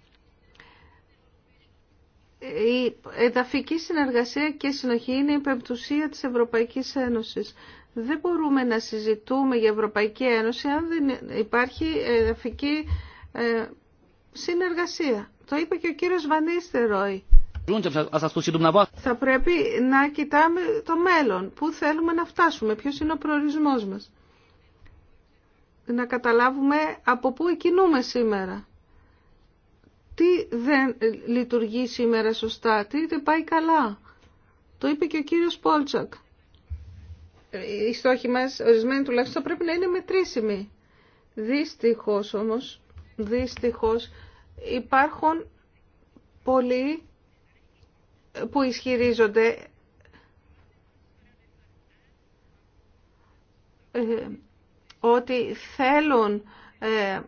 η εδαφική συνεργασία και συνοχή είναι η πεμπτουσία της Ευρωπαϊκής Ένωσης. Δεν μπορούμε να συζητούμε για Ευρωπαϊκή Ένωση αν δεν υπάρχει εδαφική ε, συνεργασία. Το είπε και ο κύριος Βανίστεροι. Θα πρέπει να κοιτάμε το μέλλον. Πού θέλουμε να φτάσουμε, ποιος είναι ο προορισμός μας. Να καταλάβουμε από πού κινούμε σήμερα τι δεν λειτουργεί σήμερα σωστά, τι δεν πάει καλά. Το είπε και ο κύριος Πόλτσακ. Οι στόχοι μας, ορισμένοι τουλάχιστον, πρέπει να είναι μετρήσιμοι. Δυστυχώς όμως, δυστυχώς, υπάρχουν πολλοί που ισχυρίζονται ε, ότι θέλουν ε,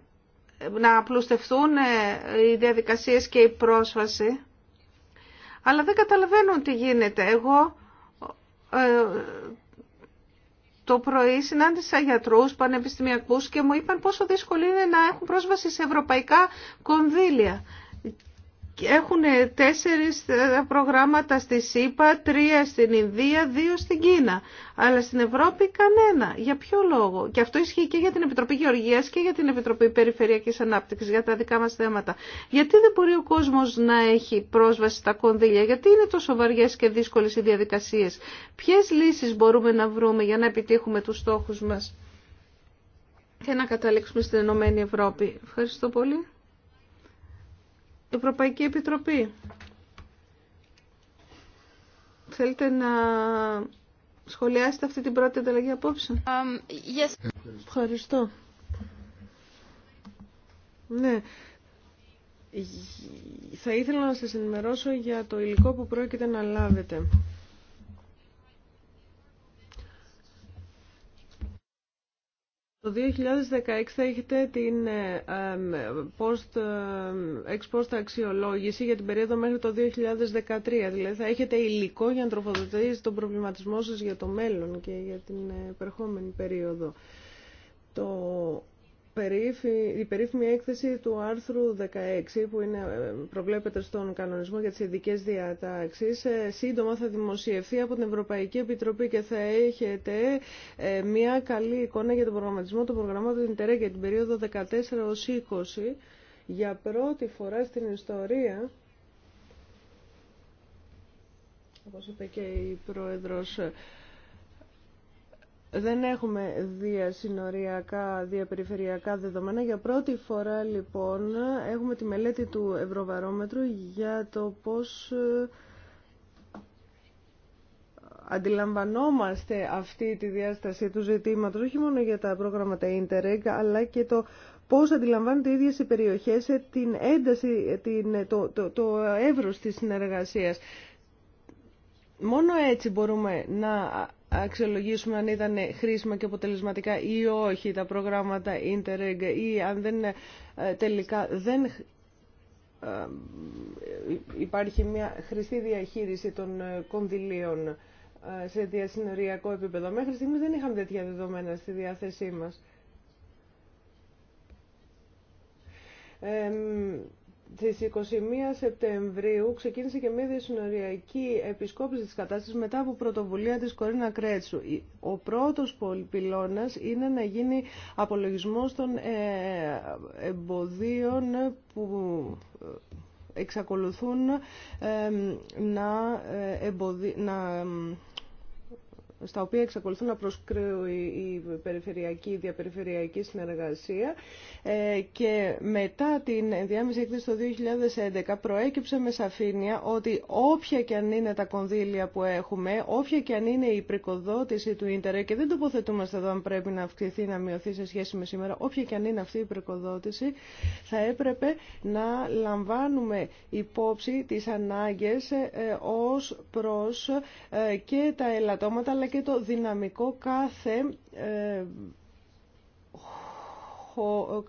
να απλουστευτούν ε, οι διαδικασίες και η πρόσβαση. Αλλά δεν καταλαβαίνουν τι γίνεται. Εγώ ε, το πρωί συνάντησα γιατρούς, πανεπιστημιακούς και μου είπαν πόσο δύσκολο είναι να έχουν πρόσβαση σε ευρωπαϊκά κονδύλια. Έχουν τέσσερις ε, προγράμματα στη ΣΥΠΑ, τρία στην Ινδία, δύο στην Κίνα. Αλλά στην Ευρώπη κανένα. Για ποιο λόγο. Και αυτό ισχύει και για την Επιτροπή Γεωργίας και για την Επιτροπή Περιφερειακής Ανάπτυξης, για τα δικά μας θέματα. Γιατί δεν μπορεί ο κόσμος να έχει πρόσβαση στα κονδύλια. Γιατί είναι τόσο βαριές και δύσκολες οι διαδικασίες. Ποιες λύσεις μπορούμε να βρούμε για να επιτύχουμε τους στόχους μας. Και να καταλήξουμε στην Ενωμένη ΕΕ. Ευρώπη. Ευχαριστώ πολύ. Ευρωπαϊκή Επιτροπή. Θέλετε να σχολιάσετε αυτή την πρώτη ανταλλαγή απόψε. Um, yes. Ευχαριστώ. Ναι. Θα ήθελα να σας ενημερώσω για το υλικό που πρόκειται να λάβετε. Το 2016 θα έχετε την ε, post, ε, ex post αξιολόγηση για την περίοδο μέχρι το 2013. Δηλαδή θα έχετε υλικό για να τροφοδοτήσετε τον προβληματισμό σας για το μέλλον και για την ε, επερχόμενη περίοδο. Το η περίφημη έκθεση του άρθρου 16 που είναι, ε, προβλέπεται στον κανονισμό για τις ειδικέ διατάξεις ε, σύντομα θα δημοσιευθεί από την Ευρωπαϊκή Επιτροπή και θα έχετε ε, μια καλή εικόνα για τον προγραμματισμό του προγραμμάτων την για την περίοδο 14 20 για πρώτη φορά στην ιστορία όπως είπε και η Πρόεδρος δεν έχουμε διασυνοριακά, διαπεριφερειακά δεδομένα. Για πρώτη φορά λοιπόν έχουμε τη μελέτη του Ευρωβαρόμετρου για το πώς ε, αντιλαμβανόμαστε αυτή τη διάσταση του ζητήματος, όχι μόνο για τα πρόγραμματα Interreg, αλλά και το πώς αντιλαμβάνονται οι ίδιες οι περιοχές ε, την ένταση, ε, την, το, το, το εύρος της συνεργασίας. Μόνο έτσι μπορούμε να αξιολογήσουμε αν ήταν χρήσιμα και αποτελεσματικά ή όχι τα προγράμματα Interreg ή αν δεν, ε, τελικά δεν ε, υπάρχει μια χρηστή διαχείριση των ε, κονδυλίων σε διασυνοριακό επίπεδο. Μέχρι στιγμή δεν είχαμε τέτοια δεδομένα στη διάθεσή μας. Στις 21 Σεπτεμβρίου ξεκίνησε και μια διασυνοριακή επισκόπηση της κατάστασης μετά από πρωτοβουλία της Κορίνα Κρέτσου. Ο πρώτος πυλώνας είναι να γίνει απολογισμός των ε, εμποδίων που ε, εξακολουθούν να, ε, εμποδι... να στα οποία εξακολουθούν να προσκρίνουν η περιφερειακή, διαπεριφερειακή συνεργασία ε, και μετά την διάμεση έκθεση το 2011 προέκυψε με σαφήνεια ότι όποια και αν είναι τα κονδύλια που έχουμε, όποια και αν είναι η πρικοδότηση του ίντερνετ και δεν τοποθετούμαστε εδώ αν πρέπει να αυξηθεί, να μειωθεί σε σχέση με σήμερα, όποια και αν είναι αυτή η πρικοδότηση, θα έπρεπε να λαμβάνουμε υπόψη τις ανάγκες ε, ως προς ε, και τα ελαττώματα αλλά και το δυναμικό κάθε, ε,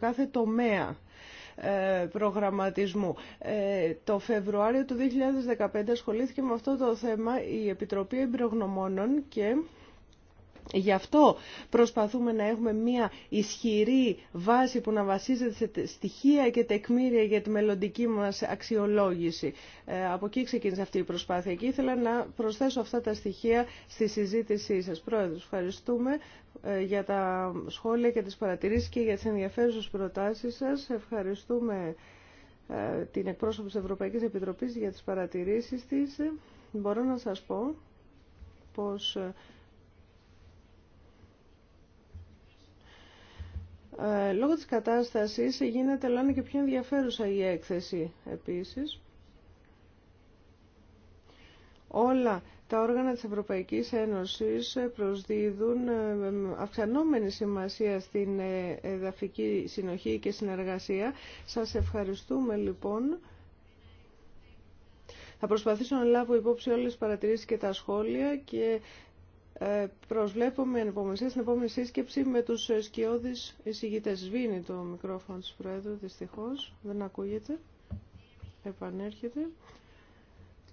κάθε τομέα ε, προγραμματισμού. Ε, το Φεβρουάριο του 2015 ασχολήθηκε με αυτό το θέμα η Επιτροπή Εμπειρογνωμόνων και Γι' αυτό προσπαθούμε να έχουμε μια ισχυρή βάση που να βασίζεται σε στοιχεία και τεκμήρια για τη μελλοντική μας αξιολόγηση. Ε, από εκεί ξεκίνησε αυτή η προσπάθεια και ήθελα να προσθέσω αυτά τα στοιχεία στη συζήτησή σας. Πρόεδρε, ευχαριστούμε ε, για τα σχόλια και τις παρατηρήσεις και για τις ενδιαφέρουσες προτάσεις σας. Ευχαριστούμε ε, την εκπρόσωπο της Ευρωπαϊκής Επιτροπής για τις παρατηρήσεις της. Μπορώ να σας πω πως Ε, λόγω της κατάστασης γίνεται λόγω και πιο ενδιαφέρουσα η έκθεση επίσης. Όλα τα όργανα της Ευρωπαϊκής Ένωσης προσδίδουν ε, αυξανόμενη σημασία στην ε, εδαφική συνοχή και συνεργασία. Σας ευχαριστούμε λοιπόν. Θα προσπαθήσω να λάβω υπόψη όλες τις παρατηρήσεις και τα σχόλια και ε, προσβλέπουμε την στην επόμενη σύσκεψη με τους σκιώδεις εισηγητές. Σβήνει το μικρόφωνο της Πρόεδρου, δυστυχώς. Δεν ακούγεται. Επανέρχεται.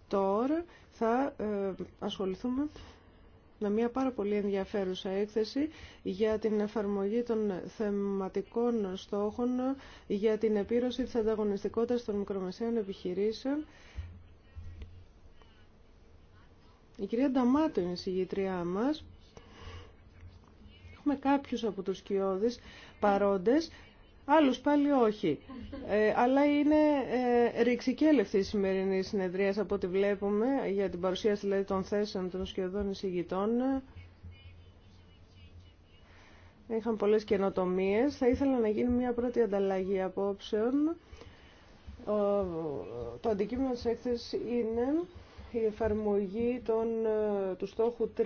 Τώρα θα ε, ασχοληθούμε με μια πάρα πολύ ενδιαφέρουσα έκθεση για την εφαρμογή των θεματικών στόχων για την επίρρωση της ανταγωνιστικότητας των μικρομεσαίων επιχειρήσεων Η κυρία Νταμάτο είναι η συγγήτριά μας. Έχουμε κάποιους από τους κοιόδης παρόντες, άλλους πάλι όχι. Ε, αλλά είναι ε, ρηξικέλευτη η σημερινή συνεδρία από ό,τι βλέπουμε για την παρουσίαση δηλαδή, των θέσεων των σκιωδών εισηγητών. Είχαν πολλές καινοτομίες. Θα ήθελα να γίνει μια πρώτη ανταλλαγή απόψεων. Το αντικείμενο της έκθεσης είναι η εφαρμογή των, ε, του στόχου 3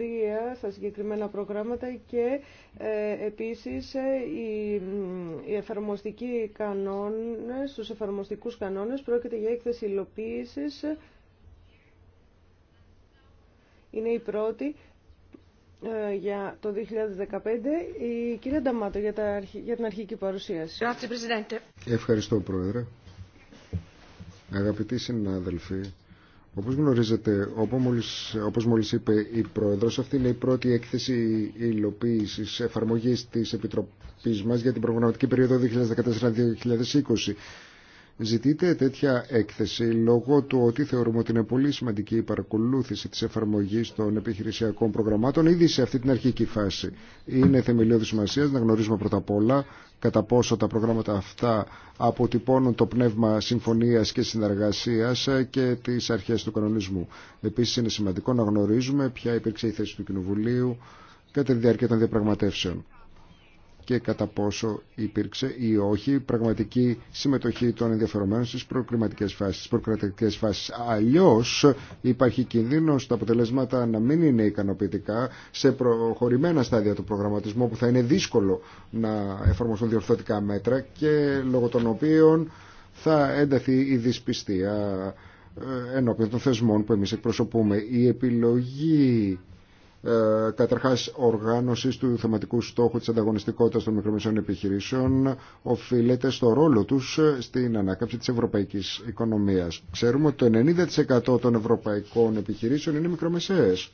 στα συγκεκριμένα προγράμματα και ε, επίσης οι, ε, οι εφαρμοστικοί κανόνες, τους εφαρμοστικούς κανόνες πρόκειται για έκθεση υλοποίησης. Είναι η πρώτη ε, για το 2015. Η κυρία Νταμάτο για, τα, για την αρχική παρουσίαση. Ευχαριστώ Πρόεδρε. Αγαπητοί συνάδελφοι, Όπω γνωρίζετε, όπως μόλις, είπε η Πρόεδρος, αυτή είναι η πρώτη έκθεση υλοποίησης εφαρμογής της Επιτροπής μας για την προγραμματική περίοδο 2014-2020 ζητείται τέτοια έκθεση λόγω του ότι θεωρούμε ότι είναι πολύ σημαντική η παρακολούθηση της εφαρμογής των επιχειρησιακών προγραμμάτων ήδη σε αυτή την αρχική φάση. Είναι θεμελιώδη σημασία να γνωρίζουμε πρώτα απ' όλα κατά πόσο τα προγράμματα αυτά αποτυπώνουν το πνεύμα συμφωνίας και συνεργασίας και τις αρχές του κανονισμού. Επίσης είναι σημαντικό να γνωρίζουμε ποια υπήρξε η θέση του Κοινοβουλίου κατά τη διάρκεια των διαπραγματεύσεων και κατά πόσο υπήρξε ή όχι πραγματική συμμετοχή των ενδιαφερομένων στις προκριματικές φάσεις. Προκριματικές φάσεις. Αλλιώς υπάρχει κινδύνος τα αποτελέσματα να μην είναι ικανοποιητικά σε προχωρημένα στάδια του προγραμματισμού που θα είναι δύσκολο να εφαρμοστούν διορθωτικά μέτρα και λόγω των οποίων θα ένταθει η δυσπιστία ε, ενώπιον των θεσμών που εμείς εκπροσωπούμε. Η επιλογή ε, Καταρχά οργάνωση του θεματικού στόχου της ανταγωνιστικότητας των μικρομεσαίων επιχειρήσεων οφείλεται στο ρόλο τους στην ανάκαμψη της ευρωπαϊκής οικονομίας. Ξέρουμε ότι το 90% των ευρωπαϊκών επιχειρήσεων είναι μικρομεσαίες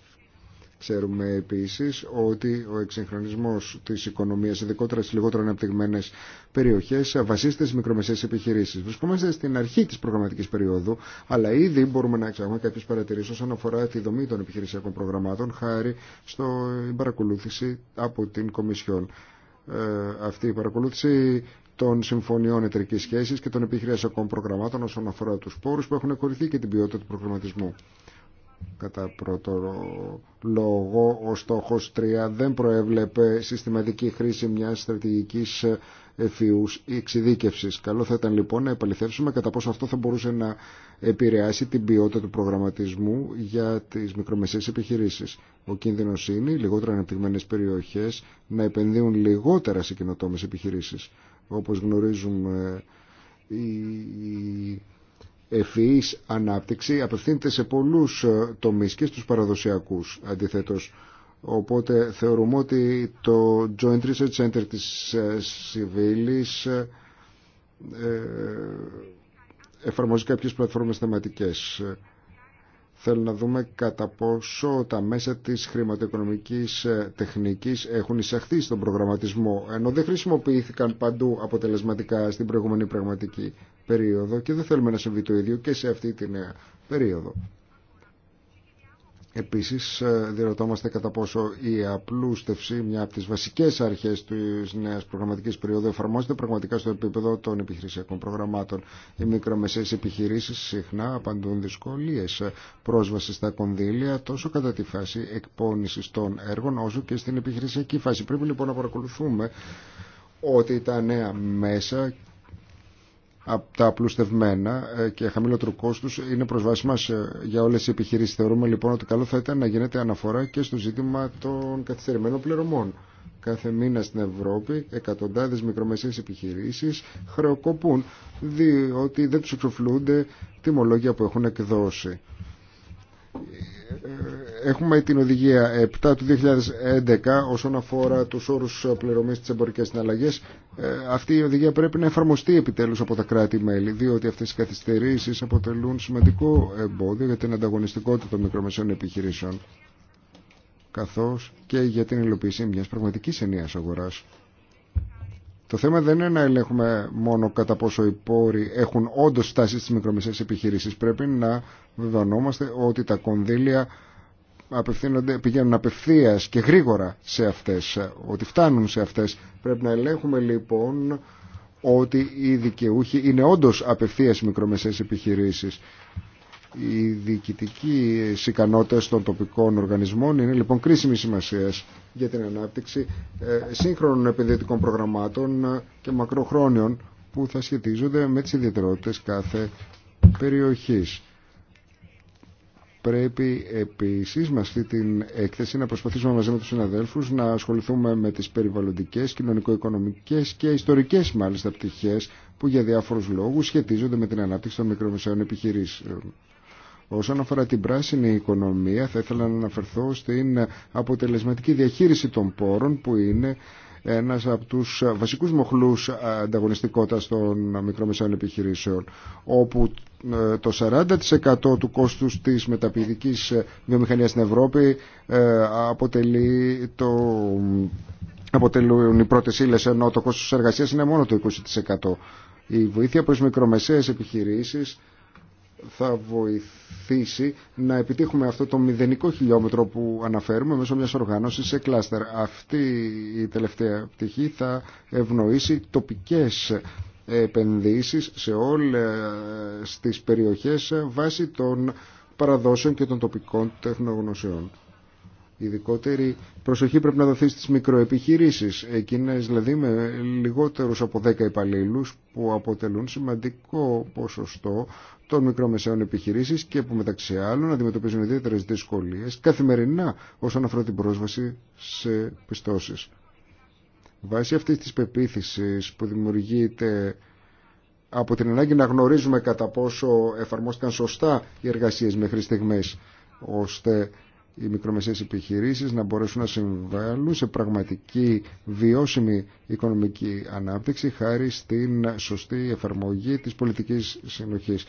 Ξέρουμε επίσης ότι ο εξυγχρονισμός της οικονομίας, ειδικότερα στις λιγότερο αναπτυγμένες περιοχές, βασίζεται στις μικρομεσαίες επιχειρήσεις. Βρισκόμαστε στην αρχή της προγραμματικής περίοδου, αλλά ήδη μπορούμε να εξάγουμε κάποιες παρατηρήσεις όσον αφορά τη δομή των επιχειρησιακών προγραμμάτων, χάρη στην παρακολούθηση από την Κομισιόν. Ε, αυτή η παρακολούθηση των συμφωνιών εταιρική σχέση και των επιχειρησιακών προγραμμάτων όσον αφορά του πόρου που έχουν κορυφθεί και την ποιότητα του προγραμματισμού. Κατά πρώτο λόγο, ο στόχος 3 δεν προέβλεπε συστηματική χρήση μιας στρατηγικής εφιούς εξειδίκευσης. Καλό θα ήταν λοιπόν να επαληθεύσουμε κατά πόσο αυτό θα μπορούσε να επηρεάσει την ποιότητα του προγραμματισμού για τις μικρομεσαίες επιχειρήσεις. Ο κίνδυνος είναι οι λιγότερο αναπτυγμένες περιοχές να επενδύουν λιγότερα σε κοινοτόμες επιχειρήσεις. Όπως γνωρίζουμε, οι ευφυής ανάπτυξη απευθύνεται σε πολλούς ε, τομείς και στους παραδοσιακούς αντιθέτως. Οπότε θεωρούμε ότι το Joint Research Center της ε, Σιβήλης ε, εφαρμόζει κάποιες πλατφόρμες θεματικές. Θέλω να δούμε κατά πόσο τα μέσα της χρηματοοικονομικής τεχνικής έχουν εισαχθεί στον προγραμματισμό, ενώ δεν χρησιμοποιήθηκαν παντού αποτελεσματικά στην προηγούμενη πραγματική περίοδο και δεν θέλουμε να συμβεί το ίδιο και σε αυτή τη νέα περίοδο. Επίσης ε, διερωτόμαστε κατά πόσο η απλούστευση, μια από τις βασικές αρχές της νέας προγραμματικής περίοδου εφαρμόζεται πραγματικά στο επίπεδο των επιχειρησιακών προγραμμάτων. Οι μικρομεσαίες επιχειρήσεις συχνά απαντούν δυσκολίες ε, πρόσβαση στα κονδύλια τόσο κατά τη φάση εκπόνησης των έργων όσο και στην επιχειρησιακή φάση. Πρέπει λοιπόν να παρακολουθούμε ότι τα νέα μέσα από τα απλουστευμένα ε, και χαμηλότερου κόστου, είναι προσβάσιμα για όλες οι επιχειρήσεις. Θεωρούμε λοιπόν ότι καλό θα ήταν να γίνεται αναφορά και στο ζήτημα των καθυστερημένων πληρωμών. Κάθε μήνα στην Ευρώπη εκατοντάδες μικρομεσαίες επιχειρήσεις χρεοκοπούν διότι δεν τους εξοφλούνται τιμολόγια που έχουν εκδώσει έχουμε την οδηγία 7 του 2011 όσον αφορά τους όρους πληρωμής της εμπορικές συναλλαγές. Ε, αυτή η οδηγία πρέπει να εφαρμοστεί επιτέλους από τα κράτη-μέλη, διότι αυτές οι καθυστερήσεις αποτελούν σημαντικό εμπόδιο για την ανταγωνιστικότητα των μικρομεσαίων επιχειρήσεων, καθώς και για την υλοποίηση μιας πραγματικής ενίας αγοράς. Το θέμα δεν είναι να ελέγχουμε μόνο κατά πόσο οι πόροι έχουν όντω φτάσει στι μικρομεσαίες επιχειρήσει. Πρέπει να βεβαιωνόμαστε ότι τα κονδύλια πηγαίνουν απευθεία και γρήγορα σε αυτέ, ότι φτάνουν σε αυτέ. Πρέπει να ελέγχουμε λοιπόν ότι οι δικαιούχοι είναι όντω απευθεία μικρομεσαίες επιχειρήσει. Οι διοικητικοί ικανότητε των τοπικών οργανισμών είναι λοιπόν κρίσιμη σημασία για την ανάπτυξη ε, σύγχρονων επενδυτικών προγραμμάτων ε, και μακροχρόνιων που θα σχετίζονται με τις ιδιαιτερότητες κάθε περιοχής. Πρέπει επίσης με αυτή την έκθεση να προσπαθήσουμε μαζί με τους συναδέλφους να ασχοληθούμε με τις περιβαλλοντικές, κοινωνικο-οικονομικές και ιστορικές μάλιστα πτυχές που για διάφορους λόγους σχετίζονται με την ανάπτυξη των μικρομεσαίων επιχειρήσεων. Όσον αφορά την πράσινη οικονομία θα ήθελα να αναφερθώ στην αποτελεσματική διαχείριση των πόρων που είναι ένας από τους βασικούς μοχλούς ανταγωνιστικότητας των μικρομεσαίων επιχειρήσεων όπου ε, το 40% του κόστους της μεταπηδικής βιομηχανίας στην Ευρώπη ε, αποτελεί το... αποτελούν οι πρώτες ύλες ενώ το κόστος εργασίας είναι μόνο το 20%. Η βοήθεια προς μικρομεσαίες επιχειρήσεις θα βοηθήσει να επιτύχουμε αυτό το μηδενικό χιλιόμετρο που αναφέρουμε μέσω μιας οργάνωσης σε κλάστερ. Αυτή η τελευταία πτυχή θα ευνοήσει τοπικές επενδύσεις σε όλες τις περιοχές βάσει των παραδόσεων και των τοπικών τεχνογνωσιών. Ειδικότερη προσοχή πρέπει να δοθεί στις μικροεπιχειρήσεις, εκείνες δηλαδή με λιγότερους από 10 υπαλλήλου που αποτελούν σημαντικό ποσοστό των μικρομεσαίων επιχειρήσεις και που μεταξύ άλλων αντιμετωπίζουν ιδιαίτερε δυσκολίες καθημερινά όσον αφορά την πρόσβαση σε πιστώσεις. Βάσει αυτή της πεποίθησης που δημιουργείται από την ανάγκη να γνωρίζουμε κατά πόσο εφαρμόστηκαν σωστά οι εργασίες μέχρι στιγμή, ώστε οι μικρομεσαίες επιχειρήσεις να μπορέσουν να συμβάλλουν σε πραγματική βιώσιμη οικονομική ανάπτυξη χάρη στην σωστή εφαρμογή της πολιτικής συνοχής.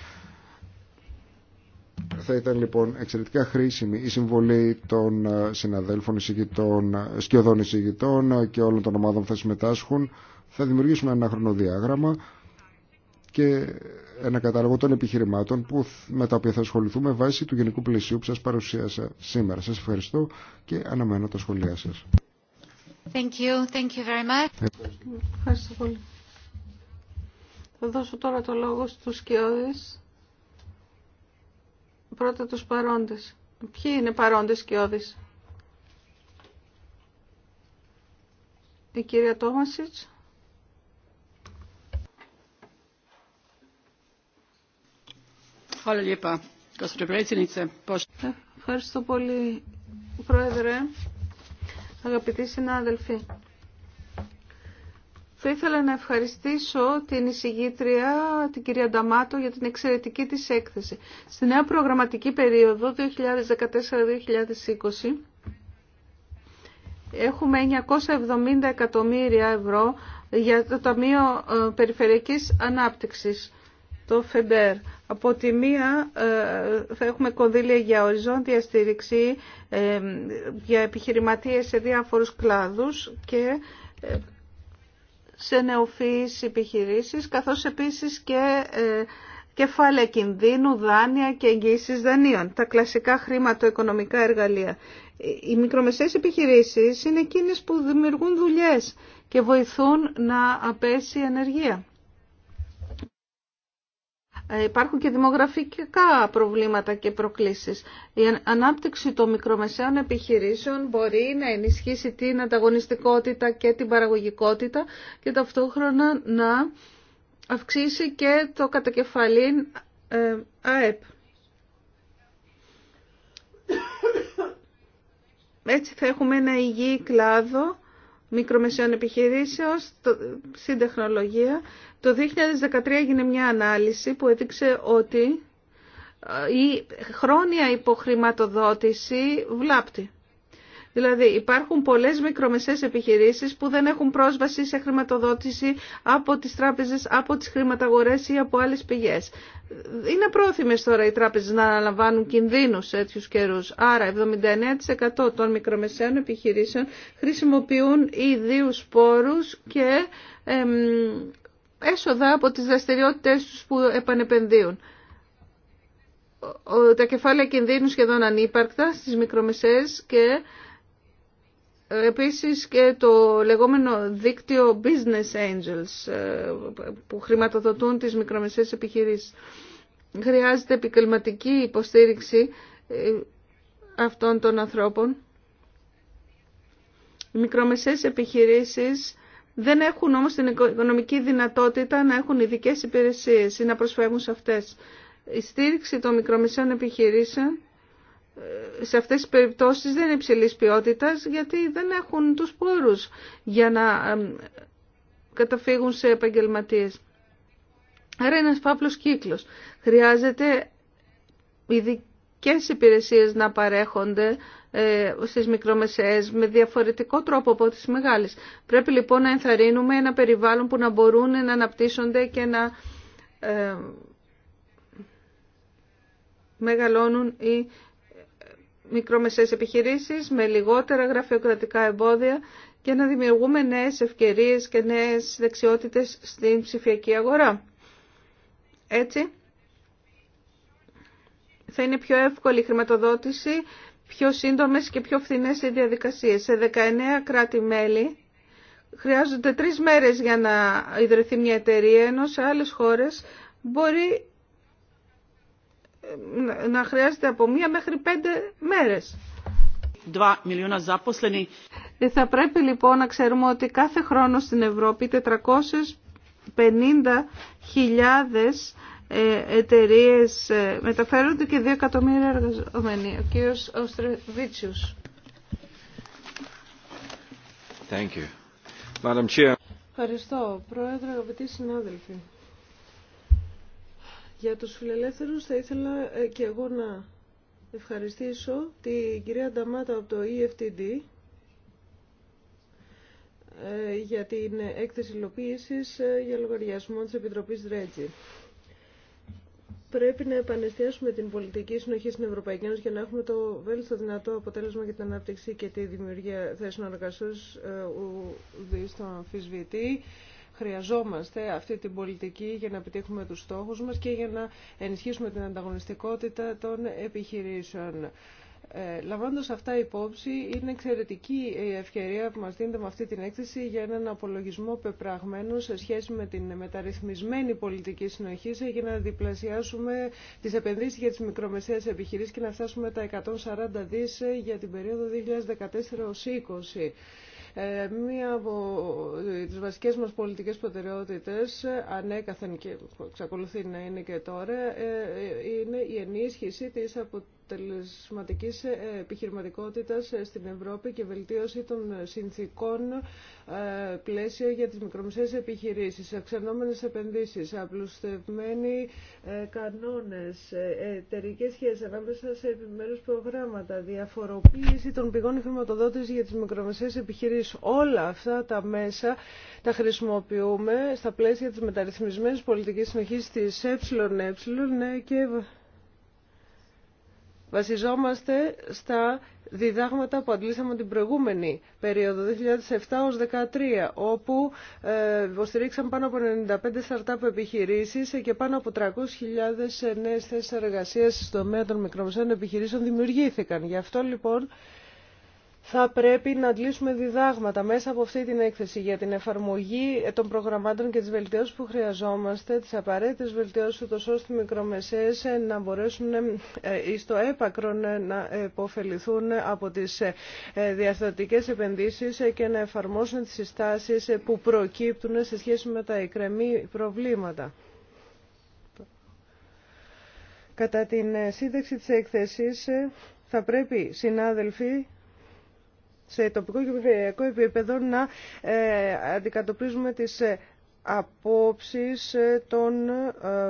Θα ήταν λοιπόν εξαιρετικά χρήσιμη η συμβολή των συναδέλφων εισηγητών, σκιωδών εισηγητών και όλων των ομάδων που θα συμμετάσχουν. Θα δημιουργήσουμε ένα χρονοδιάγραμμα και ένα κατάλογο των επιχειρημάτων που, με τα οποία θα ασχοληθούμε βάσει του γενικού πλαισίου που σας παρουσίασα σήμερα. Σας ευχαριστώ και αναμένω τα σχολεία σας. Thank you. Thank you very much. Ευχαριστώ πολύ. Θα δώσω τώρα το λόγο στους σκιώδεις. Πρώτα τους παρόντες. Ποιοι είναι παρόντες σκιώδεις. Η κυρία Τόμασιτς. Ευχαριστώ πολύ, Πρόεδρε. Αγαπητοί συνάδελφοι, θα ήθελα να ευχαριστήσω την εισηγήτρια, την κυρία Νταμάτο, για την εξαιρετική της έκθεση. Στη νέα προγραμματική περίοδο 2014-2020 έχουμε 970 εκατομμύρια ευρώ για το Ταμείο ε, Περιφερειακής Ανάπτυξης το ΦΕΝΤΕΡ. Από τη μία ε, θα έχουμε κονδύλια για οριζόντια στήριξη ε, για επιχειρηματίες σε διάφορους κλάδους και ε, σε νεοφυείς επιχειρήσεις, καθώς επίσης και κεφάλαια κινδύνου, δάνεια και εγγύησης δανείων, τα κλασικά χρηματοοικονομικά εργαλεία. Οι μικρομεσαίες επιχειρήσεις είναι εκείνες που δημιουργούν δουλειές και βοηθούν να απέσει η ε, υπάρχουν και δημογραφικά προβλήματα και προκλήσεις. Η ανάπτυξη των μικρομεσαίων επιχειρήσεων μπορεί να ενισχύσει την ανταγωνιστικότητα και την παραγωγικότητα και ταυτόχρονα να αυξήσει και το κατακεφαλήν ε, ΑΕΠ. Έτσι θα έχουμε ένα υγιή κλάδο μικρομεσαίων επιχειρήσεων στην τεχνολογία. Το 2013 έγινε μια ανάλυση που έδειξε ότι ε, η χρόνια υποχρηματοδότηση βλάπτει. Δηλαδή υπάρχουν πολλές μικρομεσαίες επιχειρήσεις που δεν έχουν πρόσβαση σε χρηματοδότηση από τις τράπεζες, από τις χρηματαγορές ή από άλλες πηγές. Είναι πρόθυμες τώρα οι τράπεζες να αναλαμβάνουν κινδύνους σε τέτοιους καιρούς. Άρα 79% των μικρομεσαίων επιχειρήσεων χρησιμοποιούν ιδίους πόρους και έσοδα από τις δραστηριότητες τους που επανεπενδύουν τα κεφάλαια κινδύνου σχεδόν ανύπαρκτα στις μικρομεσαίες και Επίσης και το λεγόμενο δίκτυο Business Angels ε, που χρηματοδοτούν τις μικρομεσαίες επιχειρήσεις. Χρειάζεται επικελματική υποστήριξη ε, αυτών των ανθρώπων. Οι μικρομεσαίες επιχειρήσεις δεν έχουν όμως την οικονομική δυνατότητα να έχουν ειδικέ υπηρεσίες ή να προσφεύγουν σε αυτές. Η στήριξη των μικρομεσαίων επιχειρήσεων σε αυτές τις περιπτώσεις δεν είναι υψηλής ποιότητας γιατί δεν έχουν τους πόρους για να καταφύγουν σε επαγγελματίες. Άρα είναι ένας φαύλος κύκλος. Χρειάζεται ειδικέ υπηρεσίες να παρέχονται ε, στις μικρομεσαίες με διαφορετικό τρόπο από τις μεγάλες. Πρέπει λοιπόν να ενθαρρύνουμε ένα περιβάλλον που να μπορούν να αναπτύσσονται και να ε, μεγαλώνουν οι μικρομεσαίες επιχειρήσεις με λιγότερα γραφειοκρατικά εμπόδια και να δημιουργούμε νέες ευκαιρίες και νέες δεξιότητες στην ψηφιακή αγορά. Έτσι, θα είναι πιο εύκολη η χρηματοδότηση, πιο σύντομες και πιο φθηνές οι διαδικασίες. Σε 19 κράτη-μέλη χρειάζονται τρεις μέρες για να ιδρυθεί μια εταιρεία, ενώ σε άλλες χώρες μπορεί να χρειάζεται από μία μέχρι πέντε μέρες. Ε, θα πρέπει λοιπόν να ξέρουμε ότι κάθε χρόνο στην Ευρώπη 450.000 ε, εταιρείε ε, μεταφέρονται και δύο εκατομμύρια εργαζόμενοι. Ο κύριος Οστρεβίτσιου. Ευχαριστώ, Πρόεδρε, αγαπητοί συνάδελφοι. Για τους φιλελεύθερους θα ήθελα ε, και εγώ να ευχαριστήσω την κυρία Νταμάτα από το EFTD ε, για την έκθεση υλοποίηση ε, για λογαριασμό της Επιτροπής Ρέτζη. Πρέπει να επανεστιάσουμε την πολιτική συνοχή στην Ευρωπαϊκή Ένωση για να έχουμε το βέλτιστο δυνατό αποτέλεσμα για την ανάπτυξη και τη δημιουργία θέσεων ε στον αμφισβητή. Χρειαζόμαστε αυτή την πολιτική για να επιτύχουμε τους στόχους μας και για να ενισχύσουμε την ανταγωνιστικότητα των επιχειρήσεων. Ε, λαμβάνοντας αυτά υπόψη, είναι εξαιρετική η ευκαιρία που μα δίνεται με αυτή την έκθεση για έναν απολογισμό πεπραγμένο σε σχέση με την μεταρρυθμισμένη πολιτική συνοχή για να διπλασιάσουμε τις επενδύσεις για τις μικρομεσαίες επιχειρήσεις και να φτάσουμε τα 140 δις για την περίοδο 2014-2020. Ε, μία από ε, τι βασικέ μας πολιτικές προτεραιότητε, ε, ανέκαθεν και εξακολουθεί να είναι και τώρα, είναι η ενίσχυση της αποτελεσματικής αποτελεσματικής ε, επιχειρηματικότητας ε, στην Ευρώπη και βελτίωση των συνθήκων ε, πλαίσιο για τις μικρομεσαίες επιχειρήσεις, αυξανόμενες επενδύσεις, απλουστευμένοι κανόνες, εταιρικέ σχέσεις ανάμεσα σε επιμέρους προγράμματα, διαφοροποίηση των πηγών χρηματοδότηση για τις μικρομεσαίες επιχειρήσεις. Όλα αυτά τα μέσα τα χρησιμοποιούμε στα πλαίσια της μεταρρυθμισμένης πολιτικής συνεχής της ΕΕ ναι, και Βασιζόμαστε στα διδάγματα που αντλήσαμε την προηγούμενη περίοδο, 2007-2013, όπου ε, υποστηρίξαν πάνω από 95 startup επιχειρήσεις και πάνω από 300.000 νέες θέσεις εργασίας στον τομέα των μικρομεσαίων επιχειρήσεων δημιουργήθηκαν. Γι' αυτό λοιπόν θα πρέπει να αντλήσουμε διδάγματα μέσα από αυτή την έκθεση για την εφαρμογή ε, των προγραμμάτων και τις βελτιώσεις που χρειαζόμαστε, τις απαραίτητες βελτιώσεις ούτως ώστε οι μικρομεσαίες ε, να μπορέσουν στο ε, έπακρο να υποφεληθούν από τις διαστατικές επενδύσεις και να εφαρμόσουν τις συστάσεις που προκύπτουν σε σχέση με τα εκρεμή προβλήματα. Κατά την σύνδεξη της έκθεσης θα πρέπει, συνάδελφοι, σε τοπικό και περιφερειακό επίπεδο να ε, αντικατοπίζουμε τις ε, απόψεις ε, των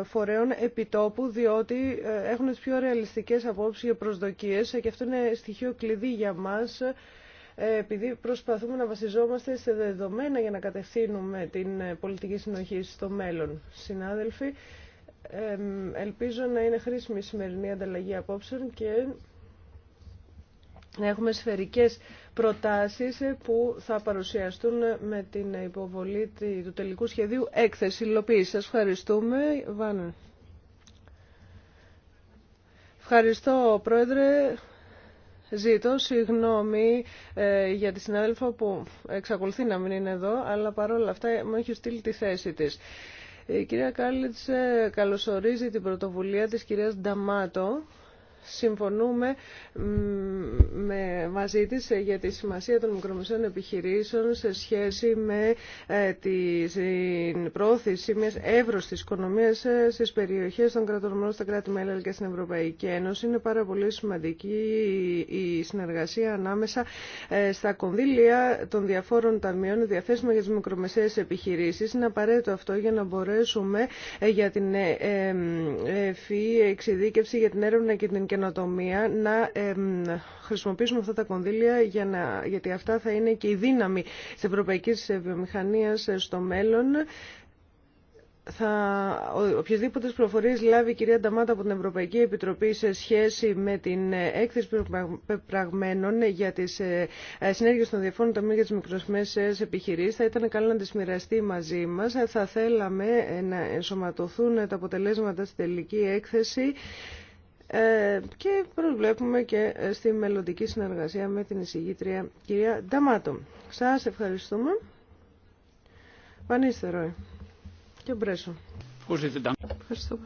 φορέων επιτόπου, διότι έχουν τις πιο ρεαλιστικές απόψεις και προσδοκίες και αυτό είναι στοιχείο κλειδί για μας, επειδή προσπαθούμε να βασιζόμαστε σε δεδομένα για να κατευθύνουμε την πολιτική συνοχή στο μέλλον. Συνάδελφοι, ελπίζω να είναι χρήσιμη η σημερινή ανταλλαγή απόψεων και να έχουμε σφαιρικές προτάσεις που θα παρουσιαστούν με την υποβολή του τελικού σχεδίου έκθεση υλοποίησης. Σας ευχαριστούμε. Ευχαριστώ, Πρόεδρε. Ζήτω συγγνώμη ε, για τη συνάδελφα που εξακολουθεί να μην είναι εδώ, αλλά παρόλα αυτά μου έχει στείλει τη θέση της. Η κυρία Κάλιτς ε, καλωσορίζει την πρωτοβουλία της κυρίας Νταμάτο συμφωνούμε με, μαζί της για τη σημασία των μικρομεσαίων επιχειρήσεων σε σχέση με ε, την πρόθεση μιας εύρωστης οικονομίας ε, στις περιοχές των κρατών στα κράτη-μέλη και στην Ευρωπαϊκή Ένωση. Είναι πάρα πολύ σημαντική η συνεργασία ανάμεσα ε, στα κονδύλια των διαφόρων ταμείων διαθέσιμα για τις μικρομεσαίες επιχειρήσεις. Είναι απαραίτητο αυτό για να μπορέσουμε για την ευφυή εξειδίκευση, για την έρευνα και την καινοτομία να χρησιμοποιήσουμε αυτά τα κονδύλια για να, γιατί αυτά θα είναι και η δύναμη της ευρωπαϊκής βιομηχανίας στο μέλλον θα, οποιασδήποτε πληροφορίε λάβει η κυρία Νταμάτα από την Ευρωπαϊκή Επιτροπή σε σχέση με την ε, έκθεση πραγμένων για τι ε, ε, συνέργειε των διαφόρων ταμείων για τι μικρομεσαίε επιχειρήσει, θα ήταν καλό να τι μοιραστεί μαζί μα. Θα θέλαμε να ενσωματωθούν τα αποτελέσματα στην τελική έκθεση. Ε, και προσβλέπουμε και ε, στη μελλοντική συνεργασία με την εισηγήτρια κυρία Νταμάτο. Σας ευχαριστούμε. Πανίστε, Ρόι ε. και Μπρέσο. Ευχαριστώ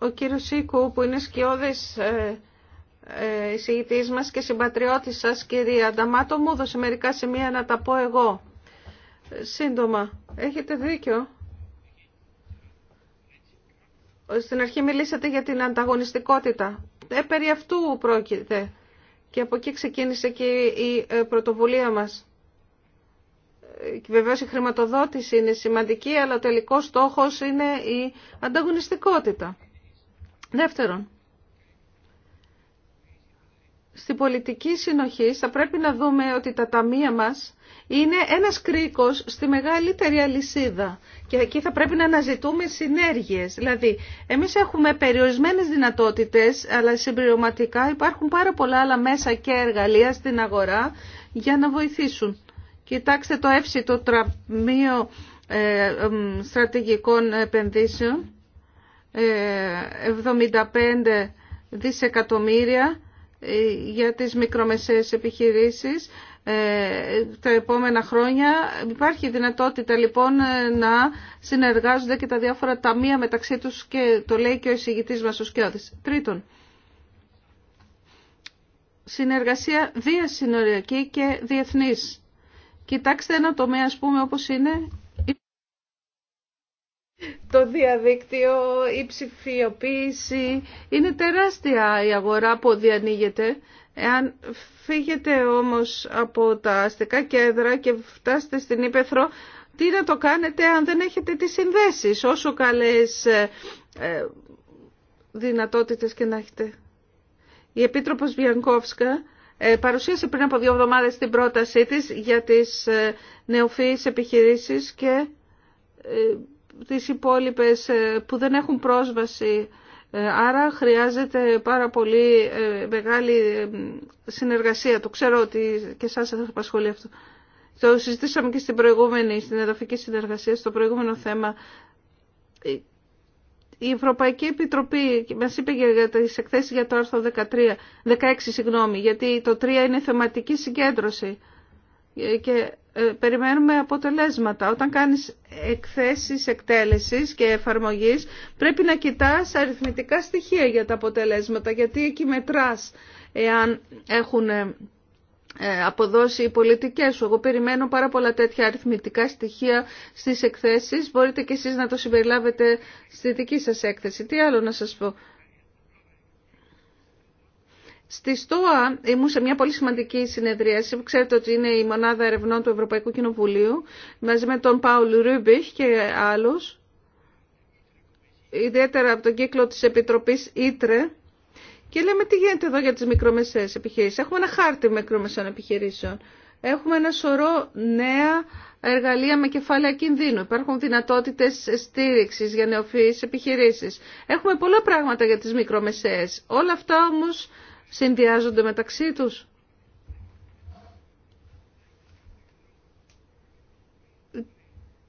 Ο κύριος Σίκου που είναι σκιώδης εισηγητής μας και συμπατριώτης σας κυρία Νταμάτο μου δώσε μερικά σημεία να τα πω εγώ σύντομα. Έχετε δίκιο. Στην αρχή μιλήσατε για την ανταγωνιστικότητα. Ε, περί αυτού πρόκειται. Και από εκεί ξεκίνησε και η ε, πρωτοβουλία μας. Ε, Βεβαίω η χρηματοδότηση είναι σημαντική, αλλά ο τελικός στόχος είναι η ανταγωνιστικότητα. Δεύτερον, στην πολιτική συνοχή θα πρέπει να δούμε ότι τα ταμεία μας είναι ένας κρίκος στη μεγαλύτερη αλυσίδα και εκεί θα πρέπει να αναζητούμε συνέργειες. Δηλαδή, εμείς έχουμε περιορισμένες δυνατότητες, αλλά συμπληρωματικά υπάρχουν πάρα πολλά άλλα μέσα και εργαλεία στην αγορά για να βοηθήσουν. Κοιτάξτε το εύση το Τραμείο ε, Στρατηγικών Επενδύσεων, 75 ε, δισεκατομμύρια ε, για τις μικρομεσαίες επιχειρήσεις ε, τα επόμενα χρόνια. Υπάρχει δυνατότητα λοιπόν ε, να συνεργάζονται και τα διάφορα ταμεία μεταξύ τους και το λέει και ο εισηγητής μας ο Σκιώδης. Τρίτον, συνεργασία διασυνοριακή και διεθνής. Κοιτάξτε ένα τομέα ας πούμε όπως είναι το διαδίκτυο, η ψηφιοποίηση. Είναι τεράστια η αγορά που διανοίγεται Εάν φύγετε όμως από τα αστικά κέντρα και φτάσετε στην Ήπεθρο, τι να το κάνετε αν δεν έχετε τις συνδέσεις, όσο καλές ε, ε, δυνατότητες και να έχετε. Η Επίτροπος Βιανκόφσκα ε, παρουσίασε πριν από δύο εβδομάδες την πρότασή της για τις νεοφύης επιχειρήσεις και τις υπόλοιπες που δεν έχουν πρόσβαση Άρα χρειάζεται πάρα πολύ ε, μεγάλη ε, συνεργασία. Το ξέρω ότι και εσάς θα απασχολεί αυτό. Το συζητήσαμε και στην προηγούμενη, στην εδαφική συνεργασία, στο προηγούμενο θέμα. Ε, η Ευρωπαϊκή Επιτροπή μας είπε για τις εκθέσεις για το άρθρο 13, 16, συγγνώμη, γιατί το 3 είναι θεματική συγκέντρωση. Και ε, περιμένουμε αποτελέσματα. Όταν κάνεις εκθέσεις εκτέλεσης και εφαρμογής πρέπει να κοιτάς αριθμητικά στοιχεία για τα αποτελέσματα γιατί εκεί μετράς εάν έχουν ε, ε, αποδώσει οι πολιτικές σου. Εγώ περιμένω πάρα πολλά τέτοια αριθμητικά στοιχεία στις εκθέσεις. Μπορείτε και εσείς να το συμπεριλάβετε στη δική σας έκθεση. Τι άλλο να σας πω. Στη ΣΤΟΑ ήμουν σε μια πολύ σημαντική συνεδρίαση που ξέρετε ότι είναι η μονάδα ερευνών του Ευρωπαϊκού Κοινοβουλίου μαζί με τον Πάουλ Ρούμπιχ και άλλους ιδιαίτερα από τον κύκλο της Επιτροπής Ήτρε και λέμε τι γίνεται εδώ για τις μικρομεσαίες επιχειρήσεις. Έχουμε ένα χάρτη μικρομεσαίων επιχειρήσεων. Έχουμε ένα σωρό νέα εργαλεία με κεφάλαια κινδύνου. Υπάρχουν δυνατότητε στήριξη για νεοφυεί επιχειρήσει. Έχουμε πολλά πράγματα για τι μικρομεσαίε. Όλα αυτά όμω συνδυάζονται μεταξύ τους.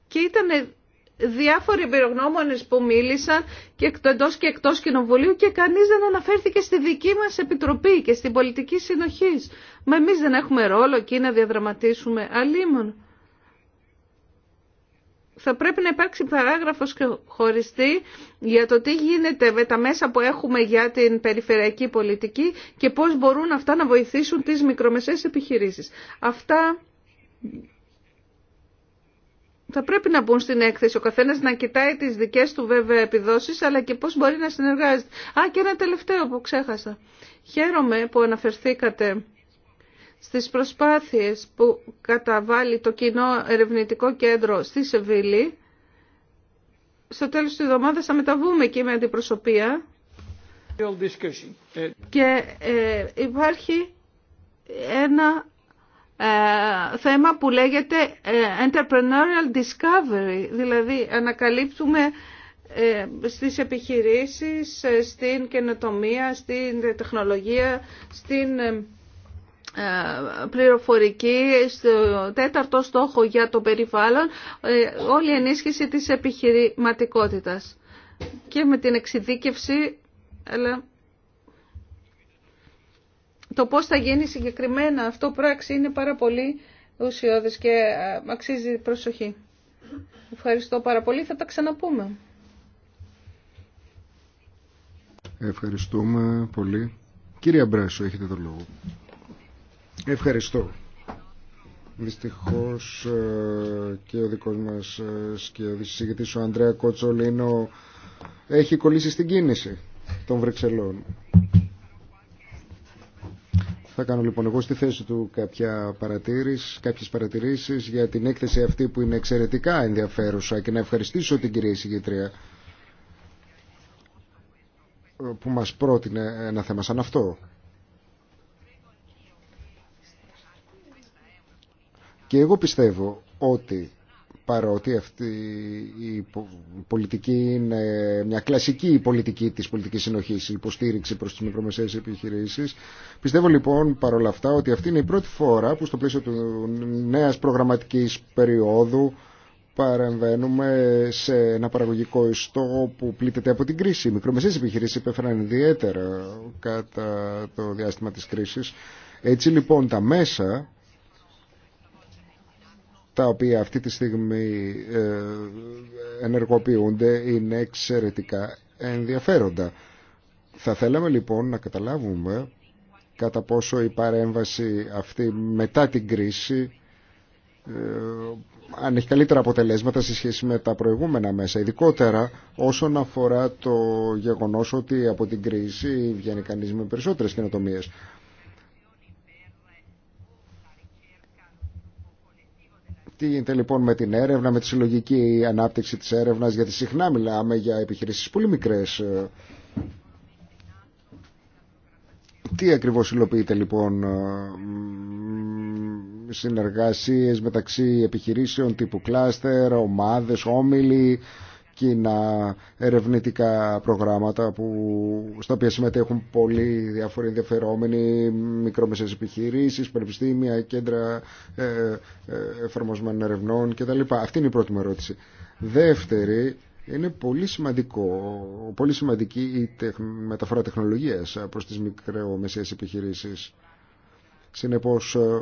Και ήταν διάφοροι εμπειρογνώμονες που μίλησαν και εντός και εκτός κοινοβουλίου και κανείς δεν αναφέρθηκε στη δική μας επιτροπή και στην πολιτική συνοχής. Μα εμείς δεν έχουμε ρόλο εκεί να διαδραματίσουμε αλίμον θα πρέπει να υπάρξει παράγραφος και χωριστή για το τι γίνεται με τα μέσα που έχουμε για την περιφερειακή πολιτική και πώς μπορούν αυτά να βοηθήσουν τις μικρομεσαίες επιχειρήσεις. Αυτά θα πρέπει να μπουν στην έκθεση. Ο καθένας να κοιτάει τις δικές του βέβαια επιδόσεις, αλλά και πώς μπορεί να συνεργάζεται. Α, και ένα τελευταίο που ξέχασα. Χαίρομαι που αναφερθήκατε στις προσπάθειες που καταβάλει το κοινό ερευνητικό κέντρο στη Σεβίλη. Στο τέλος της εβδομάδας θα μεταβούμε εκεί με αντιπροσωπεία και ε, υπάρχει ένα ε, θέμα που λέγεται ε, entrepreneurial discovery, δηλαδή ανακαλύπτουμε ε, στις επιχειρήσεις, στην καινοτομία, στην τεχνολογία, στην ε, πληροφορική, στο τέταρτο στόχο για το περιβάλλον, ε, όλη η ενίσχυση της επιχειρηματικότητας και με την εξειδίκευση, αλλά το πώς θα γίνει συγκεκριμένα αυτό πράξη είναι πάρα πολύ ουσιώδης και ε, αξίζει προσοχή. Ευχαριστώ πάρα πολύ, θα τα ξαναπούμε. Ευχαριστούμε πολύ. κυρία Μπρέσο, έχετε το λόγο. Ευχαριστώ. Δυστυχώς ε, και ο δικός μας ε, και ο ο Ανδρέα Κοτσολίνο έχει κολλήσει στην κίνηση των Βρυξελών. Θα κάνω λοιπόν εγώ στη θέση του κάποια παρατήρηση, κάποιες παρατηρήσεις για την έκθεση αυτή που είναι εξαιρετικά ενδιαφέρουσα και να ευχαριστήσω την κυρία Συγγετρία ε, που μας πρότεινε ένα θέμα σαν αυτό. Και εγώ πιστεύω ότι παρότι αυτή η πολιτική είναι μια κλασική πολιτική της πολιτικής συνοχής, η υποστήριξη προς τις μικρομεσαίες επιχειρήσεις. Πιστεύω λοιπόν παρόλα αυτά ότι αυτή είναι η πρώτη φορά που στο πλαίσιο του νέας προγραμματικής περίοδου παρεμβαίνουμε σε ένα παραγωγικό ιστό που πλήττεται από την κρίση. Οι μικρομεσαίες επιχειρήσεις υπέφεραν ιδιαίτερα κατά το διάστημα της κρίσης. Έτσι λοιπόν τα μέσα τα οποία αυτή τη στιγμή ε, ενεργοποιούνται είναι εξαιρετικά ενδιαφέροντα. Θα θέλαμε λοιπόν να καταλάβουμε κατά πόσο η παρέμβαση αυτή μετά την κρίση ε, αν έχει καλύτερα αποτελέσματα σε σχέση με τα προηγούμενα μέσα ειδικότερα όσον αφορά το γεγονός ότι από την κρίση βγαίνει κανείς με περισσότερες καινοτομίες Τι γίνεται λοιπόν με την έρευνα, με τη συλλογική ανάπτυξη της έρευνας, γιατί συχνά μιλάμε για επιχειρήσεις πολύ μικρές. Τι ακριβώς υλοποιείται λοιπόν ε, συνεργασίες μεταξύ επιχειρήσεων τύπου κλάστερ, ομάδες, όμιλοι, κοινά ερευνητικά προγράμματα που, στα οποία συμμετέχουν πολλοί διάφοροι ενδιαφερόμενοι, μικρομεσαίες επιχειρήσεις, πανεπιστήμια, κέντρα ε, ε, εφαρμοσμένων ερευνών κτλ. Αυτή είναι η πρώτη μου ερώτηση. Δεύτερη, είναι πολύ, σημαντικό, πολύ σημαντική η μεταφορά τεχνολογίας προς τις μικρομεσαίες επιχειρήσεις. Συνεπώς, ε,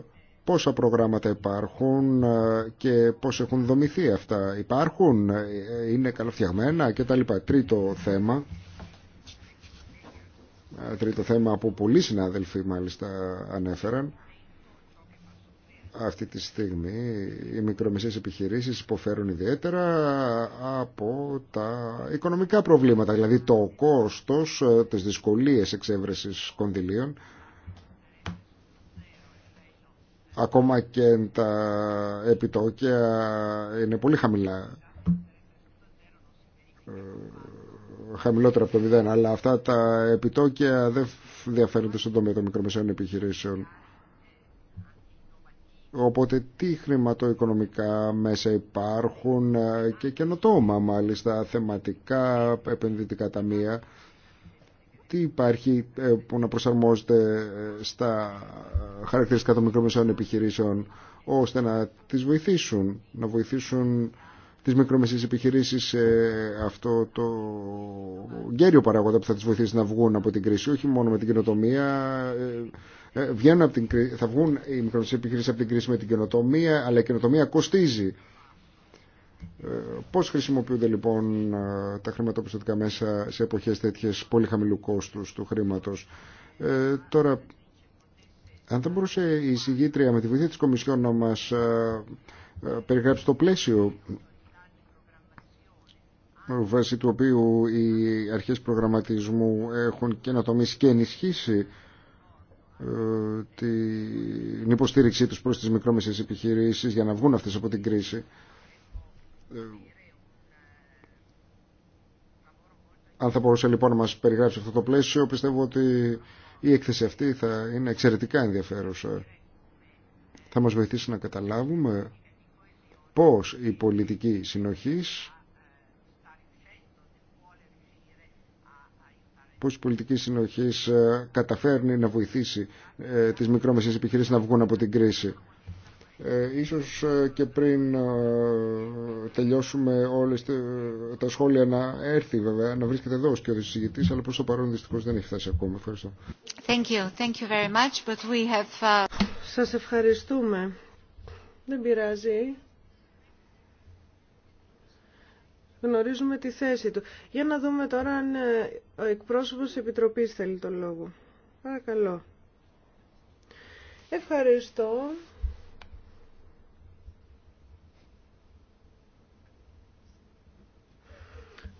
πόσα προγράμματα υπάρχουν ε, και πώς έχουν δομηθεί αυτά. Υπάρχουν, ε, είναι καλοφτιαγμένα λοιπά Τρίτο θέμα, ε, τρίτο θέμα που πολλοί συνάδελφοι μάλιστα ανέφεραν, αυτή τη στιγμή οι μικρομεσαίες επιχειρήσεις υποφέρουν ιδιαίτερα από τα οικονομικά προβλήματα, δηλαδή το κόστος, τις δυσκολίες εξέβρεσης κονδυλίων Ακόμα και τα επιτόκια είναι πολύ χαμηλά. Ε, χαμηλότερα από το 0, αλλά αυτά τα επιτόκια δεν διαφέρουν στον τομέα των μικρομεσαίων επιχειρήσεων. Οπότε τι χρηματοοικονομικά μέσα υπάρχουν ε, και καινοτόμα μάλιστα θεματικά επενδυτικά ταμεία τι υπάρχει ε, που να προσαρμόζεται ε, στα χαρακτηριστικά των μικρομεσαίων επιχειρήσεων ώστε να τις βοηθήσουν, να βοηθήσουν τις μικρομεσαίες επιχειρήσεις σε αυτό το γέριο παράγοντα που θα τις βοηθήσει να βγουν από την κρίση, όχι μόνο με την καινοτομία. Ε, από την, θα βγουν οι μικρομεσαίες επιχειρήσεις από την κρίση με την καινοτομία, αλλά η καινοτομία κοστίζει. Ε, πώς χρησιμοποιούνται λοιπόν ε, τα χρηματοπιστωτικά μέσα σε εποχές τέτοιες πολύ χαμηλού κόστους του χρήματος. Ε, τώρα, αν δεν μπορούσε η συγγήτρια με τη βοήθεια της Κομισιόν να μας ε, περιγράψει το πλαίσιο βάσει του οποίου οι αρχές προγραμματισμού έχουν και να και ενισχύσει την υποστήριξή τους προς τις μικρόμεσες επιχειρήσεις για να βγουν αυτές από την κρίση. Ε, αν θα μπορούσε λοιπόν να μας περιγράψει αυτό το πλαίσιο, πιστεύω ότι η έκθεση αυτή θα είναι εξαιρετικά ενδιαφέρουσα. Θα μας βοηθήσει να καταλάβουμε πώς η πολιτική συνοχής πώς η πολιτική συνοχής ε, καταφέρνει να βοηθήσει ε, τις μικρόμεσες επιχειρήσεις να βγουν από την κρίση ε, ίσως ε, και πριν ε, τελειώσουμε όλες τε, τα σχόλια να έρθει βέβαια, να βρίσκεται εδώ ο και ο συζητητής, αλλά προς το παρόν δυστυχώς δεν έχει φτάσει ακόμα. Ευχαριστώ. Thank you. Thank you very much, but we have... Uh, Σας ευχαριστούμε. Δεν πειράζει. Γνωρίζουμε τη θέση του. Για να δούμε τώρα αν ε, ο εκπρόσωπος Επιτροπής θέλει τον λόγο. Παρακαλώ. Ευχαριστώ.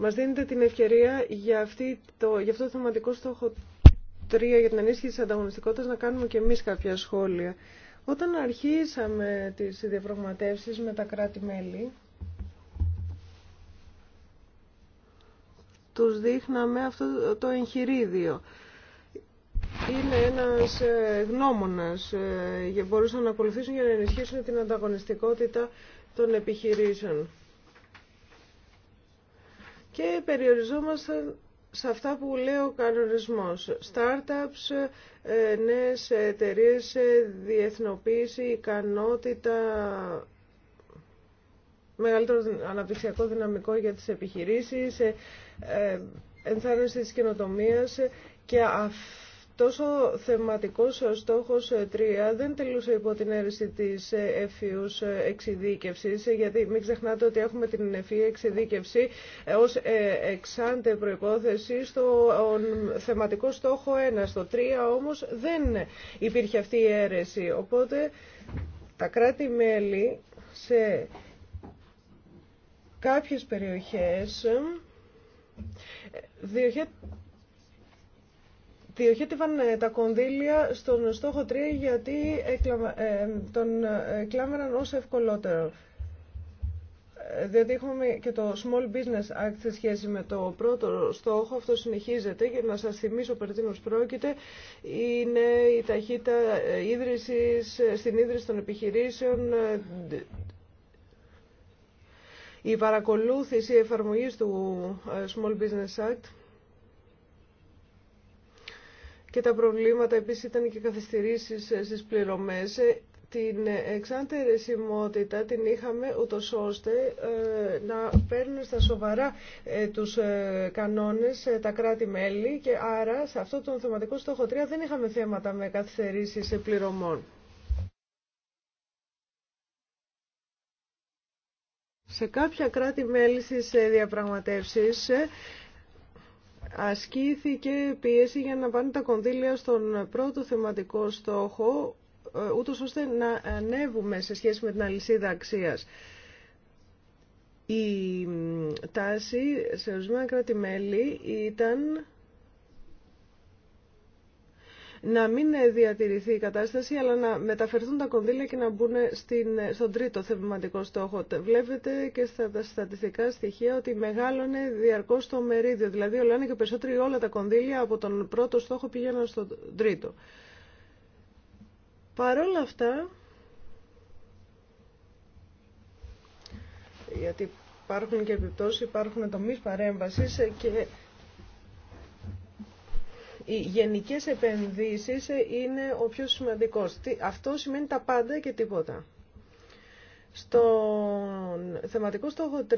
Μας δίνετε την ευκαιρία για, αυτή το, για αυτό το θεματικό στόχο 3 για την ενίσχυση της ανταγωνιστικότητας να κάνουμε και εμείς κάποια σχόλια. Όταν αρχίσαμε τις διαπραγματεύσεις με τα κράτη-μέλη, τους δείχναμε αυτό το εγχειρίδιο. Είναι ένας ε, γνώμονας, ε, μπορούσαν να ακολουθήσουν για να ενισχύσουν την ανταγωνιστικότητα των επιχειρήσεων και περιοριζόμαστε σε αυτά που λέει ο κανονισμός. Startups, ε, νέες εταιρείες, ε, διεθνοποίηση, ικανότητα, μεγαλύτερο αναπτυξιακό δυναμικό για τις επιχειρήσεις, ε, ενθάρρυνση της καινοτομίας και αυτό Τόσο θεματικός στόχος 3 ε, δεν τελούσε υπό την αίρεση της ε, εφίους ε, εξειδίκευσης, γιατί μην ξεχνάτε ότι έχουμε την εφή εξειδίκευση ως εξάντε προϋπόθεση στο θεματικό στόχο 1. Στο 3 όμως δεν υπήρχε αυτή η αίρεση, οπότε τα κράτη-μέλη σε κάποιες περιοχές διοχέτουν διοχέτευαν ε, τα κονδύλια στον στόχο 3 γιατί ε, τον ε, κλάμεραν ως ευκολότερο. Διότι έχουμε και το Small Business Act σε σχέση με το πρώτο στόχο, αυτό συνεχίζεται και να σας θυμίσω περί πρόκειται, είναι η ταχύτητα ίδρυσης, στην ίδρυση των επιχειρήσεων, η παρακολούθηση εφαρμογής του Small Business Act, και τα προβλήματα επίσης ήταν και καθυστερήσεις στις πληρωμές. Την εξάντερεσιμότητα την είχαμε ούτω ώστε ε, να παίρνουν στα σοβαρά ε, τους ε, κανόνες τα κράτη-μέλη και άρα σε αυτό το θεματικό στόχο 3 δεν είχαμε θέματα με καθυστερήσεις πληρωμών. Σε κάποια κράτη-μέλη στις διαπραγματεύσεις ασκήθηκε πίεση για να πάνε τα κονδύλια στον πρώτο θεματικό στόχο, ε, ούτως ώστε να ανέβουμε σε σχέση με την αλυσίδα αξίας. Η τάση σε ορισμένα κράτη-μέλη ήταν να μην διατηρηθεί η κατάσταση, αλλά να μεταφερθούν τα κονδύλια και να μπουν στην, στον τρίτο θεματικό στόχο. Βλέπετε και στα στατιστικά στοιχεία ότι μεγάλωνε διαρκώ το μερίδιο. Δηλαδή, όλα είναι και περισσότεροι όλα τα κονδύλια από τον πρώτο στόχο πηγαίναν στον τρίτο. Παρόλα αυτά, γιατί υπάρχουν και επιπτώσεις, υπάρχουν τομείς παρέμβασης και οι γενικές επενδύσεις είναι ο πιο σημαντικός. Αυτό σημαίνει τα πάντα και τίποτα. Στο θεματικό στόχο 3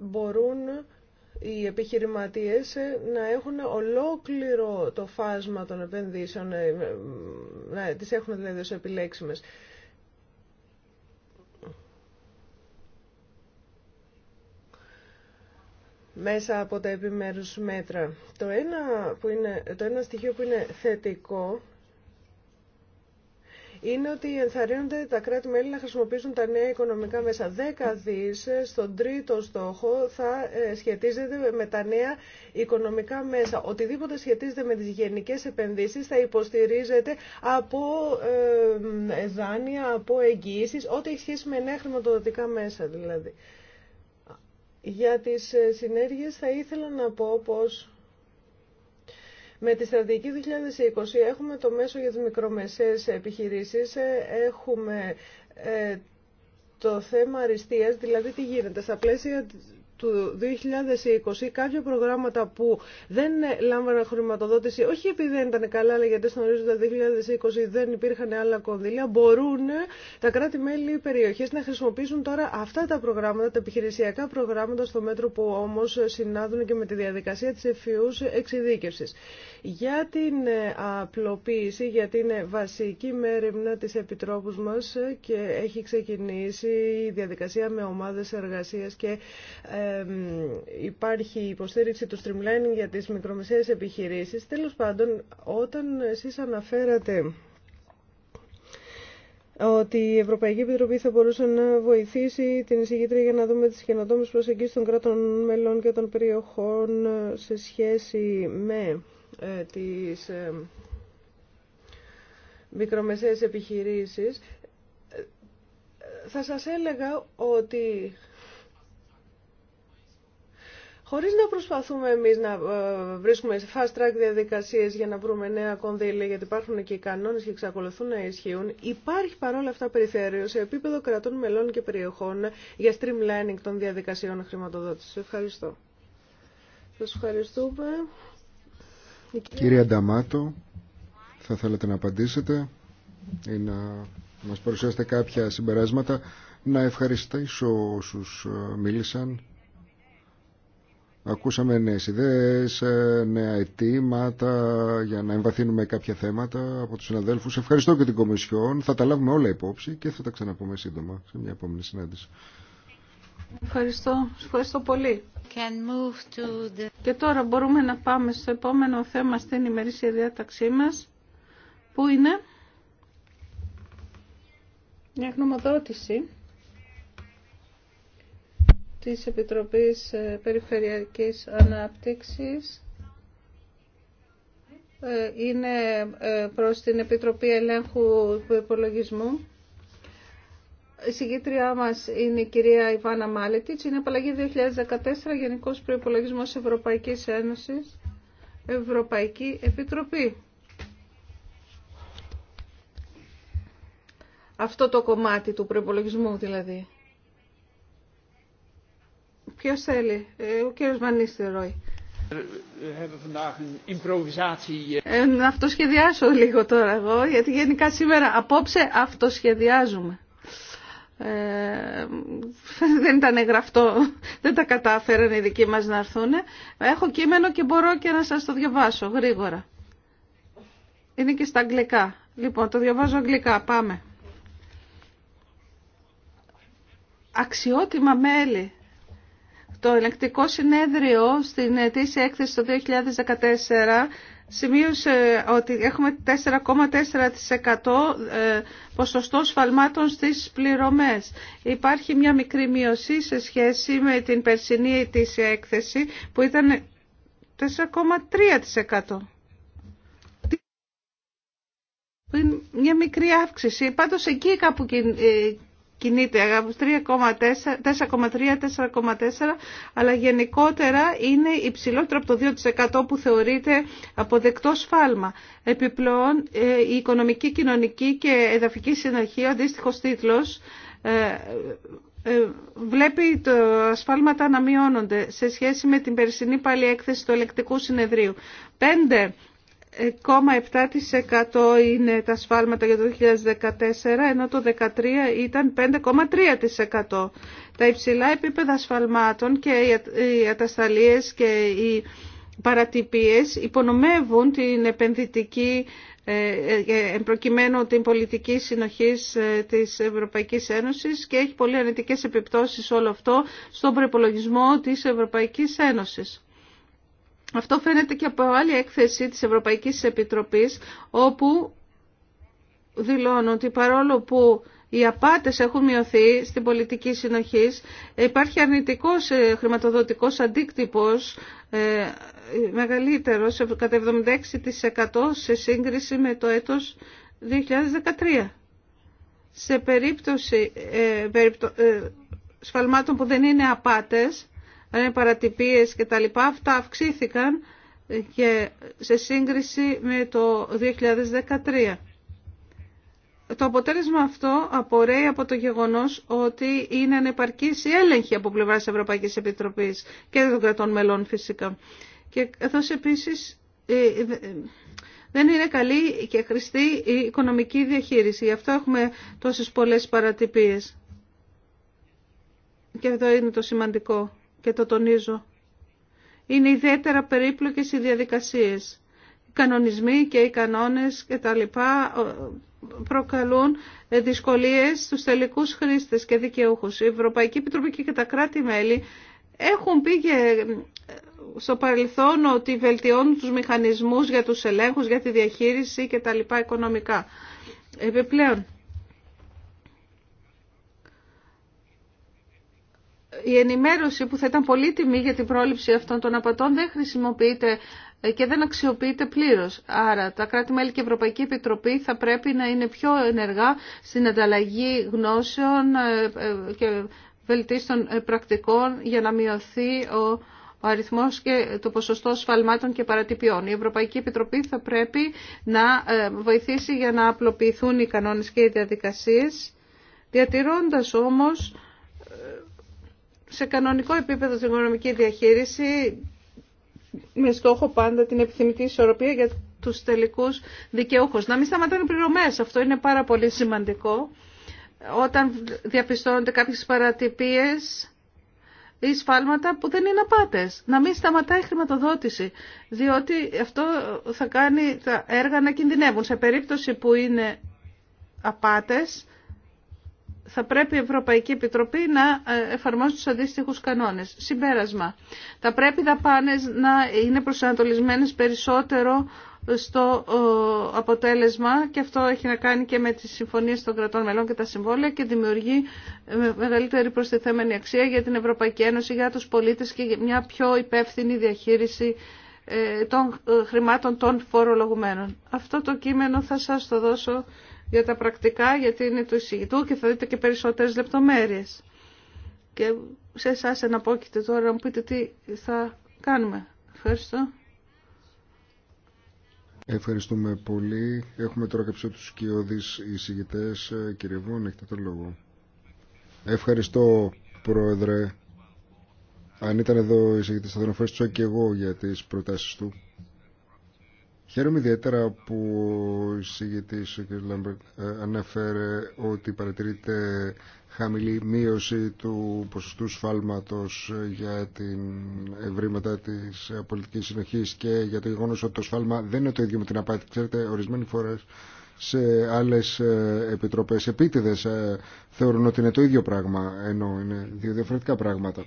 μπορούν οι επιχειρηματίες να έχουν ολόκληρο το φάσμα των επενδύσεων, να τις έχουν δηλαδή ως επιλέξιμες. μέσα από τα επιμέρους μέτρα. Το ένα, που είναι, το ένα στοιχείο που είναι θετικό είναι ότι ενθαρρύνονται τα κράτη-μέλη να χρησιμοποιήσουν τα νέα οικονομικά μέσα. 10 δις στον τρίτο στόχο θα ε, σχετίζεται με τα νέα οικονομικά μέσα. Οτιδήποτε σχετίζεται με τις γενικές επενδύσεις θα υποστηρίζεται από ε, δάνεια, από εγγυήσεις, ό,τι έχει σχέση με νέα χρηματοδοτικά μέσα δηλαδή. Για τις ε, συνέργειες θα ήθελα να πω πως με τη στρατηγική 2020 έχουμε το μέσο για τις μικρομεσαίες επιχειρήσεις, ε, έχουμε ε, το θέμα αριστείας, δηλαδή τι γίνεται στα πλαίσια του 2020 κάποια προγράμματα που δεν λάμβαναν χρηματοδότηση, όχι επειδή δεν ήταν καλά, αλλά γιατί στον ορίζοντα 2020 δεν υπήρχαν άλλα κονδύλια, μπορούν τα κράτη-μέλη περιοχές να χρησιμοποιήσουν τώρα αυτά τα προγράμματα, τα επιχειρησιακά προγράμματα, στο μέτρο που όμω συνάδουν και με τη διαδικασία τη ευφυού εξειδίκευση. Για την ε, απλοποίηση, γιατί είναι βασική μέρημνα τη Επιτρόπου μα και έχει ξεκινήσει η διαδικασία με ομάδε εργασία και ε, υπάρχει υποστήριξη του streamlining για τις μικρομεσαίες επιχειρήσεις. Τέλος πάντων, όταν εσείς αναφέρατε ότι η Ευρωπαϊκή Επιτροπή θα μπορούσε να βοηθήσει την εισηγήτρια για να δούμε τις καινοτόμες προσεγγίσεις των κράτων μελών και των περιοχών σε σχέση με ε, τις ε, μικρομεσαίες επιχειρήσεις. Ε, θα σας έλεγα ότι χωρίς να προσπαθούμε εμείς να ε, βρίσκουμε fast track διαδικασίες για να βρούμε νέα κονδύλια, γιατί υπάρχουν και οι κανόνες και εξακολουθούν να ισχύουν, υπάρχει παρόλα αυτά περιθέριο σε επίπεδο κρατών μελών και περιοχών για streamlining των διαδικασιών χρηματοδότησης. Ευχαριστώ. Σας ευχαριστούμε. Κύριε Ανταμάτο, θα θέλατε να απαντήσετε ή να μας παρουσιάσετε κάποια συμπεράσματα. Να ευχαριστήσω όσους ε, μίλησαν Ακούσαμε νέες ιδέες, ε, νέα αιτήματα για να εμβαθύνουμε κάποια θέματα από τους συναδέλφους. Ευχαριστώ και την Κομισιόν. Θα τα λάβουμε όλα υπόψη και θα τα ξαναπούμε σύντομα σε μια επόμενη συνάντηση. Ευχαριστώ. Ευχαριστώ πολύ. Can move to the... Και τώρα μπορούμε να πάμε στο επόμενο θέμα στην ημερήσια διάταξή μας. Πού είναι? Μια γνωμοδότηση της Επιτροπής ε, Περιφερειακής Ανάπτυξης ε, είναι ε, προς την Επιτροπή Ελέγχου Προϋπολογισμού. Υπολογισμού. Η συγκήτριά μας είναι η κυρία Ιβάνα Μάλετιτς, είναι απαλλαγή 2014 Γενικός Προϋπολογισμός Ευρωπαϊκής Ένωσης, Ευρωπαϊκή Επιτροπή. Αυτό το κομμάτι του προϋπολογισμού δηλαδή. Ποιο θέλει, ε, ο κύριος Μανίστεροι. Ροϊ. Ε, να αυτοσχεδιάσω λίγο τώρα εγώ, γιατί γενικά σήμερα απόψε αυτοσχεδιάζουμε. Ε, δεν ήταν γραφτό, δεν τα κατάφεραν οι δικοί μας να έρθουν. Έχω κείμενο και μπορώ και να σας το διαβάσω γρήγορα. Είναι και στα αγγλικά. Λοιπόν, το διαβάζω αγγλικά. Πάμε. Αξιότιμα μέλη το ελεκτικό συνέδριο στην ετήσια έκθεση το 2014 σημείωσε ότι έχουμε 4,4% ε, ποσοστό σφαλμάτων στις πληρωμές. Υπάρχει μια μικρή μειωσή σε σχέση με την περσινή ετήσια έκθεση που ήταν 4,3%. Μια μικρή αύξηση. Πάντως εκεί κάπου ε, κινειται 3,4 από 4,3-4,4 αλλά γενικότερα είναι υψηλότερο από το 2% που θεωρείται αποδεκτό σφάλμα. Επιπλέον ε, η οικονομική, κοινωνική και εδαφική συνοχή, ο αντίστοιχο τίτλος, ε, ε, βλέπει τα ασφάλματα να μειώνονται σε σχέση με την περσινή πάλι έκθεση του ελεκτικού συνεδρίου. 5 0,7% ε, είναι τα σφάλματα για το 2014, ενώ το 2013 ήταν 5,3%. Τα υψηλά επίπεδα σφαλμάτων και οι ατασταλίες και οι παρατυπίες υπονομεύουν την επενδυτική εμπροκειμένου ε, ε, την πολιτική συνοχής της Ευρωπαϊκής Ένωσης και έχει πολύ αρνητικές επιπτώσεις όλο αυτό στον προπολογισμό της Ευρωπαϊκής Ένωσης. Αυτό φαίνεται και από άλλη έκθεση της Ευρωπαϊκής Επιτροπής, όπου δηλώνουν ότι παρόλο που οι απάτες έχουν μειωθεί στην πολιτική συνοχής, υπάρχει αρνητικός ε, χρηματοδοτικός αντίκτυπος ε, μεγαλύτερος κατά 76% σε σύγκριση με το έτος 2013. Σε περίπτωση ε, σφαλμάτων που δεν είναι απάτες, αν είναι παρατυπίες και τα λοιπά, αυτά αυξήθηκαν και σε σύγκριση με το 2013. Το αποτέλεσμα αυτό απορρέει από το γεγονός ότι είναι ανεπαρκής η έλεγχη από πλευρά της Ευρωπαϊκής Επιτροπής και των κρατών μελών φυσικά. Και καθώς επίσης ε, δεν είναι καλή και χρηστή η οικονομική διαχείριση. Γι' αυτό έχουμε τόσες πολλές παρατυπίες. Και εδώ είναι το σημαντικό και το τονίζω. Είναι ιδιαίτερα περίπλοκες οι διαδικασίες. Οι κανονισμοί και οι κανόνες και τα λοιπά ε, προκαλούν ε, δυσκολίες στους τελικούς χρήστες και δικαιούχους. Η Ευρωπαϊκή Επιτροπή και τα κράτη-μέλη έχουν πει και ε, στο παρελθόν ότι βελτιώνουν τους μηχανισμούς για τους ελέγχους, για τη διαχείριση και τα λοιπά οικονομικά. Επιπλέον, η ενημέρωση που θα ήταν πολύτιμη για την πρόληψη αυτών των απατών δεν χρησιμοποιείται και δεν αξιοποιείται πλήρως. Άρα τα κράτη-μέλη και η Ευρωπαϊκή Επιτροπή θα πρέπει να είναι πιο ενεργά στην ανταλλαγή γνώσεων ε, ε, και βελτίστων ε, πρακτικών για να μειωθεί ο ο αριθμός και το ποσοστό σφαλμάτων και παρατυπιών. Η Ευρωπαϊκή Επιτροπή θα πρέπει να βοηθήσει για να απλοποιηθούν οι κανόνες και οι διαδικασίες, διατηρώντας όμως σε κανονικό επίπεδο στην οικονομική διαχείριση με στόχο πάντα την επιθυμητή ισορροπία για τους τελικούς δικαιούχους. Να μην σταματάνε πληρωμές, αυτό είναι πάρα πολύ σημαντικό. Όταν διαπιστώνονται κάποιες παρατυπίες ή σφάλματα που δεν είναι απάτες. Να μην σταματάει η χρηματοδότηση, διότι αυτό θα κάνει τα έργα να κινδυνεύουν. Σε περίπτωση που είναι απάτες, θα πρέπει η Ευρωπαϊκή Επιτροπή να ε, εφαρμόσει τους αντίστοιχους κανόνες. Συμπέρασμα. Θα πρέπει δαπάνες να είναι προσανατολισμένες περισσότερο στο αποτέλεσμα και αυτό έχει να κάνει και με τις συμφωνίες των κρατών μελών και τα συμβόλαια και δημιουργεί ε, μεγαλύτερη προστιθέμενη αξία για την Ευρωπαϊκή Ένωση, για τους πολίτες και μια πιο υπεύθυνη διαχείριση ε, των χρημάτων των φορολογουμένων. Αυτό το κείμενο θα σας το δώσω για τα πρακτικά, γιατί είναι του εισηγητού και θα δείτε και περισσότερες λεπτομέρειες. Και σε εσά εναπόκειται τώρα να μου πείτε τι θα κάνουμε. Ευχαριστώ. Ευχαριστούμε πολύ. Έχουμε τώρα κάποιους τους σκιώδεις εισηγητές. Ε, κύριε Βόν, έχετε το λόγο. Ευχαριστώ, Πρόεδρε. Αν ήταν εδώ εισηγητής θα τον ευχαριστώ και εγώ για τις προτάσεις του. Χαίρομαι ιδιαίτερα που ο εισηγητής ο κ. Λάμπερτ ε, ανέφερε ότι παρατηρείται χαμηλή μείωση του ποσοστού σφάλματος ε, για την ευρήματα της ε, πολιτικής συνοχής και για το γεγονό ότι το σφάλμα δεν είναι το ίδιο με την απάτη. Ξέρετε, ορισμένοι φορές σε άλλες επιτροπές επίτηδες θεωρούν ότι είναι το ίδιο πράγμα, ενώ είναι δύο διαφορετικά πράγματα.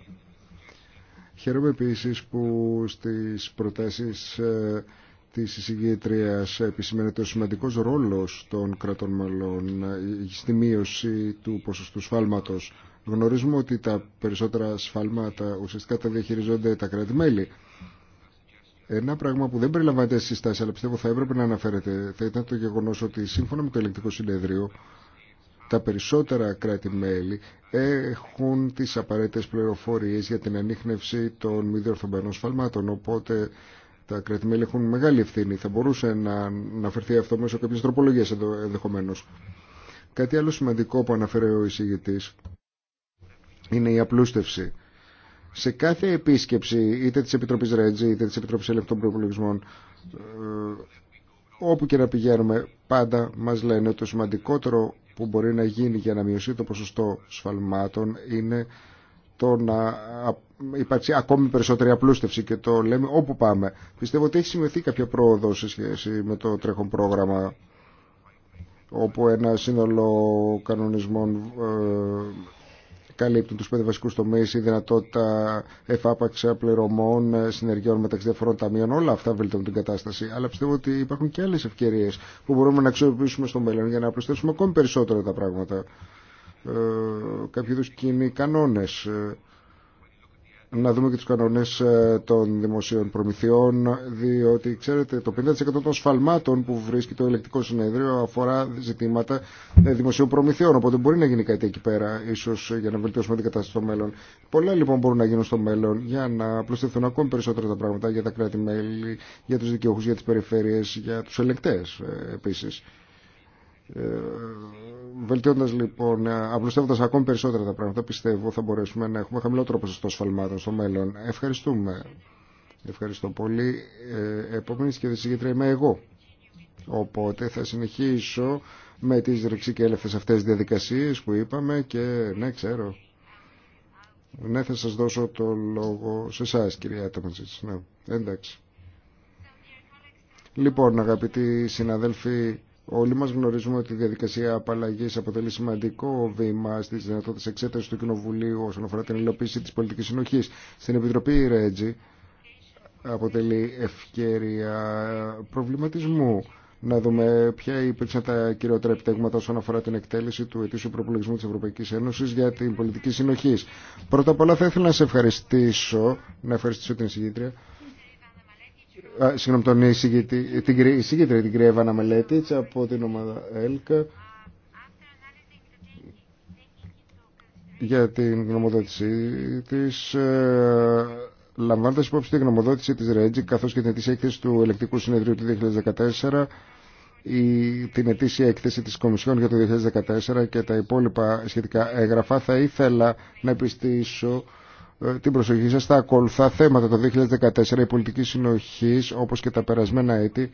Χαίρομαι επίσης που στις προτάσεις τη εισηγήτρια επισημαίνεται ο σημαντικό ρόλο των κρατών μελών ε, στη μείωση του ποσοστού σφάλματο. Γνωρίζουμε ότι τα περισσότερα σφάλματα ουσιαστικά τα διαχειριζόνται τα κράτη-μέλη. Ένα πράγμα που δεν περιλαμβάνεται στη στάση, αλλά πιστεύω θα έπρεπε να αναφέρεται, θα ήταν το γεγονό ότι σύμφωνα με το ελεγκτικό συνέδριο, τα περισσότερα κράτη-μέλη έχουν τις απαραίτητες πληροφορίες για την ανείχνευση των μη διορθωμένων σφαλμάτων. Οπότε τα κρατη έχουν μεγάλη ευθύνη. Θα μπορούσε να αναφερθεί αυτό μέσω κάποιε τροπολογίε ενδεχομένω. Κάτι άλλο σημαντικό που αναφέρει ο εισηγητής είναι η απλούστευση. Σε κάθε επίσκεψη, είτε της Επιτροπής Ρέτζη, είτε της Επιτροπής Ελεκτών Προπολογισμών, ε, όπου και να πηγαίνουμε, πάντα μας λένε το σημαντικότερο που μπορεί να γίνει για να μειωθεί το ποσοστό σφαλμάτων είναι το να υπάρξει ακόμη περισσότερη απλούστευση και το λέμε όπου πάμε. Πιστεύω ότι έχει σημειωθεί κάποια πρόοδο σε σχέση με το τρέχον πρόγραμμα όπου ένα σύνολο κανονισμών ε, καλύπτουν τους πέντε βασικούς τομείς, η δυνατότητα εφάπαξα πληρωμών, ε, συνεργειών μεταξύ διαφορών ταμείων, όλα αυτά βελτιώνουν την κατάσταση. Αλλά πιστεύω ότι υπάρχουν και άλλες ευκαιρίες που μπορούμε να αξιοποιήσουμε στο μέλλον για να προσθέσουμε ακόμη περισσότερα τα πράγματα. Ε, κάποιου είδους κοινοί κανόνες. Ε, να δούμε και τους κανόνες ε, των δημοσίων προμηθειών, διότι ξέρετε το 50% των σφαλμάτων που βρίσκει το ελεκτικό συνέδριο αφορά ζητήματα δημοσίων προμηθειών, οπότε μπορεί να γίνει κάτι εκεί πέρα, ίσως για να βελτιώσουμε την κατάσταση στο μέλλον. Πολλά λοιπόν μπορούν να γίνουν στο μέλλον για να προσθεθούν ακόμη περισσότερα τα πράγματα για τα κράτη-μέλη, για τους δικαιούχους, για τις περιφέρειες, για τους ελεκτές επίσης. Ε, Βελτιώντα λοιπόν, ε, απλουστεύοντα ακόμη περισσότερα τα πράγματα, πιστεύω θα μπορέσουμε να έχουμε χαμηλότερο ποσοστό σφαλμάτων στο μέλλον. Ευχαριστούμε. Ευχαριστώ πολύ. Ε, επόμενη και είμαι εγώ. Οπότε θα συνεχίσω με τις ρεξικέλευτες αυτές διαδικασίες που είπαμε και ναι ξέρω. Ναι θα σα δώσω το λόγο σε εσά, κυρία Ταμαντζήτς. Ναι, εντάξει. Λοιπόν αγαπητοί συναδέλφοι Όλοι μας γνωρίζουμε ότι η διαδικασία απαλλαγή αποτελεί σημαντικό βήμα στις δυνατότητες εξέταση του Κοινοβουλίου όσον αφορά την υλοποίηση της πολιτικής συνοχής. Στην Επιτροπή Ρέτζη αποτελεί ευκαιρία προβληματισμού να δούμε ποια υπήρξαν τα κυριότερα επιτέγματα όσον αφορά την εκτέλεση του ετήσιου προπολογισμού της Ευρωπαϊκής Ένωσης για την πολιτική συνοχή. Πρώτα απ' όλα θα ήθελα να σε ευχαριστήσω, να ευχαριστήσω την συγγήτρια, συγγνώμη τον εισηγητή, την εισηγήτρια την κυρία Εύανα Μελέτητς από την ομάδα ΕΛΚΑ για την γνωμοδότησή της ε, Λαμβάνοντας υπόψη τη γνωμοδότηση της ΡΕΤΖΙ καθώς και την ετήσια έκθεση του Ελεκτικού Συνεδρίου του 2014 η, την ετήσια έκθεση της Κομισιόν για το 2014 και τα υπόλοιπα σχετικά έγγραφα θα ήθελα να επιστήσω ε, την προσοχή σας στα ακολουθά θέματα. Το 2014 η πολιτική συνοχή, όπως και τα περασμένα έτη,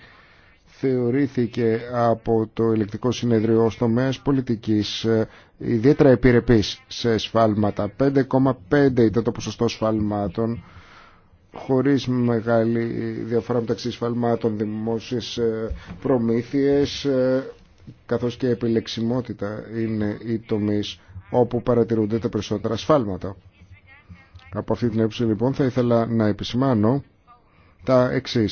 θεωρήθηκε από το ελεκτικό συνεδριό ως τομέας πολιτικής ε, ιδιαίτερα επιρρεπής σε σφάλματα. 5,5 ήταν το ποσοστό σφάλματων, χωρίς μεγάλη διαφορά μεταξύ σφάλματων δημόσιες ε, προμήθειες, καθώς και επιλεξιμότητα είναι οι τομείς όπου παρατηρούνται τα περισσότερα σφάλματα. Από αυτή την έψη, λοιπόν θα ήθελα να επισημάνω τα εξή.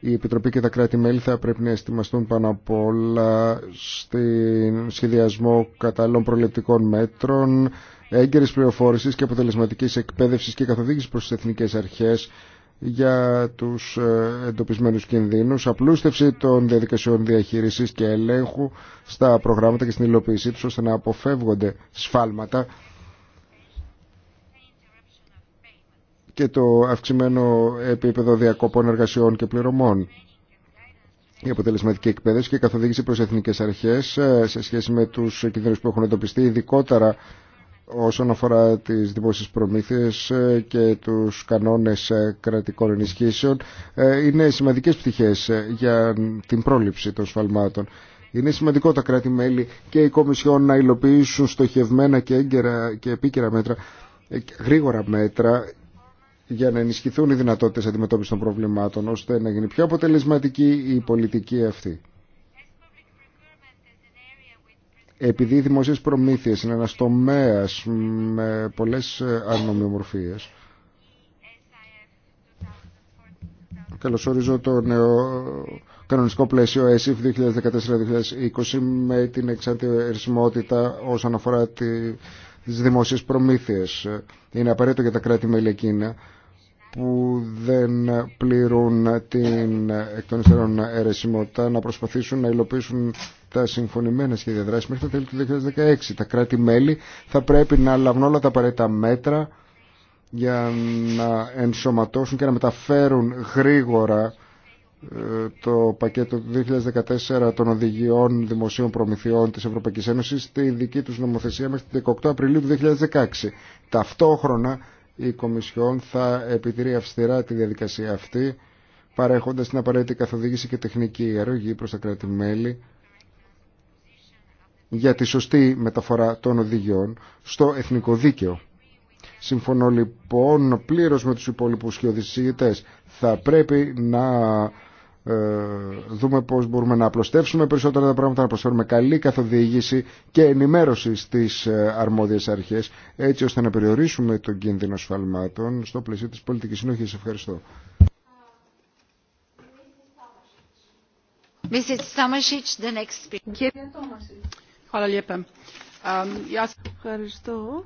Η Επιτροπή και τα κράτη-μέλη θα πρέπει να εστιμαστούν πάνω απ' όλα στην σχεδιασμό κατάλληλων προληπτικών μέτρων, έγκαιρη πληροφόρηση και αποτελεσματική εκπαίδευση και καθοδήγηση προ τι εθνικέ αρχέ για του ε, εντοπισμένου κινδύνου, απλούστευση των διαδικασιών διαχείριση και ελέγχου στα προγράμματα και στην υλοποίησή του ώστε να αποφεύγονται σφάλματα και το αυξημένο επίπεδο διακοπών εργασιών και πληρωμών. Η αποτελεσματική εκπαίδευση και η καθοδήγηση προς εθνικές αρχές ε, σε σχέση με τους κινδύνους που έχουν εντοπιστεί, ειδικότερα όσον αφορά τις δημόσιες προμήθειες ε, και τους κανόνες ε, κρατικών ενισχύσεων, είναι σημαντικές πτυχές για την πρόληψη των σφαλμάτων. Είναι σημαντικό τα κράτη-μέλη και οι Κομισιόν να υλοποιήσουν στοχευμένα και έγκαιρα και επίκαιρα μέτρα γρήγορα μέτρα για να ενισχυθούν οι δυνατότητες αντιμετώπισης των προβλημάτων ώστε να γίνει πιο αποτελεσματική η πολιτική αυτή. Επειδή οι δημοσίες προμήθειες είναι ένας τομέας με πολλές ε, αρνομιομορφίες, καλωσορίζω το νέο κανονιστικό πλαίσιο ΕΣΥΦ 2014-2020 με την εξαντιορισμότητα όσον αφορά τη τις δημόσιες προμήθειες. Είναι απαραίτητο για τα κράτη-μέλη εκείνα που δεν πληρούν την εκ των υστέρων αιρεσιμότητα να προσπαθήσουν να υλοποιήσουν τα συμφωνημένα σχέδια δράση μέχρι το τέλος του 2016. Τα κράτη-μέλη θα πρέπει να λαμβάνουν όλα τα απαραίτητα μέτρα για να ενσωματώσουν και να μεταφέρουν γρήγορα το πακέτο του 2014 των οδηγιών δημοσίων προμηθειών της Ευρωπαϊκής Ένωσης στη δική τους νομοθεσία μέχρι την 18 Απριλίου του 2016. Ταυτόχρονα η Κομισιόν θα επιτηρεί αυστηρά τη διαδικασία αυτή παρέχοντας την απαραίτητη καθοδήγηση και τεχνική αρρωγή προς τα κράτη-μέλη για τη σωστή μεταφορά των οδηγιών στο εθνικό δίκαιο. Συμφωνώ λοιπόν πλήρως με τους υπόλοιπους και Θα πρέπει να ε, δούμε πώς μπορούμε να απλωστεύσουμε περισσότερα τα πράγματα, να προσφέρουμε καλή καθοδήγηση και ενημέρωση στις ε, αρμόδιες αρχές, έτσι ώστε να περιορίσουμε τον κίνδυνο σφαλμάτων στο πλαίσιο της πολιτικής συνοχής. Ευχαριστώ. Ευχαριστώ.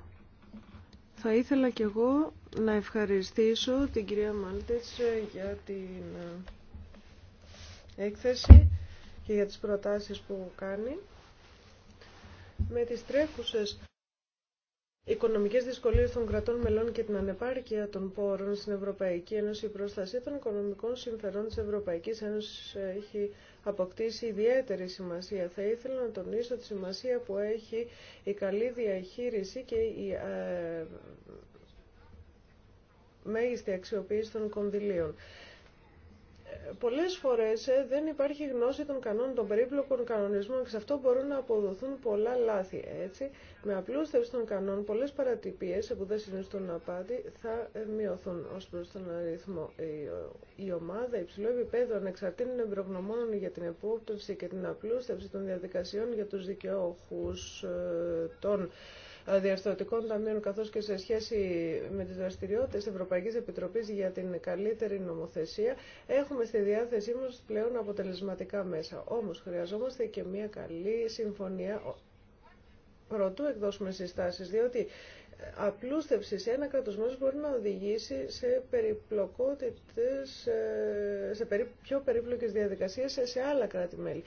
Θα ήθελα κι εγώ να ευχαριστήσω την κυρία Μάλτες για την έκθεση και για τις προτάσεις που κάνει. Με τις τρέχουσες οικονομικές δυσκολίες των κρατών μελών και την ανεπάρκεια των πόρων στην Ευρωπαϊκή Ένωση, η προστασία των οικονομικών συμφερών της Ευρωπαϊκής Ένωσης έχει αποκτήσει ιδιαίτερη σημασία. Θα ήθελα να τονίσω τη σημασία που έχει η καλή διαχείριση και η ε, μέγιστη αξιοποίηση των κονδυλίων. Πολλές φορές ε, δεν υπάρχει γνώση των κανόνων, των περίπλοκων κανονισμών και σε αυτό μπορούν να αποδοθούν πολλά λάθη. Έτσι, με απλούστευση των κανόνων, πολλές παρατυπίες που δεν συνιστούν απάτη θα ε, μειωθούν ως προς τον αριθμό. Η ε, ομάδα υψηλό επίπεδο ανεξαρτήνων εμπρογνωμών για την επόπτωση και την απλούστευση των διαδικασιών για τους δικαιώχους των διαρθρωτικών ταμείων καθώς και σε σχέση με τις δραστηριότητες της Ευρωπαϊκής Επιτροπής για την καλύτερη νομοθεσία έχουμε στη διάθεσή μας πλέον αποτελεσματικά μέσα. Όμως χρειαζόμαστε και μια καλή συμφωνία Προτού εκδώσουμε συστάσεις, διότι απλούστευση σε ένα κράτος μπορεί να οδηγήσει σε περιπλοκότητες, ε, σε πιο περίπλοκες διαδικασίες σε άλλα κράτη-μέλη.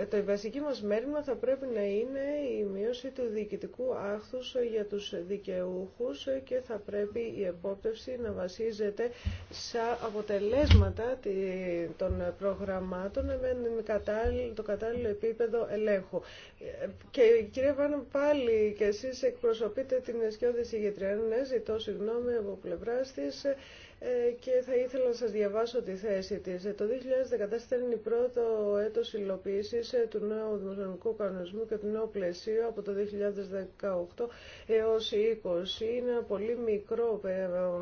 Ε, το βασική μας μέρημα θα πρέπει να είναι η μείωση του διοικητικού άχθους για τους δικαιούχους και θα πρέπει η επόπτευση να βασίζεται σε αποτελέσματα των προγραμμάτων με το κατάλληλο επίπεδο ελέγχου. Ε, και κύριε Βάνο, πάλι και εσείς εκπροσωπείτε την σκιώδης γιατριά Ναι, ζητώ συγγνώμη από πλευρά τη. Ε, και θα ήθελα να σας διαβάσω τη θέση της. Ε, το 2014 είναι η πρώτο έτος υλοποίησης ε, του νέου δημοσιονομικού κανονισμού και του νέου πλαισίου από το 2018 έως 20. Είναι πολύ μικρό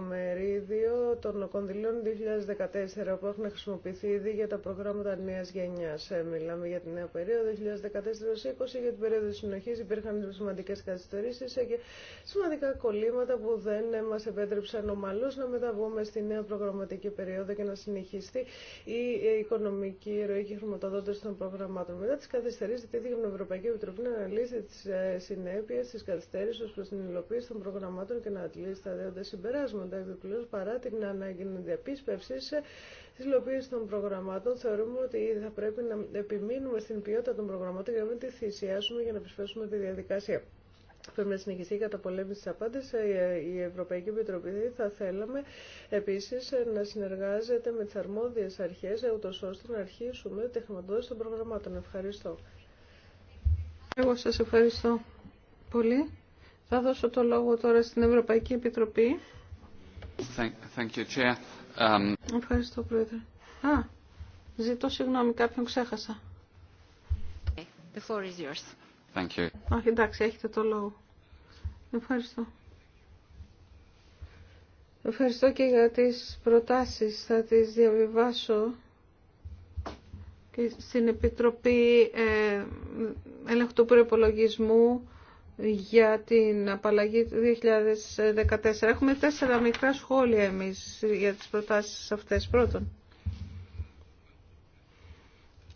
μερίδιο των κονδυλίων 2014 που έχουν χρησιμοποιηθεί ήδη για τα προγράμματα νέας γενιάς. Μιλάμε για την νέα περίοδο 2014-2020, για την περίοδο συνοχής υπήρχαν σημαντικές καθυστερήσεις και σημαντικά κολλήματα που δεν μας επέτρεψαν ομαλώς να μεταβούμε στη νέα προγραμματική περίοδο και να συνεχιστεί η οικονομική ροή και χρηματοδότηση των προγραμμάτων. Μετά τι καθυστερήσει, ζητήθηκε από την Ευρωπαϊκή Επιτροπή να αναλύσει τι ε, συνέπειε τη καθυστέρηση ω προ την υλοποίηση των προγραμμάτων και να αντλήσει τα δέοντα συμπεράσματα. Επιπλέον, παρά την ανάγκη διαπίσπευση τη υλοποίηση των προγραμμάτων, θεωρούμε ότι θα πρέπει να επιμείνουμε στην ποιότητα των προγραμμάτων για να μην τη θυσιάσουμε για να επισφέσουμε τη διαδικασία πρέπει να συνεχιστεί η καταπολέμηση της απάντησης. Ε, η Ευρωπαϊκή Επιτροπή θα θέλαμε επίσης να συνεργάζεται με τις αρμόδιες αρχές, ε, ούτως ώστε να αρχίσουμε τη χρηματοδότηση των προγραμμάτων. Ευχαριστώ. Εγώ σας ευχαριστώ πολύ. Θα δώσω το λόγο τώρα στην Ευρωπαϊκή Επιτροπή. Thank, you, Chair. Um... Ευχαριστώ, Πρόεδρε. Α, ζητώ συγγνώμη, κάποιον ξέχασα. Okay. The floor is yours. Thank you. Όχι, εντάξει, έχετε το λόγο. Ευχαριστώ. Ευχαριστώ και για τις προτάσεις. Θα τις διαβιβάσω και στην Επιτροπή ε, Ελέγχου του Προϋπολογισμού για την απαλλαγή 2014. Έχουμε τέσσερα μικρά σχόλια εμείς για τις προτάσεις αυτές. Πρώτον,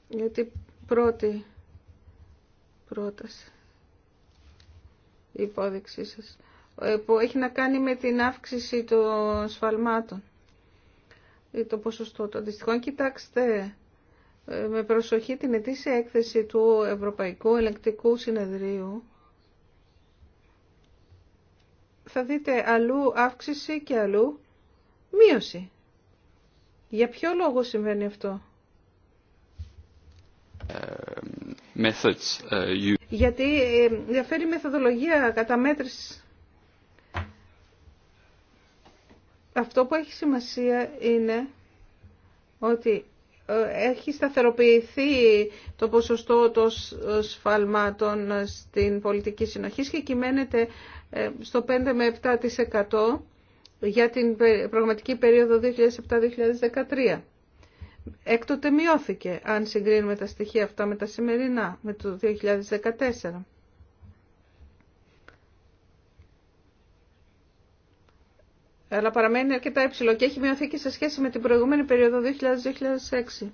γιατί πρώτη πρόταση η υπόδειξή σας ε, που έχει να κάνει με την αύξηση των σφαλμάτων ή το ποσοστό των αντιστοιχών. Κοιτάξτε ε, με προσοχή την ετήσια έκθεση του Ευρωπαϊκού Ελεκτικού Συνεδρίου θα δείτε αλλού αύξηση και αλλού μείωση. Για ποιο λόγο συμβαίνει αυτό. methods uh, Γιατί ε, διαφέρει η μεθοδολογία καταμέτρησης. Αυτό που έχει σημασία είναι ότι ε, έχει σταθεροποιηθεί το ποσοστό των ε, σφαλμάτων στην πολιτική συνοχή και κυμαίνεται στο 5 με 7% για την προγραμματική περίοδο 2007-2013 έκτοτε μειώθηκε, αν συγκρίνουμε τα στοιχεία αυτά με τα σημερινά, με το 2014. αλλά παραμένει αρκετά υψηλό και έχει μειωθεί και σε σχέση με την προηγούμενη περίοδο 2000-2006.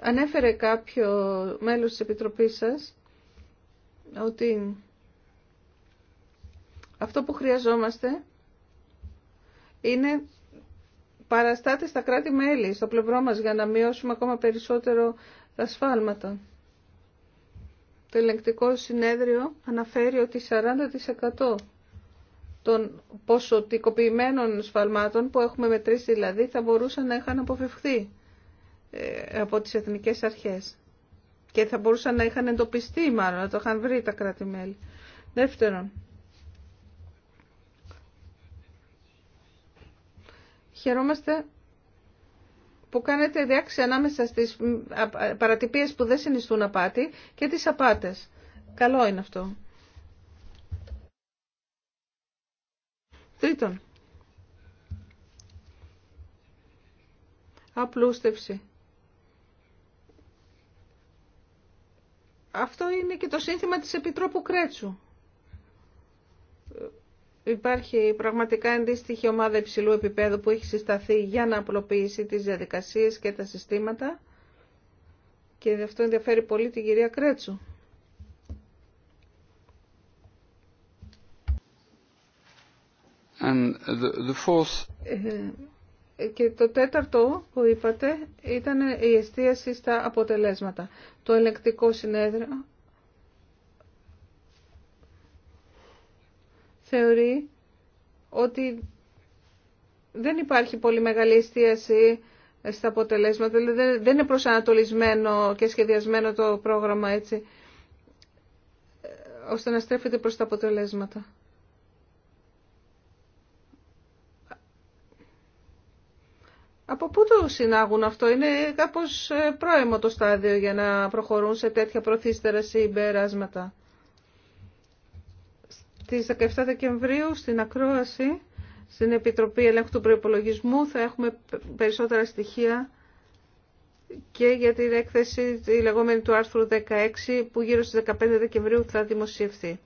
Ανέφερε κάποιο μέλος της Επιτροπής σας ότι αυτό που χρειαζόμαστε είναι παραστάτε στα κράτη-μέλη, στο πλευρό μας, για να μειώσουμε ακόμα περισσότερο τα σφάλματα. Το ελεγκτικό συνέδριο αναφέρει ότι 40% των ποσοτικοποιημένων σφαλμάτων που έχουμε μετρήσει δηλαδή θα μπορούσαν να είχαν αποφευχθεί ε, από τις εθνικές αρχές και θα μπορούσαν να είχαν εντοπιστεί μάλλον, να το είχαν βρει τα κράτη-μέλη. Δεύτερον, Χαιρόμαστε που κάνετε διάξη ανάμεσα στις παρατυπίες που δεν συνιστούν απάτη και τις απάτες. Καλό είναι αυτό. Τρίτον. Απλούστευση. Αυτό είναι και το σύνθημα της Επιτρόπου Κρέτσου. Υπάρχει πραγματικά αντίστοιχη ομάδα υψηλού επίπεδου που έχει συσταθεί για να απλοποιήσει τις διαδικασίες και τα συστήματα και αυτό ενδιαφέρει πολύ την κυρία Κρέτσου. And the, the fourth... Ε, και το τέταρτο που είπατε ήταν η εστίαση στα αποτελέσματα. Το ελεκτικό συνέδριο θεωρεί ότι δεν υπάρχει πολύ μεγάλη εστίαση στα αποτελέσματα, δηλαδή δεν είναι προσανατολισμένο και σχεδιασμένο το πρόγραμμα έτσι, ε, ώστε να στρέφεται προς τα αποτελέσματα. Από πού το συνάγουν αυτό, είναι κάπως ε, πρόεμο το στάδιο για να προχωρούν σε τέτοια προθύστερα συμπεράσματα. Τη 17 Δεκεμβρίου στην Ακρόαση, στην Επιτροπή Ελέγχου του Προϋπολογισμού, θα έχουμε περισσότερα στοιχεία και για την έκθεση τη λεγόμενη του άρθρου 16 που γύρω στις 15 Δεκεμβρίου θα δημοσιευθεί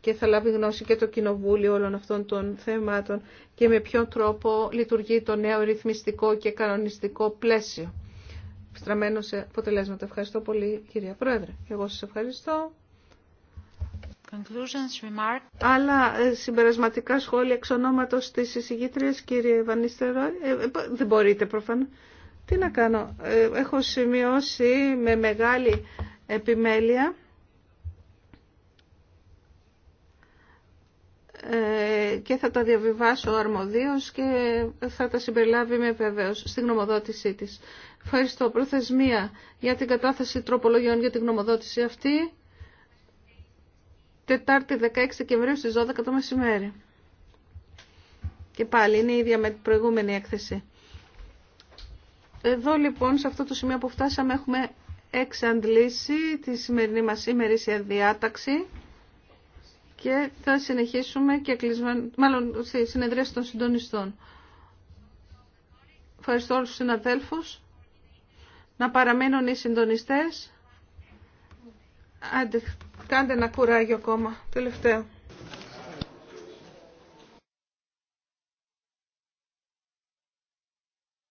και θα λάβει γνώση και το Κοινοβούλιο όλων αυτών των θεμάτων και με ποιον τρόπο λειτουργεί το νέο ρυθμιστικό και κανονιστικό πλαίσιο. Στραμμένο σε αποτελέσματα. Ευχαριστώ πολύ κυρία Πρόεδρε. Εγώ σας ευχαριστώ. Άλλα ε, συμπερασματικά σχόλια εξ ονόματος της εισηγήτριας, κύριε Βανίστερο, ε, ε, δεν μπορείτε προφανώ, Τι να κάνω, έχω σημειώσει με μεγάλη επιμέλεια και θα τα διαβιβάσω αρμοδίως και θα τα συμπεριλάβει με βεβαίως στην γνωμοδότησή της. Ευχαριστώ. Προθεσμία για την κατάθεση τροπολογιών για την γνωμοδότηση αυτή Τετάρτη 16 Δεκεμβρίου στις 12 το μεσημέρι. Και πάλι είναι η ίδια με την προηγούμενη έκθεση. Εδώ λοιπόν σε αυτό το σημείο που φτάσαμε έχουμε εξαντλήσει τη σημερινή μας ημερήσια διάταξη και θα συνεχίσουμε και κλεισμένο, μάλλον στη συνεδρίαση των συντονιστών. Ευχαριστώ όλους τους συναδέλφους. Να παραμείνουν οι συντονιστές. Άντε. Κάντε ένα κουράγιο ακόμα. Τελευταίο.